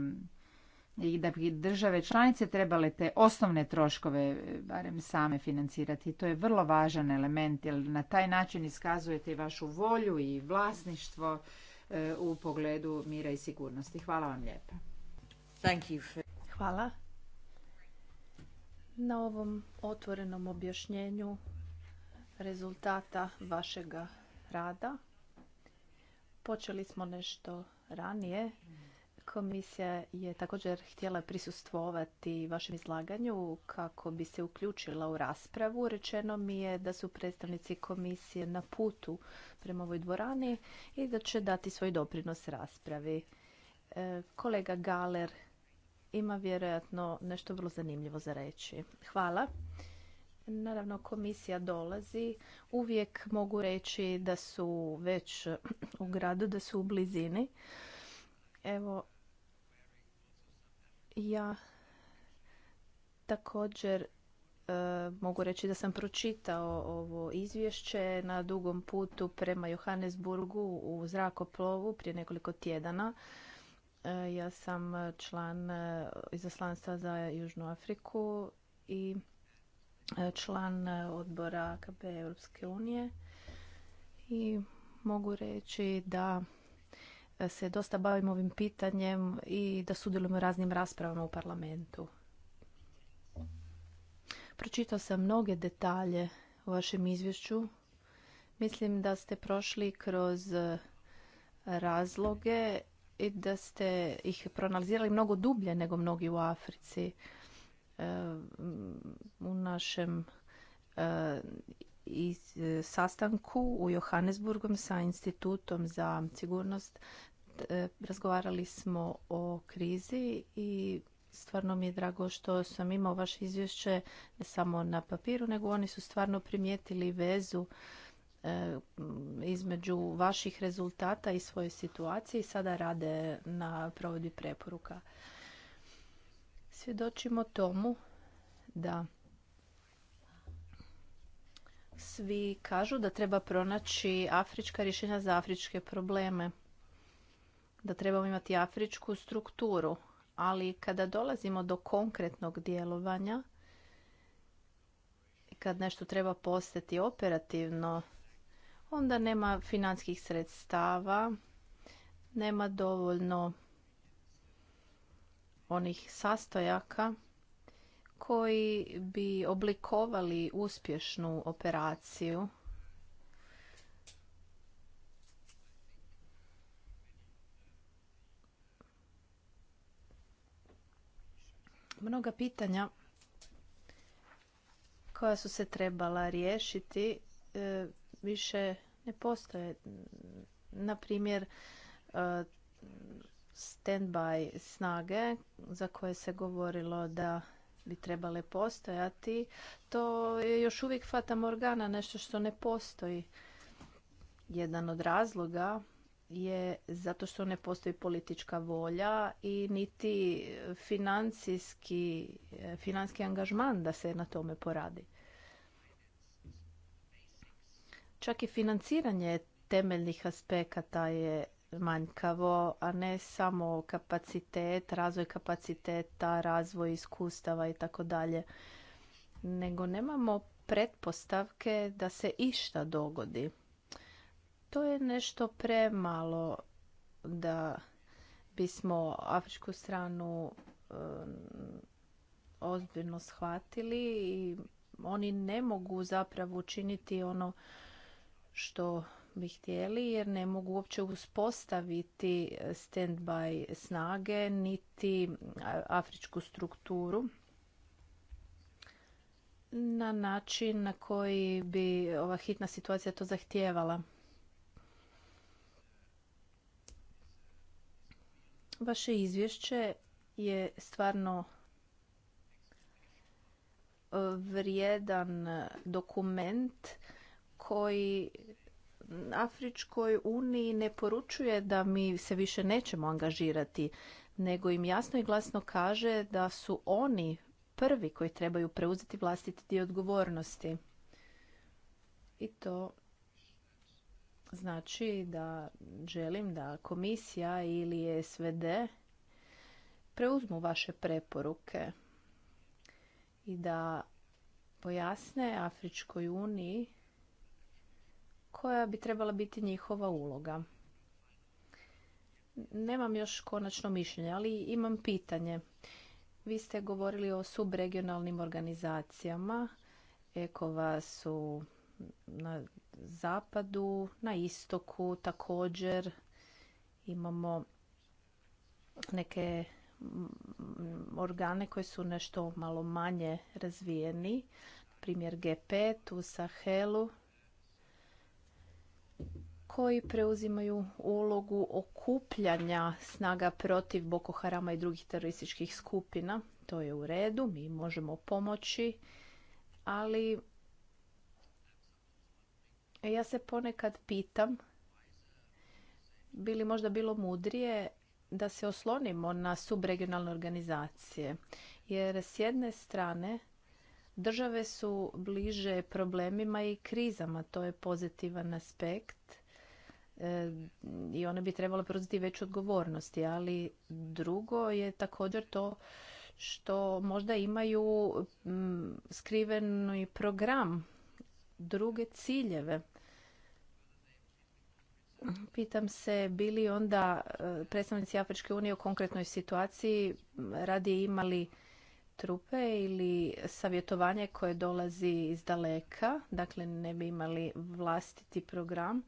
i da bi države članice trebale te osnovne troškove e, barem same financirati. To je vrlo važan element jer na taj način iskazujete i vašu volju i vlasništvo e, u pogledu mira i sigurnosti. Hvala vam lijepa. Thank you. Hvala na ovom otvorenom objašnjenju rezultata vašega rada. Počeli smo nešto ranije Komisija je također htjela prisustvovati vašem izlaganju kako bi se uključila u raspravu. Rečeno mi je da su predstavnici komisije na putu prema ovoj dvorani i da će dati svoj doprinos raspravi. E, kolega Galer ima vjerojatno nešto vrlo zanimljivo za reći. Hvala. Naravno, komisija dolazi. Uvijek mogu reći da su već u gradu, da su u blizini. Evo, ja također e, mogu reći da sam pročitao ovo izvješće na dugom putu prema Johannesburgu u zrakoplovu prije nekoliko tjedana. E, ja sam član e, izaslanstva za Južnu Afriku i član odbora KB Europske unije i mogu reći da se dosta bavim ovim pitanjem i da sudjelujemo raznim raspravama u parlamentu. Pročitao sam mnoge detalje u vašem izvješću. Mislim da ste prošli kroz e, razloge i da ste ih proanalizirali mnogo dublje nego mnogi u Africi. E, u našem e, i e, sastanku u Johannesburgom sa Institutom za sigurnost e, razgovarali smo o krizi i stvarno mi je drago što sam imao vaše izvješće ne samo na papiru, nego oni su stvarno primijetili vezu e, između vaših rezultata i svoje situacije i sada rade na provedbi preporuka. Svjedočimo tomu da svi kažu da treba pronaći afrička rješenja za afričke probleme. Da trebamo imati afričku strukturu. Ali kada dolazimo do konkretnog djelovanja, kad nešto treba postati operativno, onda nema financijskih sredstava, nema dovoljno onih sastojaka koji bi oblikovali uspješnu operaciju mnoga pitanja koja su se trebala riješiti e, više ne postoje. Na primjer, e, stand-by snage za koje se govorilo da bi trebale postojati, to je još uvijek Fata Morgana, nešto što ne postoji. Jedan od razloga je zato što ne postoji politička volja i niti financijski, financijski angažman da se na tome poradi. Čak i financiranje temeljnih aspekata je manjkavo, a ne samo kapacitet, razvoj kapaciteta, razvoj iskustava i tako dalje, nego nemamo pretpostavke da se išta dogodi. To je nešto premalo da bismo afričku stranu um, ozbiljno shvatili i oni ne mogu zapravo učiniti ono što bi htjeli jer ne mogu uopće uspostaviti stand-by snage niti afričku strukturu na način na koji bi ova hitna situacija to zahtijevala. Vaše izvješće je stvarno e, vrijedan dokument koji Afričkoj uniji ne poručuje da mi se više nećemo angažirati, nego im jasno i glasno kaže da su oni prvi koji trebaju preuzeti vlastiti dio odgovornosti. I to znači da želim da komisija ili SVD preuzmu vaše preporuke i da pojasne Afričkoj uniji koja bi trebala biti njihova uloga. Nemam još konačno mišljenje, ali imam pitanje. Vi ste govorili o subregionalnim organizacijama. Ekova su na zapadu, na istoku također. Imamo neke mm, organe koji su nešto malo manje razvijeni. primjer G5 u Sahelu koji preuzimaju ulogu okupljanja snaga protiv Boko Harama i drugih terorističkih skupina. To je u redu, mi možemo pomoći, ali e, ja se ponekad pitam bi li možda bilo mudrije da se oslonimo na subregionalne organizacije. Jer s jedne strane države su bliže problemima i krizama, to je pozitivan aspekt i one bi trebale preuzeti veću odgovornosti, ali drugo je također to što možda imaju mm, skriveni program, druge ciljeve. Pitam se, bili onda e, predstavnici Afričke unije u konkretnoj situaciji radi imali trupe ili savjetovanje koje dolazi iz daleka, dakle ne bi imali vlastiti program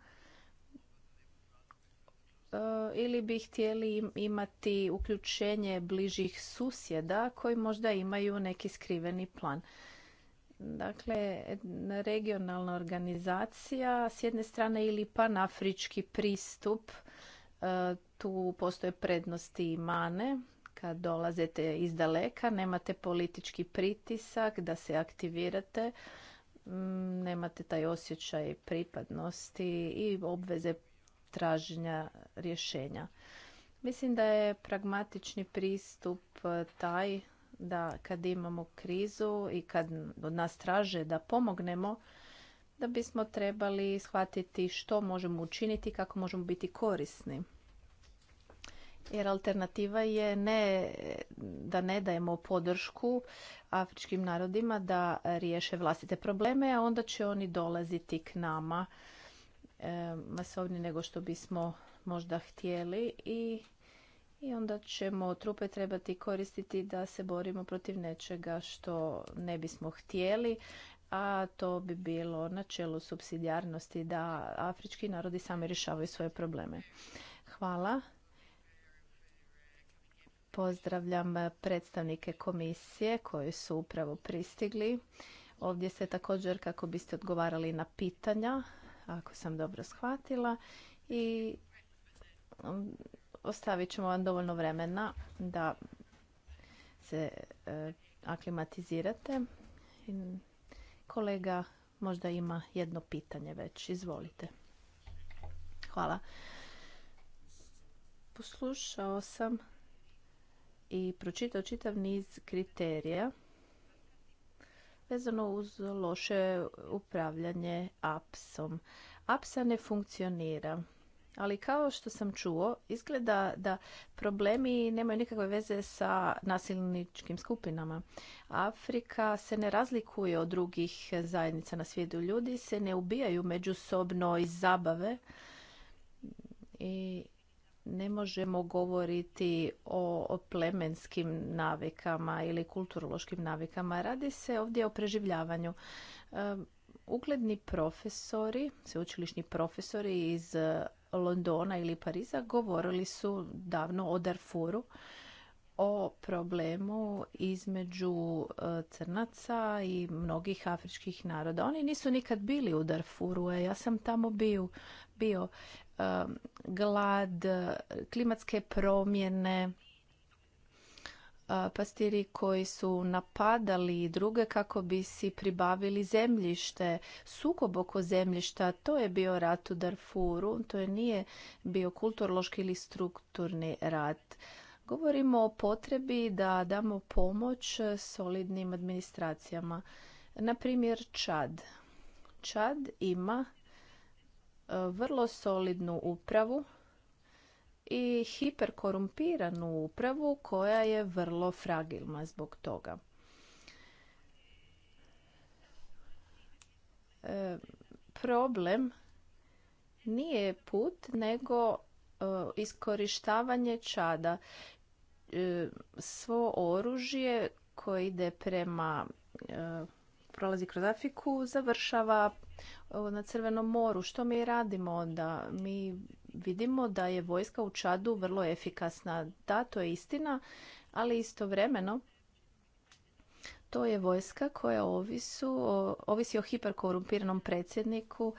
Eh, ili bi htjeli imati uključenje bližih susjeda koji možda imaju neki skriveni plan. Dakle, regionalna organizacija s jedne strane ili panafrički pristup, eh, tu postoje prednosti i mane. Kad dolazete iz daleka, nemate politički pritisak da se aktivirate, mm, nemate taj osjećaj pripadnosti i obveze traženja rješenja. Mislim da je pragmatični pristup e, taj da kad imamo krizu i kad od nas traže da pomognemo, da bismo trebali shvatiti što možemo učiniti, kako možemo biti korisni. Jer alternativa je ne, da ne dajemo podršku afričkim narodima da riješe vlastite probleme, a onda će oni dolaziti k nama masovni nego što bismo možda htjeli i, i onda ćemo trupe trebati koristiti da se borimo protiv nečega što ne bismo htjeli a to bi bilo načelo subsidijarnosti da afrički narodi sami rješavaju svoje probleme. Hvala. Pozdravljam predstavnike komisije koji su upravo pristigli. Ovdje se također kako biste odgovarali na pitanja ako sam dobro shvatila. I um, ostavit ćemo vam dovoljno vremena da se e, aklimatizirate. Kolega možda ima jedno pitanje već. Izvolite. Hvala. Poslušao sam i pročitao čitav niz kriterija vezano uz loše upravljanje apsom. Apsa ne funkcionira. Ali kao što sam čuo, izgleda da problemi nemaju nikakve veze sa nasilničkim skupinama. Afrika se ne razlikuje od drugih zajednica na svijetu. Ljudi se ne ubijaju međusobno iz zabave i ne možemo govoriti o plemenskim navikama ili kulturološkim navikama. Radi se ovdje o preživljavanju. Ugledni profesori, sveučilišni profesori iz Londona ili Pariza govorili su davno o Darfuru o problemu između e, crnaca i mnogih afričkih naroda. Oni nisu nikad bili u Darfuru, e, ja sam tamo bio, bio e, glad, klimatske promjene, pastiri koji su napadali druge kako bi si pribavili zemljište, sukob oko zemljišta, to je bio rat u Darfuru, to je nije bio kulturološki ili strukturni rat. Govorimo o potrebi da damo pomoć solidnim administracijama. Na primjer Čad. Čad ima e, vrlo solidnu upravu i hiperkorumpiranu upravu koja je vrlo fragilna zbog toga. E, problem nije put nego e, iskorištavanje čada E, svo oružje koje ide prema e, prolazi kroz Afriku, završava e, na Crvenom moru. Što mi radimo onda? Mi vidimo da je vojska u Čadu vrlo efikasna. Da, to je istina, ali istovremeno to je vojska koja ovisi o hiperkorumpiranom predsjedniku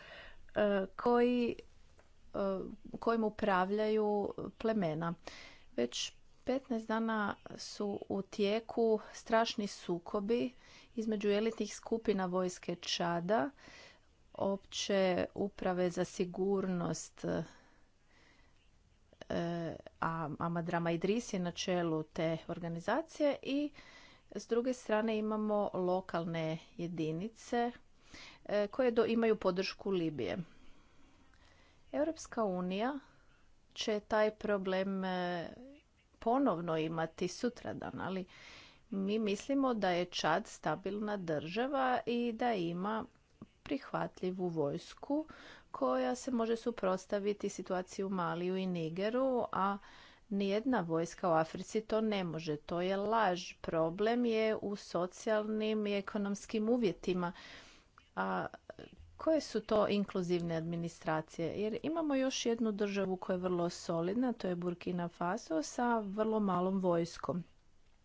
koji, kojim upravljaju plemena. Već 15 dana su u tijeku strašni sukobi između elitnih skupina vojske Čada, opće uprave za sigurnost e, Amadrama Idris je na čelu te organizacije i s druge strane imamo lokalne jedinice e, koje do, imaju podršku Libije. Europska unija će taj problem e, ponovno imati sutradan, ali mi mislimo da je Čad stabilna država i da ima prihvatljivu vojsku koja se može suprotstaviti situaciji u Maliju i Nigeru, a nijedna vojska u Africi to ne može. To je laž. Problem je u socijalnim i ekonomskim uvjetima. A koje su to inkluzivne administracije? Jer imamo još jednu državu koja je vrlo solidna, to je Burkina Faso sa vrlo malom vojskom.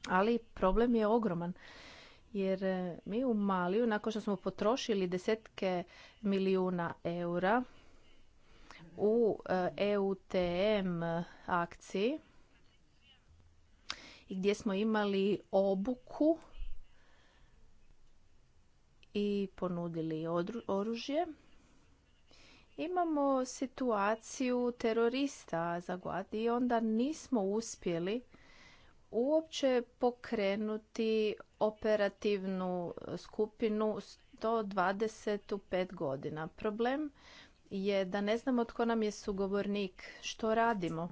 Ali problem je ogroman. Jer e, mi u Maliju, nakon što smo potrošili desetke milijuna eura u EUTM e akciji, i gdje smo imali obuku i ponudili oružje. Imamo situaciju terorista za glad i onda nismo uspjeli uopće pokrenuti operativnu skupinu 125 godina. Problem je da ne znamo tko nam je sugovornik, što radimo.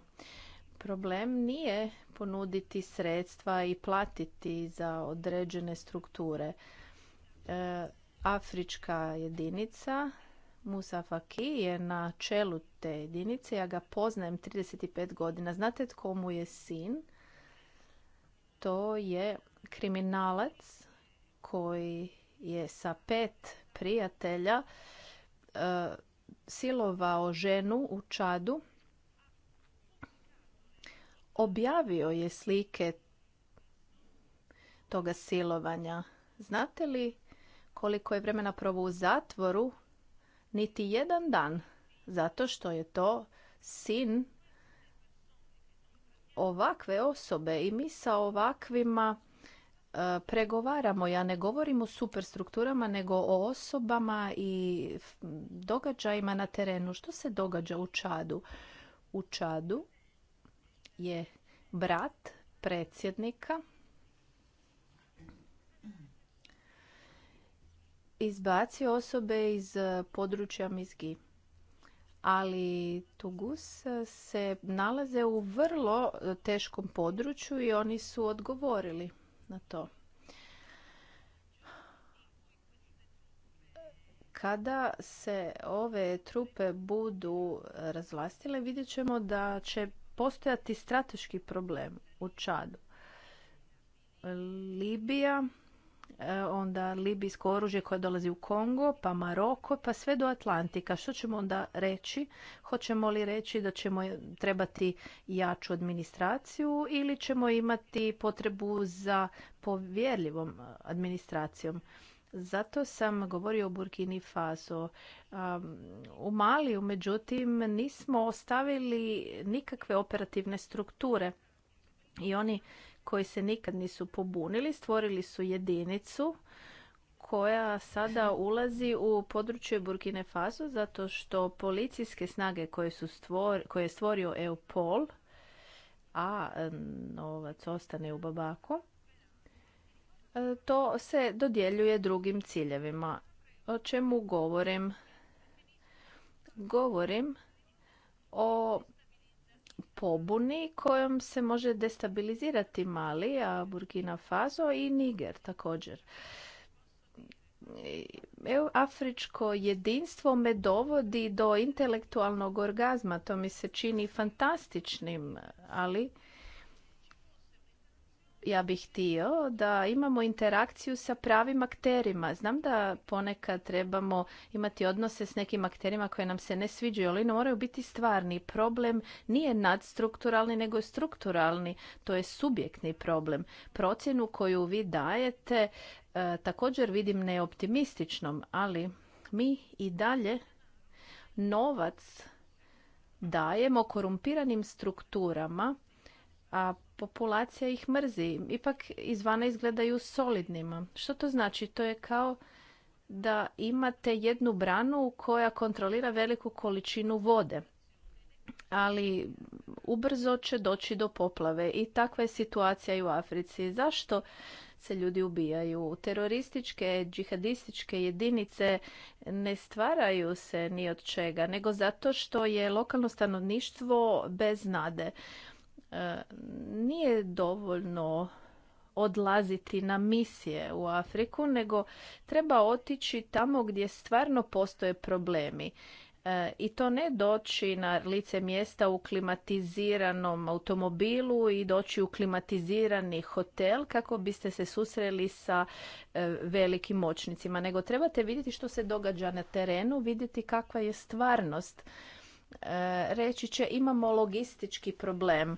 Problem nije ponuditi sredstva i platiti za određene strukture. E, afrička jedinica Musa Faki je na čelu te jedinice. Ja ga poznajem 35 godina. Znate tko mu je sin? To je kriminalac koji je sa pet prijatelja e, silovao ženu u Čadu. Objavio je slike toga silovanja. Znate li koliko je vremena provu u zatvoru, niti jedan dan, zato što je to sin ovakve osobe i mi sa ovakvima e, pregovaramo. Ja ne govorim o superstrukturama, nego o osobama i događajima na terenu. Što se događa u Čadu? U Čadu je brat predsjednika izbacio osobe iz e, područja Mizgi. Ali Tugus e, se nalaze u vrlo e, teškom području i oni su odgovorili na to. Kada se ove trupe budu razvlastile, vidjet ćemo da će postojati strateški problem u Čadu. Libija Eh, onda libijsko oružje koje dolazi u Kongo, pa Maroko, pa sve do Atlantika. Što ćemo onda reći? Hoćemo li reći da ćemo trebati jaču administraciju ili ćemo imati potrebu za povjerljivom administracijom? Zato sam govorio o Burkini Faso. U Maliju, međutim, nismo ostavili nikakve operativne strukture i oni koji se nikad nisu pobunili, stvorili su jedinicu koja sada ulazi u područje Burkine Faso zato što policijske snage koje, su koje je stvorio EUPOL, a novac ostane u Babaku, e, to se dodjeljuje drugim ciljevima. O čemu govorim? Govorim o pobuni kojom se može destabilizirati Mali, a Burkina Faso i Niger također. E, afričko jedinstvo me dovodi do intelektualnog orgazma, to mi se čini fantastičnim, ali ja bih htio da imamo interakciju sa pravim akterima. Znam da ponekad trebamo imati odnose s nekim akterima koje nam se ne sviđaju, ali moraju biti stvarni. Problem nije nadstrukturalni, nego je strukturalni. To je subjektni problem. Procjenu koju vi dajete e, također vidim neoptimističnom, ali mi i dalje novac dajemo korumpiranim strukturama, a populacija ih mrzi. Ipak izvana izgledaju solidnima. Što to znači? To je kao da imate jednu branu koja kontrolira veliku količinu vode. Ali ubrzo će doći do poplave i takva je situacija i u Africi. Zašto se ljudi ubijaju? Terorističke, džihadističke jedinice ne stvaraju se ni od čega, nego zato što je lokalno stanovništvo bez nade. E, nije dovoljno odlaziti na misije u Afriku, nego treba otići tamo gdje stvarno postoje problemi. E, I to ne doći na lice mjesta u klimatiziranom automobilu i doći u klimatizirani hotel kako biste se susreli sa e, velikim moćnicima, nego trebate vidjeti što se događa na terenu, vidjeti kakva je stvarnost E, reći će imamo logistički problem.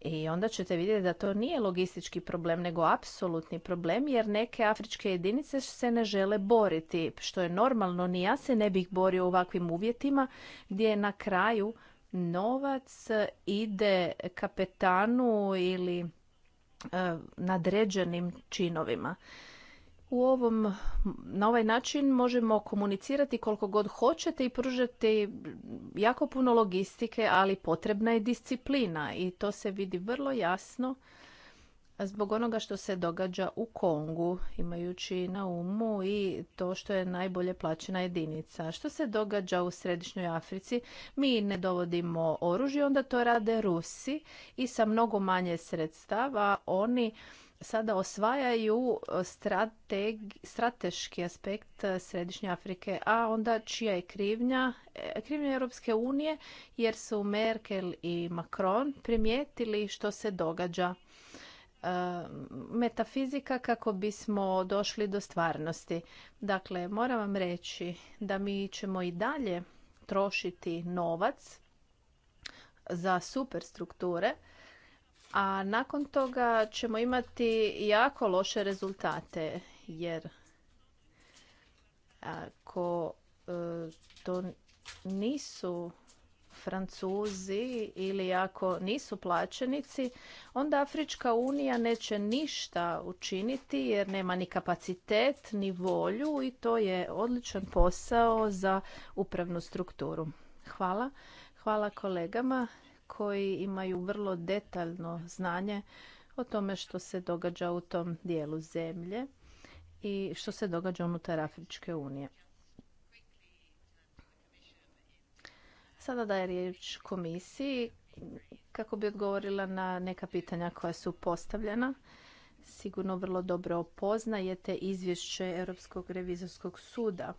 I onda ćete vidjeti da to nije logistički problem, nego apsolutni problem, jer neke afričke jedinice se ne žele boriti, što je normalno. Ni ja se ne bih borio u ovakvim uvjetima, gdje je na kraju novac ide kapetanu ili e, nadređenim činovima u ovom, na ovaj način možemo komunicirati koliko god hoćete i pružati jako puno logistike, ali potrebna je disciplina i to se vidi vrlo jasno zbog onoga što se događa u Kongu, imajući na umu i to što je najbolje plaćena jedinica. Što se događa u Središnjoj Africi? Mi ne dovodimo oružje, onda to rade Rusi i sa mnogo manje sredstava oni sada osvajaju e, strateg, strateški aspekt e, Središnje Afrike, a onda čija je krivnja? E, krivnja Europske unije jer su Merkel i Macron primijetili što se događa. Metafizika kako bismo došli do stvarnosti. Dakle, moram vam reći da mi ćemo i dalje trošiti novac za superstrukture, a nakon toga ćemo imati jako loše rezultate jer ako e, to nisu Francuzi ili ako nisu plaćenici, onda Afrička unija neće ništa učiniti jer nema ni kapacitet ni volju i to je odličan posao za upravnu strukturu. Hvala. Hvala kolegama koji imaju vrlo detaljno znanje o tome što se događa u tom dijelu zemlje i što se događa unutar Afričke unije. Sada daje riječ komisiji kako bi odgovorila na neka pitanja koja su postavljena. Sigurno vrlo dobro poznajete izvješće Europskog revizorskog suda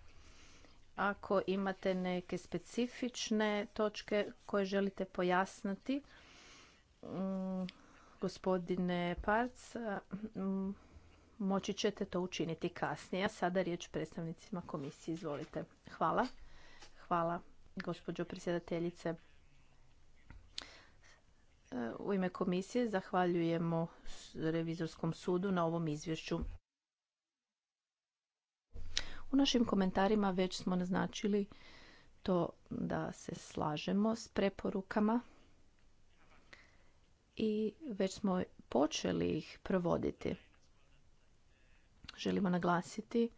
ako imate neke specifične točke koje želite pojasniti, mm, gospodine Parc, mm, moći ćete to učiniti kasnije. sada riječ predstavnicima komisije. Izvolite. Hvala. Hvala, gospođo predsjedateljice. E, u ime komisije zahvaljujemo Revizorskom sudu na ovom izvješću. U našim komentarima već smo naznačili to da se slažemo s preporukama i već smo počeli ih provoditi. Želimo naglasiti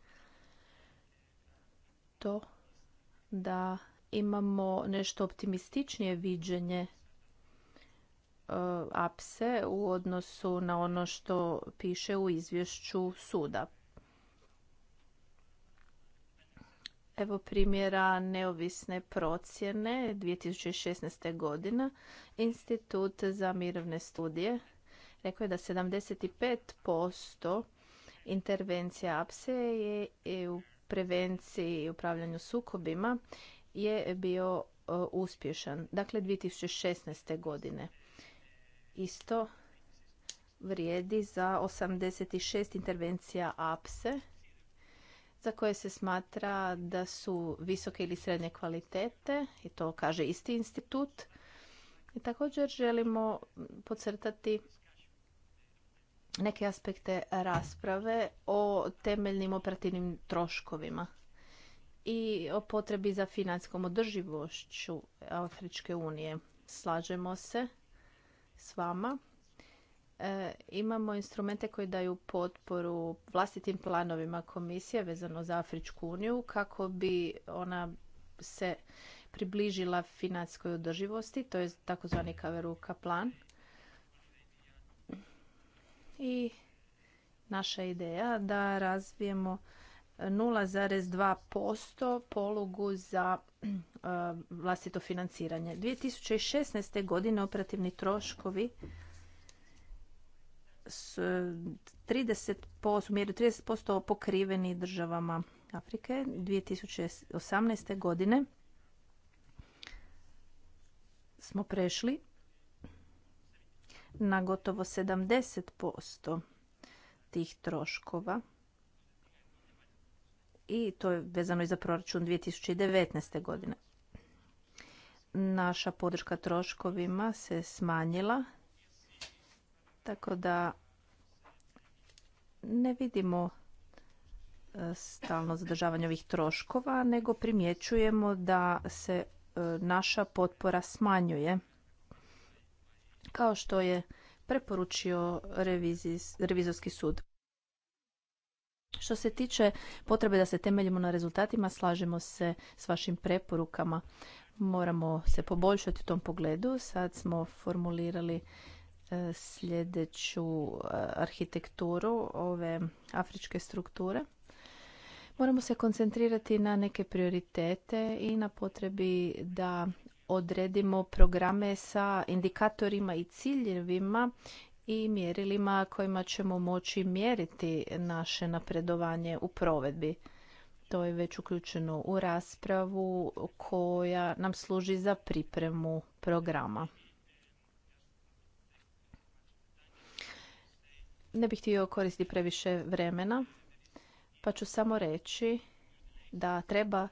to da imamo nešto optimističnije viđenje e, apse u odnosu na ono što piše u izvješću suda. Evo primjera neovisne procjene 2016. godina. Institut za mirovne studije rekao je da 75% intervencija APSE je u prevenciji i upravljanju sukobima je bio e, uspješan. Dakle, 2016. godine. Isto vrijedi za 86 intervencija APSE za koje se smatra da su visoke ili srednje kvalitete i to kaže isti institut. I također želimo podcrtati neke aspekte rasprave o temeljnim operativnim troškovima i o potrebi za financijskom održivošću Afričke unije. Slažemo se s vama E, imamo instrumente koji daju potporu vlastitim planovima komisije vezano za Afričku uniju kako bi ona se približila financijskoj održivosti, to je takozvani kaveruka plan. I naša ideja da razvijemo 0,2% polugu za e, vlastito financiranje. 2016. godine operativni troškovi s 30%, su mjeru 30% pokriveni državama Afrike 2018. godine smo prešli na gotovo 70% tih troškova i to je vezano i za proračun 2019. godine. Naša podrška troškovima se smanjila tako da ne vidimo e, stalno zadržavanje ovih troškova, nego primjećujemo da se e, naša potpora smanjuje. Kao što je preporučio revizorski sud. Što se tiče potrebe da se temeljimo na rezultatima, slažemo se s vašim preporukama. Moramo se poboljšati u tom pogledu. Sad smo formulirali E, sljedeću e, arhitekturu ove afričke strukture. Moramo se koncentrirati na neke prioritete i na potrebi da odredimo programe sa indikatorima i ciljevima i mjerilima kojima ćemo moći mjeriti naše napredovanje u provedbi. To je već uključeno u raspravu koja nam služi za pripremu programa. Ne bih htio koristiti previše vremena, pa ću samo reći da treba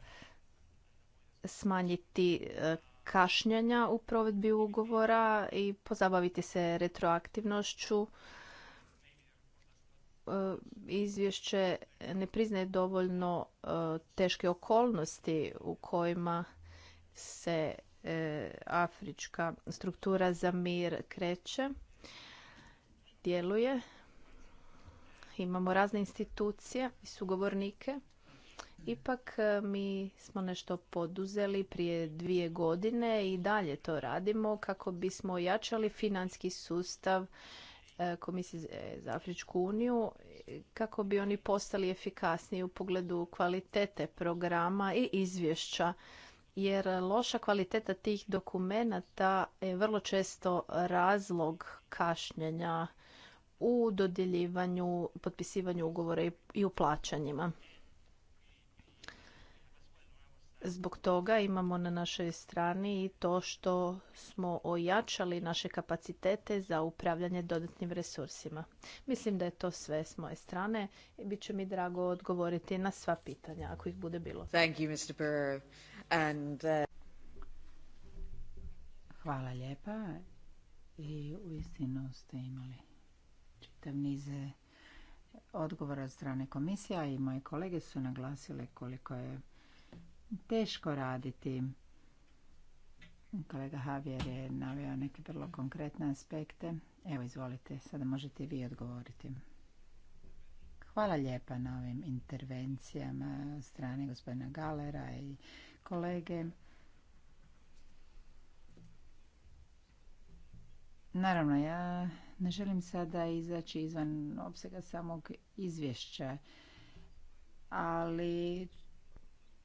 smanjiti e, kašnjenja u provedbi ugovora i pozabaviti se retroaktivnošću. E, izvješće ne priznaje dovoljno e, teške okolnosti u kojima se afrička struktura za mir kreće, djeluje imamo razne institucije i sugovornike. Ipak e, mi smo nešto poduzeli prije dvije godine i dalje to radimo kako bismo ojačali finanski sustav e, Komisije e, za Afričku uniju kako bi oni postali efikasniji u pogledu kvalitete programa i izvješća jer loša kvaliteta tih dokumenata je vrlo često razlog kašnjenja u dodjeljivanju, potpisivanju ugovora i u plaćanjima. Zbog toga imamo na našoj strani i to što smo ojačali naše kapacitete za upravljanje dodatnim resursima. Mislim da je to sve s moje strane i bit će mi drago odgovoriti na sva pitanja ako ih bude bilo. Uh, Hvala lijepa i istinu ste imali čitav e, odgovora od strane komisija i moje kolege su naglasile koliko je teško raditi. Kolega Javier je naveo neke vrlo konkretne aspekte. Evo, izvolite, sada možete vi odgovoriti. Hvala lijepa na ovim intervencijama od strane gospodina Galera i kolege. Naravno, ja ne želim sada izaći izvan opsega samog izvješća, ali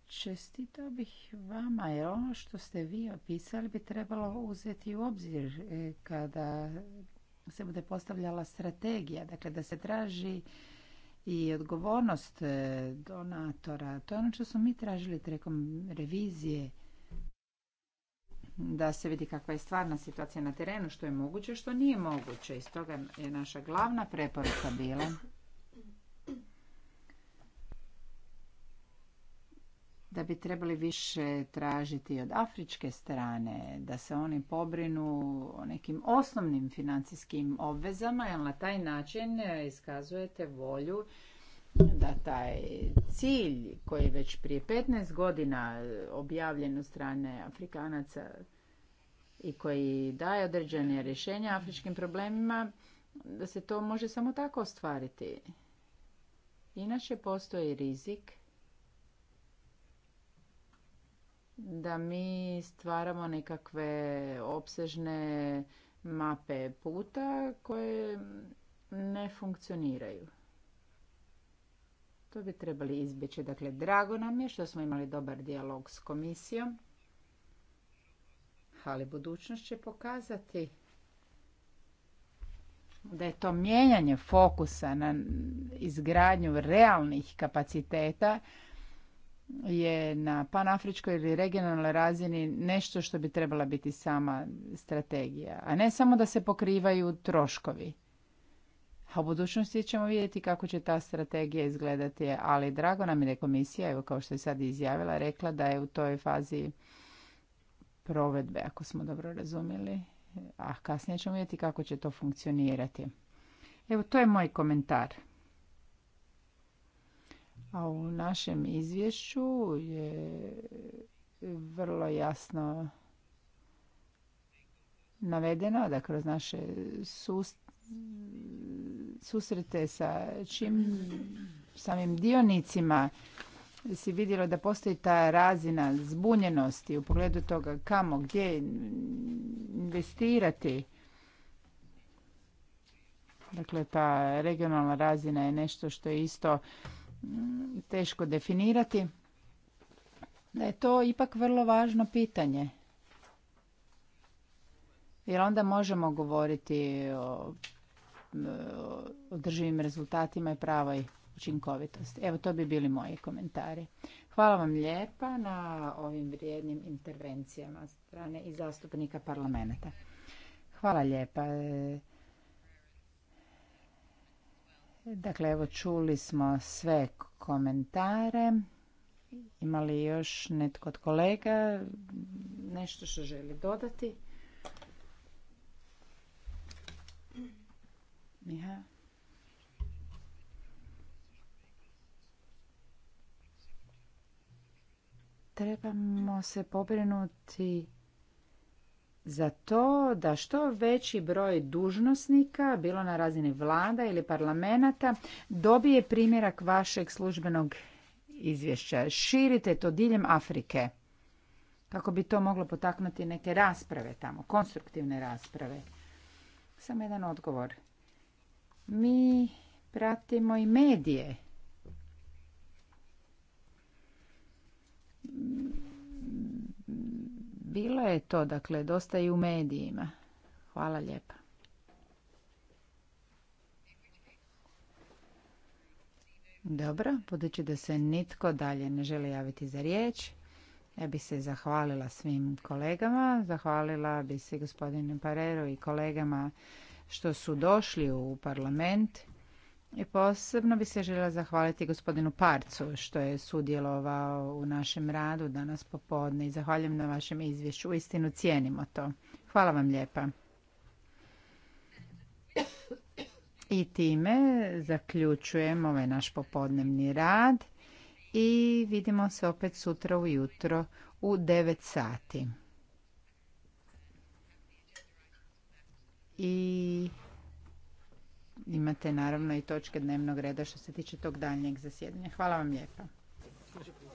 čestitao bih vama jer ono što ste vi opisali bi trebalo uzeti u obzir e, kada se bude postavljala strategija, dakle da se traži i odgovornost e, donatora. To je ono što smo mi tražili trekom revizije da se vidi kakva je stvarna situacija na terenu, što je moguće, što nije moguće. I stoga je naša glavna preporuka bila da bi trebali više tražiti od afričke strane, da se oni pobrinu o nekim osnovnim financijskim obvezama, jer na taj način iskazujete volju da taj cilj koji je već prije 15 godina eh, objavljen od strane Afrikanaca i koji daje određene rješenja afričkim problemima, da se to može samo tako ostvariti. Inače postoji rizik da mi stvaramo nekakve opsežne mape puta koje ne funkcioniraju. To bi trebali izbjeći. Dakle, drago nam je što smo imali dobar dijalog s komisijom, ali budućnost će pokazati da je to mijenjanje fokusa na izgradnju realnih kapaciteta je na panafričkoj ili regionalnoj razini nešto što bi trebala biti sama strategija, a ne samo da se pokrivaju troškovi. A u budućnosti ćemo vidjeti kako će ta strategija izgledati. Ali drago nam je da je komisija, evo kao što je sad izjavila, rekla da je u toj fazi provedbe, ako smo dobro razumjeli. A kasnije ćemo vidjeti kako će to funkcionirati. Evo, to je moj komentar. A u našem izvješću je vrlo jasno navedeno da kroz naše sustav susrete sa čim samim dionicima si vidjelo da postoji ta razina zbunjenosti u pogledu toga kamo, gdje investirati. Dakle, ta regionalna razina je nešto što je isto mm, teško definirati. Da je to ipak vrlo važno pitanje. Jer onda možemo govoriti o E, održivim rezultatima i pravoj učinkovitosti. Evo, to bi bili moji komentari. Hvala vam lijepa na ovim vrijednim intervencijama strane i zastupnika parlamenta. Hvala lijepa. E, dakle, evo čuli smo sve komentare. li još netko od kolega nešto što želi dodati? Miha, trebamo se pobrinuti za to da što veći broj dužnosnika, bilo na razini vlada ili parlamenta, dobije primjerak vašeg službenog izvješća. Širite to diljem Afrike kako bi to moglo potaknuti neke rasprave tamo, konstruktivne rasprave. Samo jedan odgovor. Mi pratimo i medije. Bilo je to, dakle, dosta i u medijima. Hvala lijepa. Dobro, budući da se nitko dalje ne želi javiti za riječ, ja bi se zahvalila svim kolegama, zahvalila bi se gospodinu Pareru i kolegama što su došli u parlament i posebno bi se željela zahvaliti gospodinu Parcu što je sudjelovao u našem radu danas popodne i zahvaljujem na vašem izvješću. Uistinu cijenimo to. Hvala vam lijepa. I time zaključujem ovaj naš popodnevni rad i vidimo se opet sutra ujutro u 9 sati. i imate naravno i točke dnevnog reda što se tiče tog daljnjeg zasjedanja. Hvala vam lijepa.